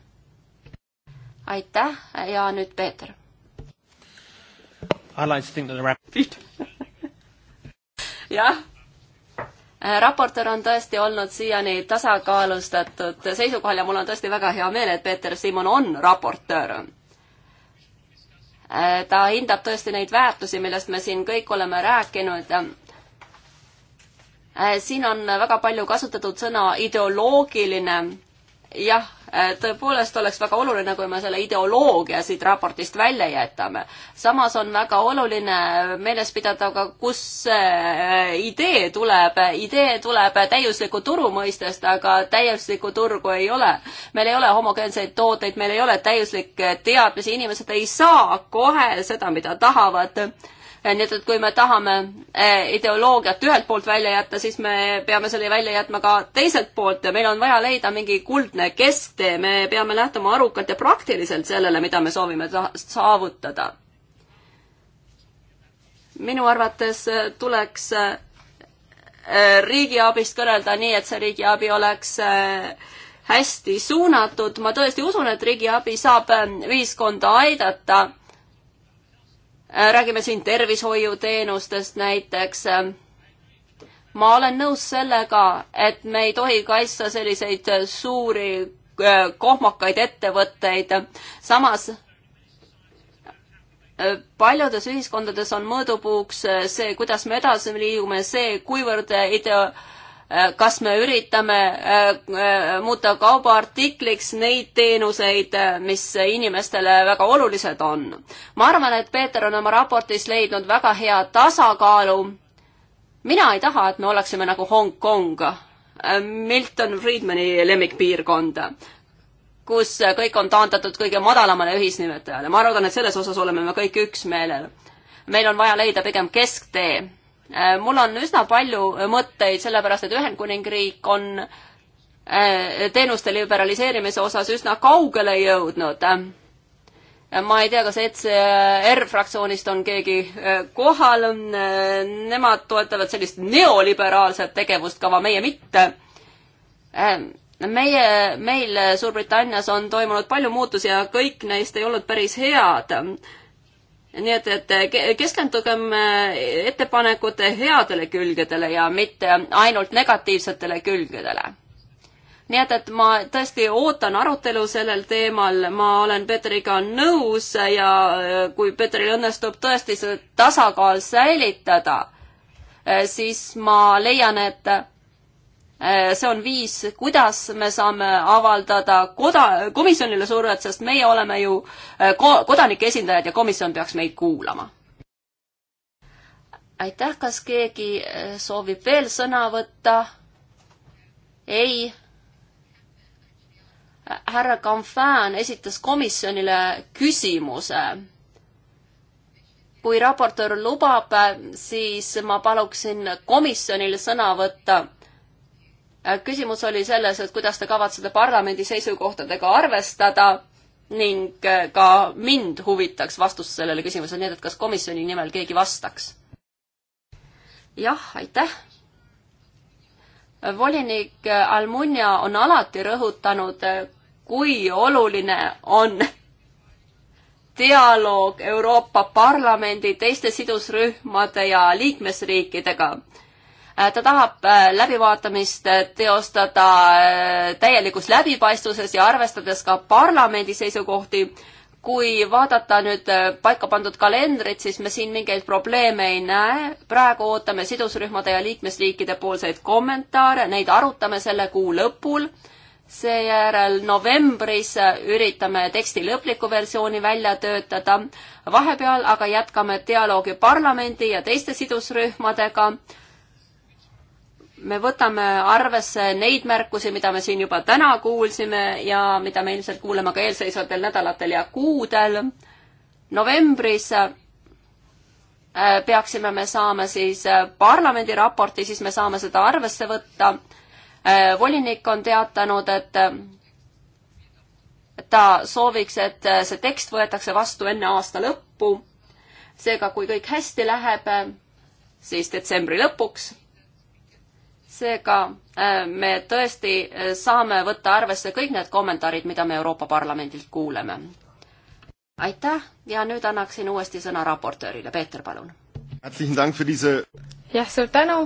B: aitäh ja nüüd Peeter. <laughs> jah, raportöör on tõesti olnud siiani tasakaalustatud seisukohal ja mul on tõesti väga hea meel, et Peeter Simon on raportöör ta hindab tõesti neid väärtusi, millest me siin kõik oleme rääkinud. siin on väga palju kasutatud sõna ideoloogiline. jah, Äh, tõepoolest oleks väga oluline, kui me selle ideoloogia siit raportist välja jätame. samas on väga oluline meeles pidada ka, kus äh, idee tuleb. idee tuleb täiuslikku turu mõistest, aga täiuslikku turgu ei ole. meil ei ole homogeenseid tooteid, meil ei ole täiuslikke teadmisi, inimesed ei saa kohe seda, mida tahavad Eh, nii et, et kui me tahame eh, ideoloogiat ühelt poolt välja jätta, siis me peame selle välja jätma ka teiselt poolt ja meil on vaja leida mingi kuldne kesktee, me peame lähtuma arukalt ja praktiliselt sellele, mida me soovime saavutada. minu arvates eh, tuleks riigiabist kõnelda nii, et see riigiabi oleks hästi suunatud, ma tõesti usun, et riigiabi saab ühiskonda aidata Äh, räägime siin tervishoiuteenustest näiteks. ma olen nõus sellega, et me ei tohi kaitsta selliseid suuri äh, kohmakaid ettevõtteid, samas äh, paljudes ühiskondades on mõõdupuuks see, kuidas me edasi liigume, see, kuivõrd ideo-, Äh, kas me üritame äh, äh, muuta kaubaartikliks neid teenuseid, mis inimestele väga olulised on. ma arvan, et Peeter on oma raportis leidnud väga hea tasakaalu. mina ei taha, et me oleksime nagu Hongkong, Milton Friedmani lemmikpiirkond, kus kõik on taandatud kõige madalamale ühisnimetajale. ma arvan, et selles osas oleme me kõik üksmeelel. meil on vaja leida pigem kesktee Äh, mul on üsna palju äh, mõtteid, sellepärast et Ühendkuningriik on äh, teenuste liberaliseerimise osas üsna kaugele jõudnud. ma ei tea, kas ECR fraktsioonist on keegi kohal, nemad toetavad sellist neoliberaalset tegevuskava, meie mitte meie, meil Suurbritannias on toimunud palju muutusi ja kõik neist ei olnud päris head nii et, et keskendugem eh, ettepanekute headele külgedele ja mitte ainult negatiivsetele külgedele. nii et, et ma tõesti ootan arutelu sellel teemal, ma olen Peetriga nõus ja eh, kui Peetril õnnestub tõesti see tasakaal säilitada, eh, siis ma leian, et Äh, see on viis, kuidas me saame avaldada koda-, komisjonile survet, sest meie oleme ju äh, ko-, kodanike esindajad ja komisjon peaks meid kuulama. aitäh, kas keegi äh, soovib veel sõna võtta? ei. härra Canfin esitas komisjonile küsimuse kui raportöör lubab, siis ma paluksin komisjonil sõna võtta Äh, küsimus oli selles, et kuidas te kavatsete parlamendi seisukohtadega arvestada ning äh, ka mind huvitaks vastus sellele küsimusele, nii et kas komisjoni nimel keegi vastaks? jah, aitäh. volinik äh, Almunia on alati rõhutanud, kui oluline on dialoog Euroopa Parlamendi, teiste sidusrühmade ja liikmesriikidega Äh, ta tahab äh, läbivaatamist äh, teostada täielikus läbipaistvuses ja arvestades ka parlamendi seisukohti. kui vaadata nüüd paika pandud kalendrit, siis me siin mingeid probleeme ei näe. praegu ootame sidusrühmade ja liikmesriikide poolseid kommentaare, neid arutame selle kuu lõpul seejärel novembris üritame teksti lõpliku versiooni välja töötada. vahepeal aga jätkame dialoogi parlamendi ja teiste sidusrühmadega me võtame arvesse neid märkusi, mida me siin juba täna kuulsime ja mida me ilmselt kuuleme ka eelseisvatel nädalatel ja kuudel. novembris äh, peaksime me saama siis äh, parlamendi raporti, siis me saame seda arvesse võtta. Äh, volinik on teatanud, et ta sooviks, et see tekst võetakse vastu enne aasta lõppu. seega, kui kõik hästi läheb, siis detsembri lõpuks seega äh, me tõesti äh, saame võtta arvesse kõik need kommentaarid, mida me Euroopa Parlamendilt kuuleme. aitäh ja nüüd annaksin uuesti sõna raportöörile, Peeter, palun.
C: jah, suur tänu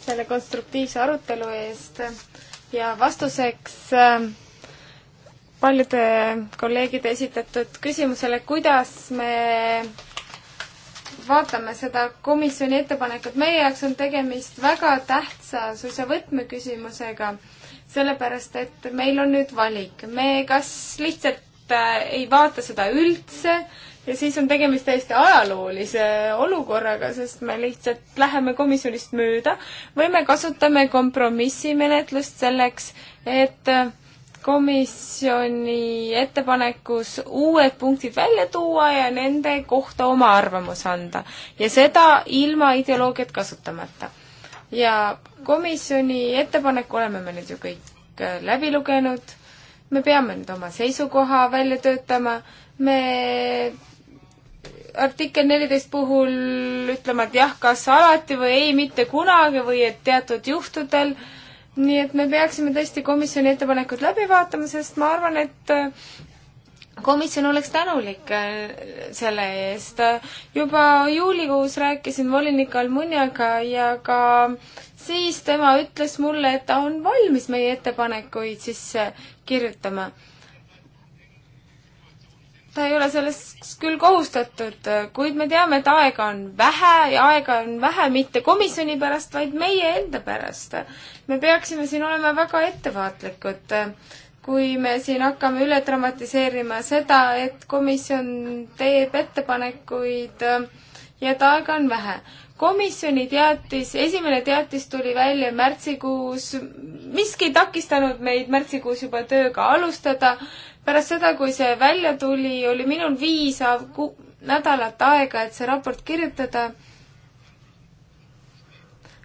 C: selle konstruktiivse arutelu eest ja vastuseks äh, paljude kolleegide esitatud küsimusele, kuidas me vaatame seda komisjoni ettepanekut, meie jaoks on tegemist väga tähtsa suisa võtmeküsimusega, sellepärast et meil on nüüd valik, me kas lihtsalt äh, ei vaata seda üldse ja siis on tegemist täiesti ajaloolise olukorraga, sest me lihtsalt läheme komisjonist mööda või me kasutame kompromissimenetlust selleks, et äh, komisjoni ettepanekus uued punktid välja tuua ja nende kohta oma arvamus anda. ja seda ilma ideoloogiat kasutamata. ja komisjoni ettepaneku oleme me nüüd ju kõik äh, läbi lugenud, me peame nüüd oma seisukoha välja töötama, me artikkel neliteist puhul ütlema, et jah, kas alati või ei, mitte kunagi või et teatud juhtudel äh, nii et me peaksime tõesti komisjoni ettepanekud läbi vaatama, sest ma arvan, et äh, komisjon oleks tänulik äh, selle eest. juba juulikuus rääkisin volinik Almuniaga ja ka siis tema ütles mulle, et ta on valmis meie ettepanekuid sisse kirjutama ta ei ole selles küll kohustatud, kuid me teame, et aega on vähe ja aega on vähe mitte komisjoni pärast, vaid meie enda pärast me peaksime siin olema väga ettevaatlikud, kui me siin hakkame üle dramatiseerima seda, et komisjon teeb ettepanekuid ja et aega on vähe. komisjoni teatis, esimene teatis tuli välja märtsikuus, miski ei takistanud meid märtsikuus juba tööga alustada. pärast seda, kui see välja tuli, oli minul viis nädalat aega, et see raport kirjutada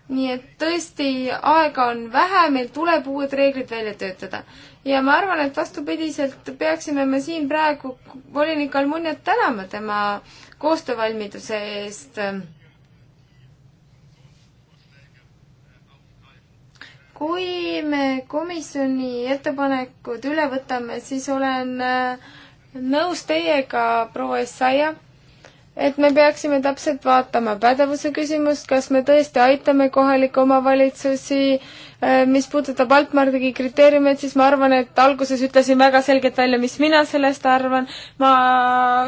C: nii et tõesti, aega on vähe, meil tuleb uued reeglid välja töötada. ja ma arvan, et vastupidiselt peaksime me siin praegu volinik Almuniat tänama tema koostöövalmiduse eest. kui me komisjoni ettepanekud üle võtame, siis olen äh, nõus teiega, proua Essaia et me peaksime täpselt vaatama pädevuse küsimust, kas me tõesti aitame kohalikke omavalitsusi, äh, mis puudutab Altmargi kriteeriumeid, siis ma arvan, et alguses ütlesin väga selgelt välja, mis mina sellest arvan. ma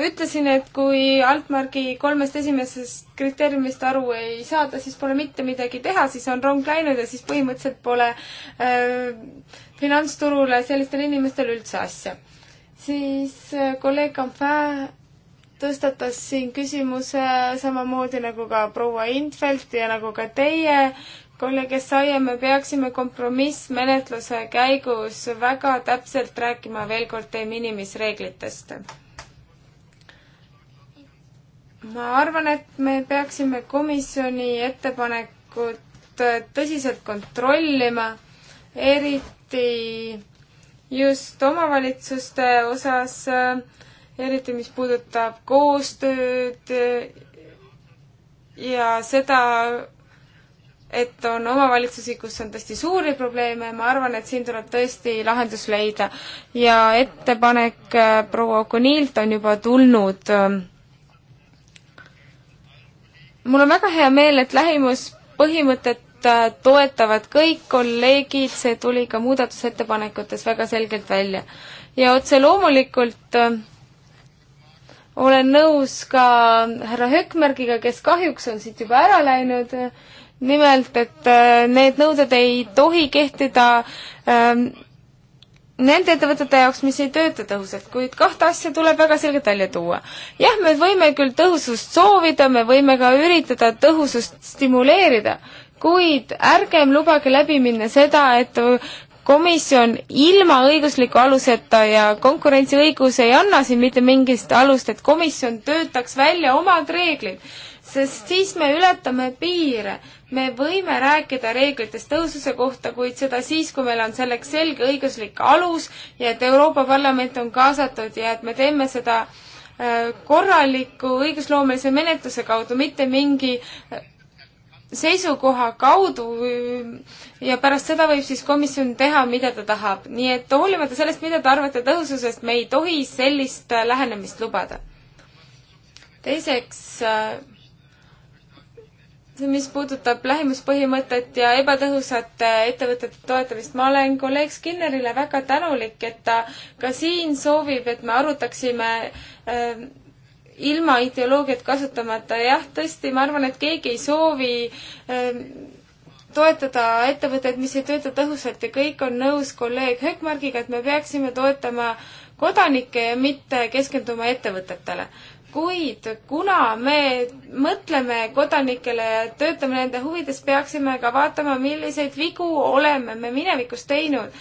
C: ütlesin, et kui Altmargi kolmest esimesest kriteeriumist aru ei saada, siis pole mitte midagi teha, siis on rong läinud ja siis põhimõtteliselt pole äh, finantsturule sellistel inimestel üldse asja. siis äh, kolleeg Amfää tõstatas siin küsimuse samamoodi nagu ka proua Infeld ja nagu ka teie, kolleeg Essaia, me peaksime kompromissmenetluse käigus väga täpselt rääkima veel kord de minimis reeglitest. ma arvan, et me peaksime komisjoni ettepanekut tõsiselt kontrollima, eriti just omavalitsuste osas äh, eriti mis puudutab koostööd ja seda, et on omavalitsusi, kus on tõesti suuri probleeme, ma arvan, et siin tuleb tõesti lahendus leida. ja ettepanek äh, proua Okunilt on juba tulnud. Ähm, mul on väga hea meel, et lähimuspõhimõtet äh, toetavad kõik kolleegid, see tuli ka muudatusettepanekutes väga selgelt välja. ja otse loomulikult äh, olen nõus ka härra Hökmärgiga, kes kahjuks on siit juba ära läinud, nimelt, et äh, need nõuded ei tohi kehtida ähm, nende ettevõtete jaoks, mis ei tööta tõhusalt, kuid kahte asja tuleb väga selgelt välja tuua. jah, me võime küll tõhusust soovida, me võime ka üritada tõhusust stimuleerida, kuid ärgem lubage läbi minna seda, et komisjon ilma õigusliku aluseta ja konkurentsiõigus ei anna siin mitte mingit alust, et komisjon töötaks välja omad reeglid, sest siis me ületame piire. me võime rääkida reeglitest tõususe kohta, kuid seda siis, kui meil on selleks selge õiguslik alus ja et Euroopa Parlament on kaasatud ja et me teeme seda äh, korraliku õigusloomelise menetluse kaudu, mitte mingi äh, seisukoha kaudu ja pärast seda võib siis komisjon teha, mida ta tahab. nii et hoolimata sellest, mida te arvate tõhususest, me ei tohi sellist äh, lähenemist lubada. teiseks, äh, mis puudutab lähimuspõhimõtet ja ebatõhusate ettevõtete toetamist, ma olen kolleeg Skinnerile väga tänulik, et ta ka siin soovib, et me arutaksime äh, ilma ideoloogiat kasutamata, jah, tõesti, ma arvan, et keegi ei soovi ähm, toetada ettevõtteid, mis ei tööta tõhusalt ja kõik on nõus kolleeg Höökmargiga, et me peaksime toetama kodanikke ja mitte keskenduma ettevõtetele kuid kuna me mõtleme kodanikele ja töötame nende huvides, peaksime ka vaatama, milliseid vigu oleme me minevikus teinud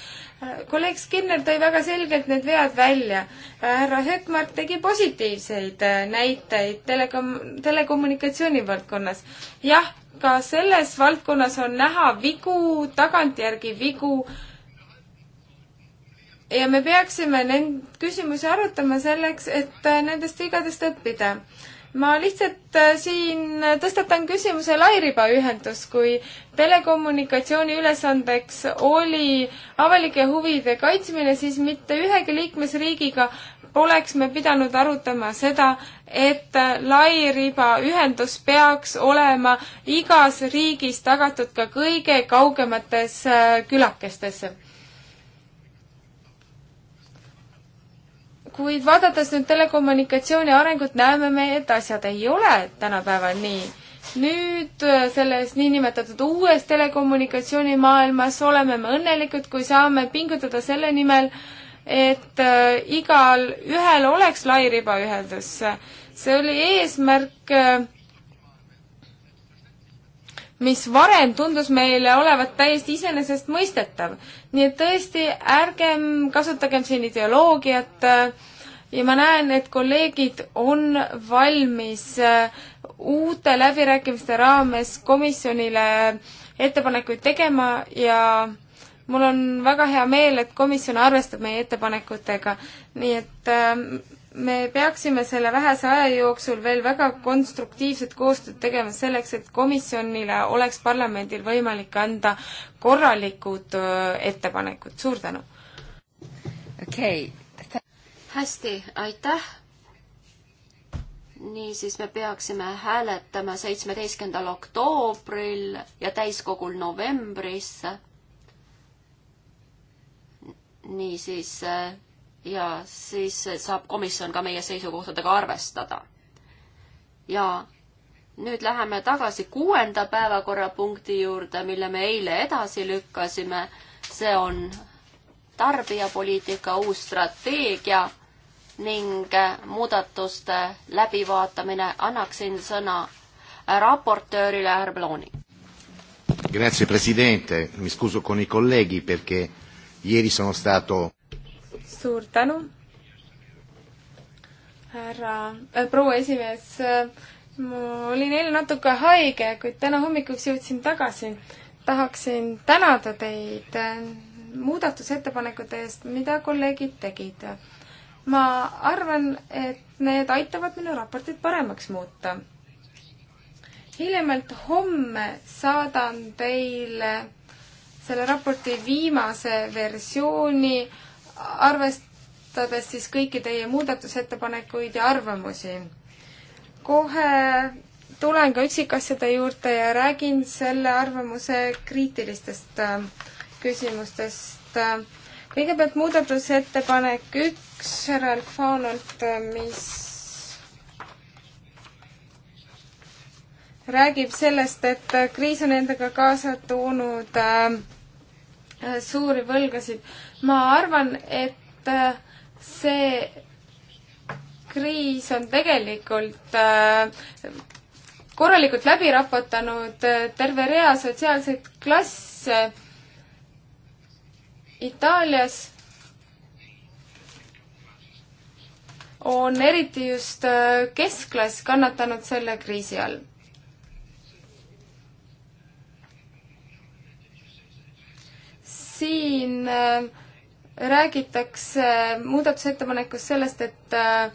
C: kolleeg Skinner tõi väga selgelt need vead välja. härra Hökmark tegi positiivseid äh, näiteid telekom-, telekommunikatsiooni valdkonnas. jah, ka selles valdkonnas on näha vigu, tagantjärgi vigu, ja me peaksime neid küsimusi arutama selleks, et äh, nendest vigadest õppida ma lihtsalt äh, siin tõstatan küsimuse lairibaühendus, kui telekommunikatsiooni ülesandeks oli avalike huvide kaitsmine, siis mitte ühegi liikmesriigiga poleks me pidanud arutama seda, et lairibaühendus peaks olema igas riigis tagatud ka kõige kaugemates äh, külakestes kuid vaadates nüüd telekommunikatsiooni arengut, näeme me, et asjad ei ole tänapäeval nii. nüüd äh, selles niinimetatud uues telekommunikatsioonimaailmas oleme me õnnelikud, kui saame pingutada selle nimel, et äh, igal ühel oleks lairibaühendus. see oli eesmärk äh, mis varem tundus meile olevat täiesti iseenesestmõistetav. nii et tõesti, ärgem kasutagem siin ideoloogiat äh, ja ma näen, et kolleegid on valmis äh, uute läbirääkimiste raames komisjonile ettepanekuid tegema ja mul on väga hea meel, et komisjon arvestab meie ettepanekutega. nii et äh, me peaksime selle vähese aja jooksul veel väga konstruktiivset koostööd tegema selleks, et komisjonile oleks parlamendil võimalik anda korralikud ettepanekud. suur tänu!
B: okei okay.. hästi, aitäh! niisiis me peaksime hääletama seitsmeteistkümnendal oktoobril ja täiskogul novembris. niisiis ja siis saab komisjon ka meie seisukohtadega arvestada. ja nüüd läheme tagasi kuuenda päevakorrapunkti juurde, mille me eile edasi lükkasime. see on tarbijapoliitika uus strateegia ning muudatuste läbivaatamine. annaksin sõna raportöörile härra Blooni.
A: Grazie Presidente, mi scuso con i colleghi perché ieri sono stato
C: suur tänu, härra äh,, proua esimees. Äh, ma olin eile natuke haige, kuid täna hommikuks jõudsin tagasi. tahaksin tänada teid äh, muudatusettepanekute eest, mida kolleegid tegid. ma arvan, et need aitavad minu raportit paremaks muuta. hiljemalt homme saadan teile selle raporti viimase versiooni arvestades siis kõiki teie muudatusettepanekuid ja arvamusi. kohe tulen ka üksikasjade juurde ja räägin selle arvamuse kriitilistest äh, küsimustest. kõigepealt muudatusettepanek üks härra Alfanolt, äh, mis räägib sellest, et äh, kriis on endaga kaasa toonud äh, suuri võlgasid ma arvan, et äh, see kriis on tegelikult äh, korralikult läbi raputanud äh, terve rea sotsiaalseid klasse Itaalias on eriti just keskklass kannatanud selle kriisi all. siin äh, räägitakse muudatusettepanekus sellest, et äh,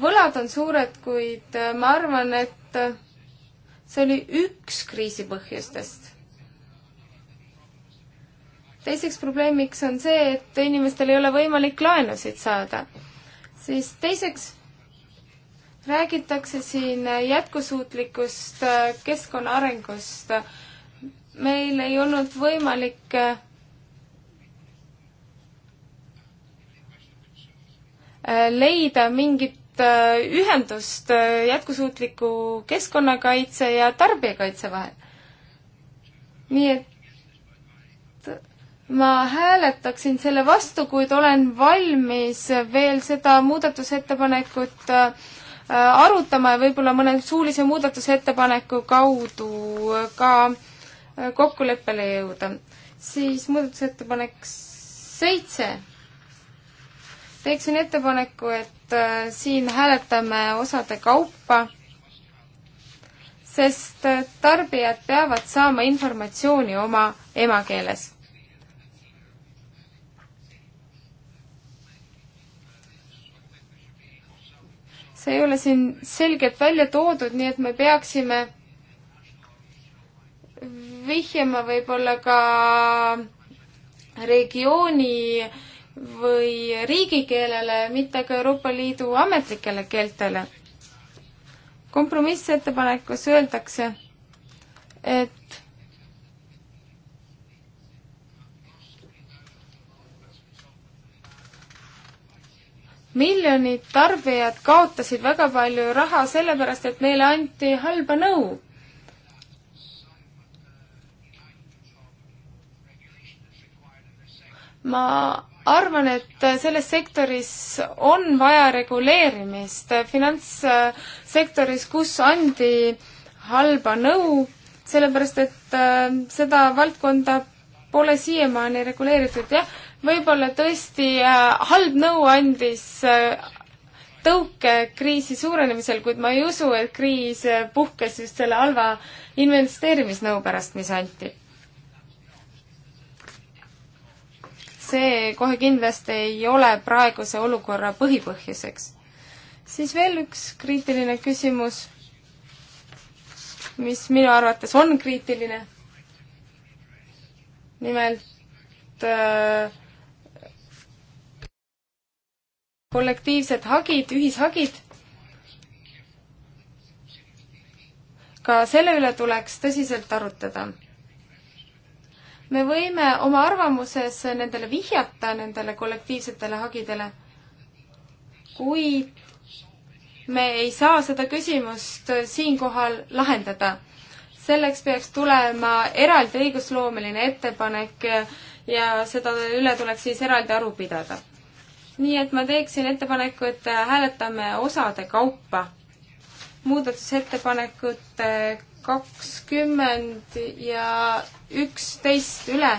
C: võlad on suured, kuid äh, ma arvan, et äh, see oli üks kriisi põhjustest. teiseks probleemiks on see, et inimestel ei ole võimalik laenusid saada. siis teiseks räägitakse siin jätkusuutlikust keskkonna arengust. meil ei olnud võimalik Äh, leida mingit äh, ühendust äh, jätkusuutliku keskkonnakaitse ja tarbijakaitse vahel. nii et ma hääletaksin selle vastu, kuid olen valmis veel seda muudatusettepanekut arutama ja võib-olla mõne suulise muudatusettepaneku kaudu ka kokkuleppele jõuda. siis muudatusettepanek seitse teeksin ettepaneku, et äh, siin hääletame osade kaupa, sest äh, tarbijad peavad saama informatsiooni oma emakeeles. see ei ole siin selgelt välja toodud, nii et me peaksime vihjama võib-olla ka regiooni äh, või riigikeelele, mitte ka Euroopa Liidu ametlikele keeltele. kompromissettepanekus öeldakse, et miljonid tarbijad kaotasid väga palju raha sellepärast, et neile anti halba nõu ma arvan, et selles sektoris on vaja reguleerimist, finantssektoris, kus andi halba nõu, sellepärast et äh, seda valdkonda pole siiamaani reguleeritud, jah, võib-olla tõesti äh, halb nõu andis äh, tõuke kriisi suurenemisel, kuid ma ei usu, et kriis puhkes just selle halva investeerimisnõu pärast, mis anti see kohe kindlasti ei ole praeguse olukorra põhipõhjuseks. siis veel üks kriitiline küsimus, mis minu arvates on kriitiline. nimelt äh, kollektiivsed hagid, ühishagid. ka selle üle tuleks tõsiselt arutada me võime oma arvamuses nendele vihjata, nendele kollektiivsetele hagidele, kuid me ei saa seda küsimust siinkohal lahendada. selleks peaks tulema eraldi õigusloomeline ettepanek ja seda üle tuleks siis eraldi aru pidada. nii et ma teeksin ettepaneku, et hääletame osade kaupa muudatusettepanekute kakskümmend ja üksteist üle,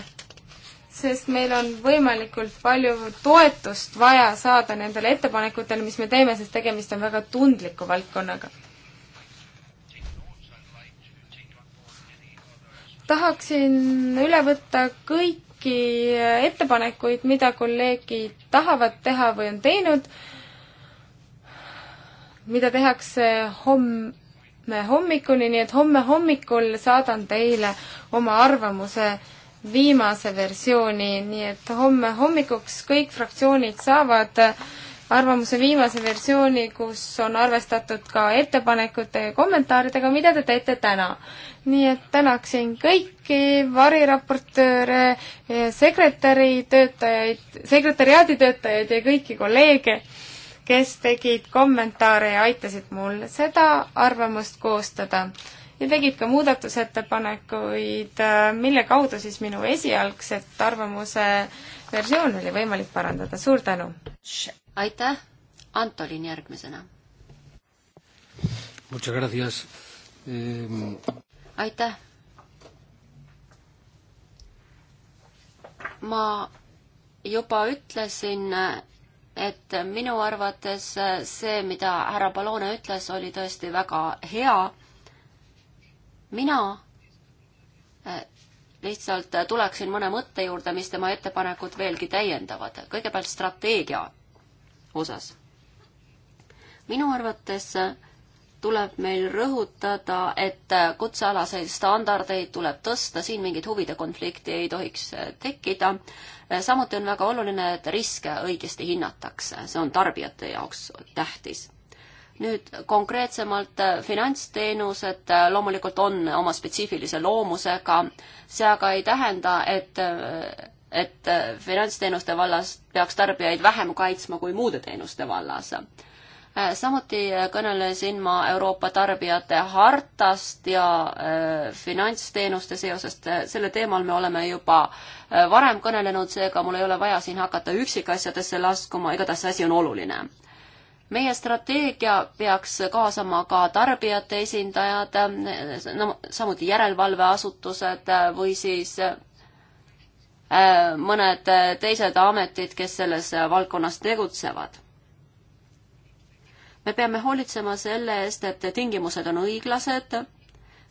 C: sest meil on võimalikult palju toetust vaja saada nendele ettepanekutele, mis me teeme, sest tegemist on väga tundliku valdkonnaga. tahaksin üle võtta kõiki ettepanekuid, mida kolleegid tahavad teha või on teinud mida tehakse homme, homme hommikuni, nii et homme hommikul saadan teile oma arvamuse viimase versiooni, nii et homme hommikuks kõik fraktsioonid saavad arvamuse viimase versiooni, kus on arvestatud ka ettepanekute ja kommentaaridega, mida te teete täna. nii et tänaksin kõiki variraportööre, sekretäri töötajaid, sekretäriaadi töötajaid ja kõiki kolleege kes tegid kommentaare ja aitasid mul seda arvamust koostada ja tegid ka muudatusettepanekuid, mille kaudu siis minu esialgset arvamuse versioon oli võimalik parandada. suur tänu!
B: aitäh! Antolin järgmisena. aitäh! ma juba ütlesin, et minu arvates see, mida härra Palone ütles, oli tõesti väga hea. mina eh, lihtsalt tuleksin mõne mõtte juurde, mis tema ettepanekut veelgi täiendavad. kõigepealt strateegia osas. minu arvates äh, tuleb meil rõhutada, et kutsealaseid standardeid tuleb tõsta, siin mingit huvide konflikti ei tohiks tekkida. samuti on väga oluline, et riske õigesti hinnatakse, see on tarbijate jaoks tähtis. nüüd konkreetsemalt finantsteenused loomulikult on oma spetsiifilise loomusega, see aga ei tähenda, et et finantsteenuste vallas peaks tarbijaid vähem kaitsma kui muude teenuste vallas samuti kõnelesin ma Euroopa tarbijate hartast ja äh, finantsteenuste seosest, selle teemal me oleme juba äh, varem kõnelenud, seega mul ei ole vaja siin hakata üksikasjadesse laskuma, igatahes asi on oluline. meie strateegia peaks kaasama ka tarbijate esindajad, samuti järelevalveasutused või siis äh, mõned teised ametid, kes selles valdkonnas tegutsevad me peame hoolitsema selle eest, et tingimused on õiglased,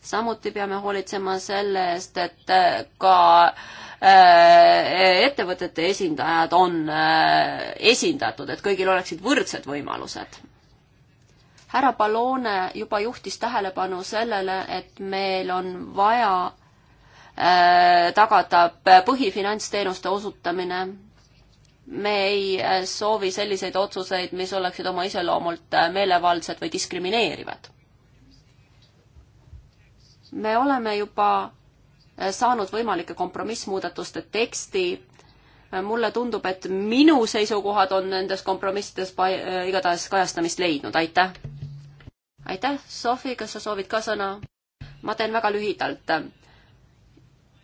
B: samuti peame hoolitsema selle eest, et äh, ka äh, ettevõtete esindajad on äh, esindatud, et kõigil oleksid võrdsed võimalused. härra Pallone juba juhtis tähelepanu sellele, et meil on vaja tagada põhifinantsteenuste osutamine me ei äh, soovi selliseid otsuseid, mis oleksid oma iseloomult äh, meelevaldsed või diskrimineerivad. me oleme juba äh, saanud võimalike kompromissmuudatuste teksti. mulle tundub, et minu seisukohad on nendes kompromissides igatahes kajastamist leidnud, aitäh! aitäh, Sofi, kas sa soovid ka sõna? ma teen väga lühidalt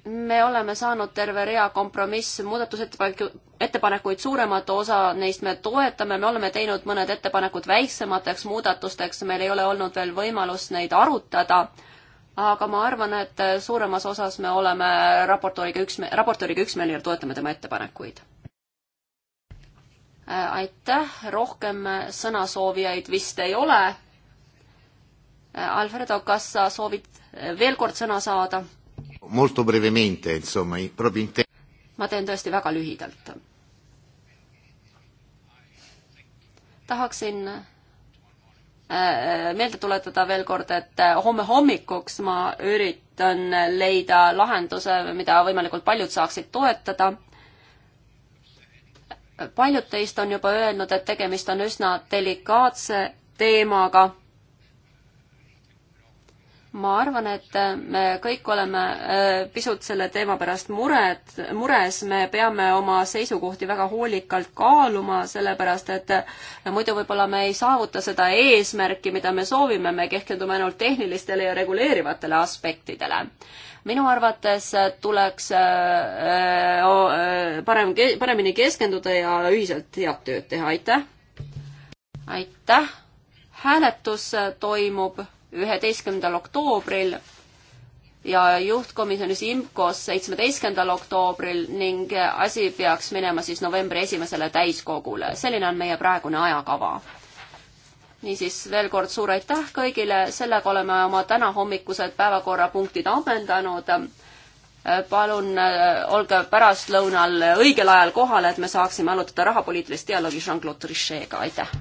B: me oleme saanud terve rea kompromiss muudatusettepanekuid, suuremat osa neist me toetame, me oleme teinud mõned ettepanekud väiksemateks muudatusteks, meil ei ole olnud veel võimalust neid arutada, aga ma arvan, et suuremas osas me oleme raportööriga üksme-, raportööriga üksmeelel ja toetame tema ettepanekuid. aitäh, rohkem sõnasoovijaid vist ei ole. Alfredo, kas sa soovid veel kord sõna saada?
A: molto brevemente, insomma, proprio in te-
B: ma teen tõesti väga lühidalt. tahaksin äh, äh, meelde tuletada veel kord, et äh, homme hommikuks ma üritan leida lahenduse, mida võimalikult paljud saaksid toetada. paljud teist on juba öelnud, et tegemist on üsna delikaatse teemaga ma arvan, et me kõik oleme äh, pisut selle teema pärast mured, mures, me peame oma seisukohti väga hoolikalt kaaluma, sellepärast et äh, muidu võib-olla me ei saavuta seda eesmärki, mida me soovime, me kehkendume ainult tehnilistele ja reguleerivatele aspektidele minu arvates tuleks äh, parem, paremini keskenduda ja ühiselt head tööd teha, aitäh! aitäh! hääletus toimub üheteistkümnendal oktoobril ja juhtkomisjonis IMCO-s seitsmeteistkümnendal oktoobril ning asi peaks minema siis novembri esimesele täiskogule. selline on meie praegune ajakava. niisiis veel kord suur aitäh kõigile, sellega oleme oma tänahommikused päevakorrapunktid ammendanud. palun äh, olge pärastlõunal õigel ajal kohal, et me saaksime arutada rahapoliitilist dialoogi Jean-Claude Trichet'ga, aitäh!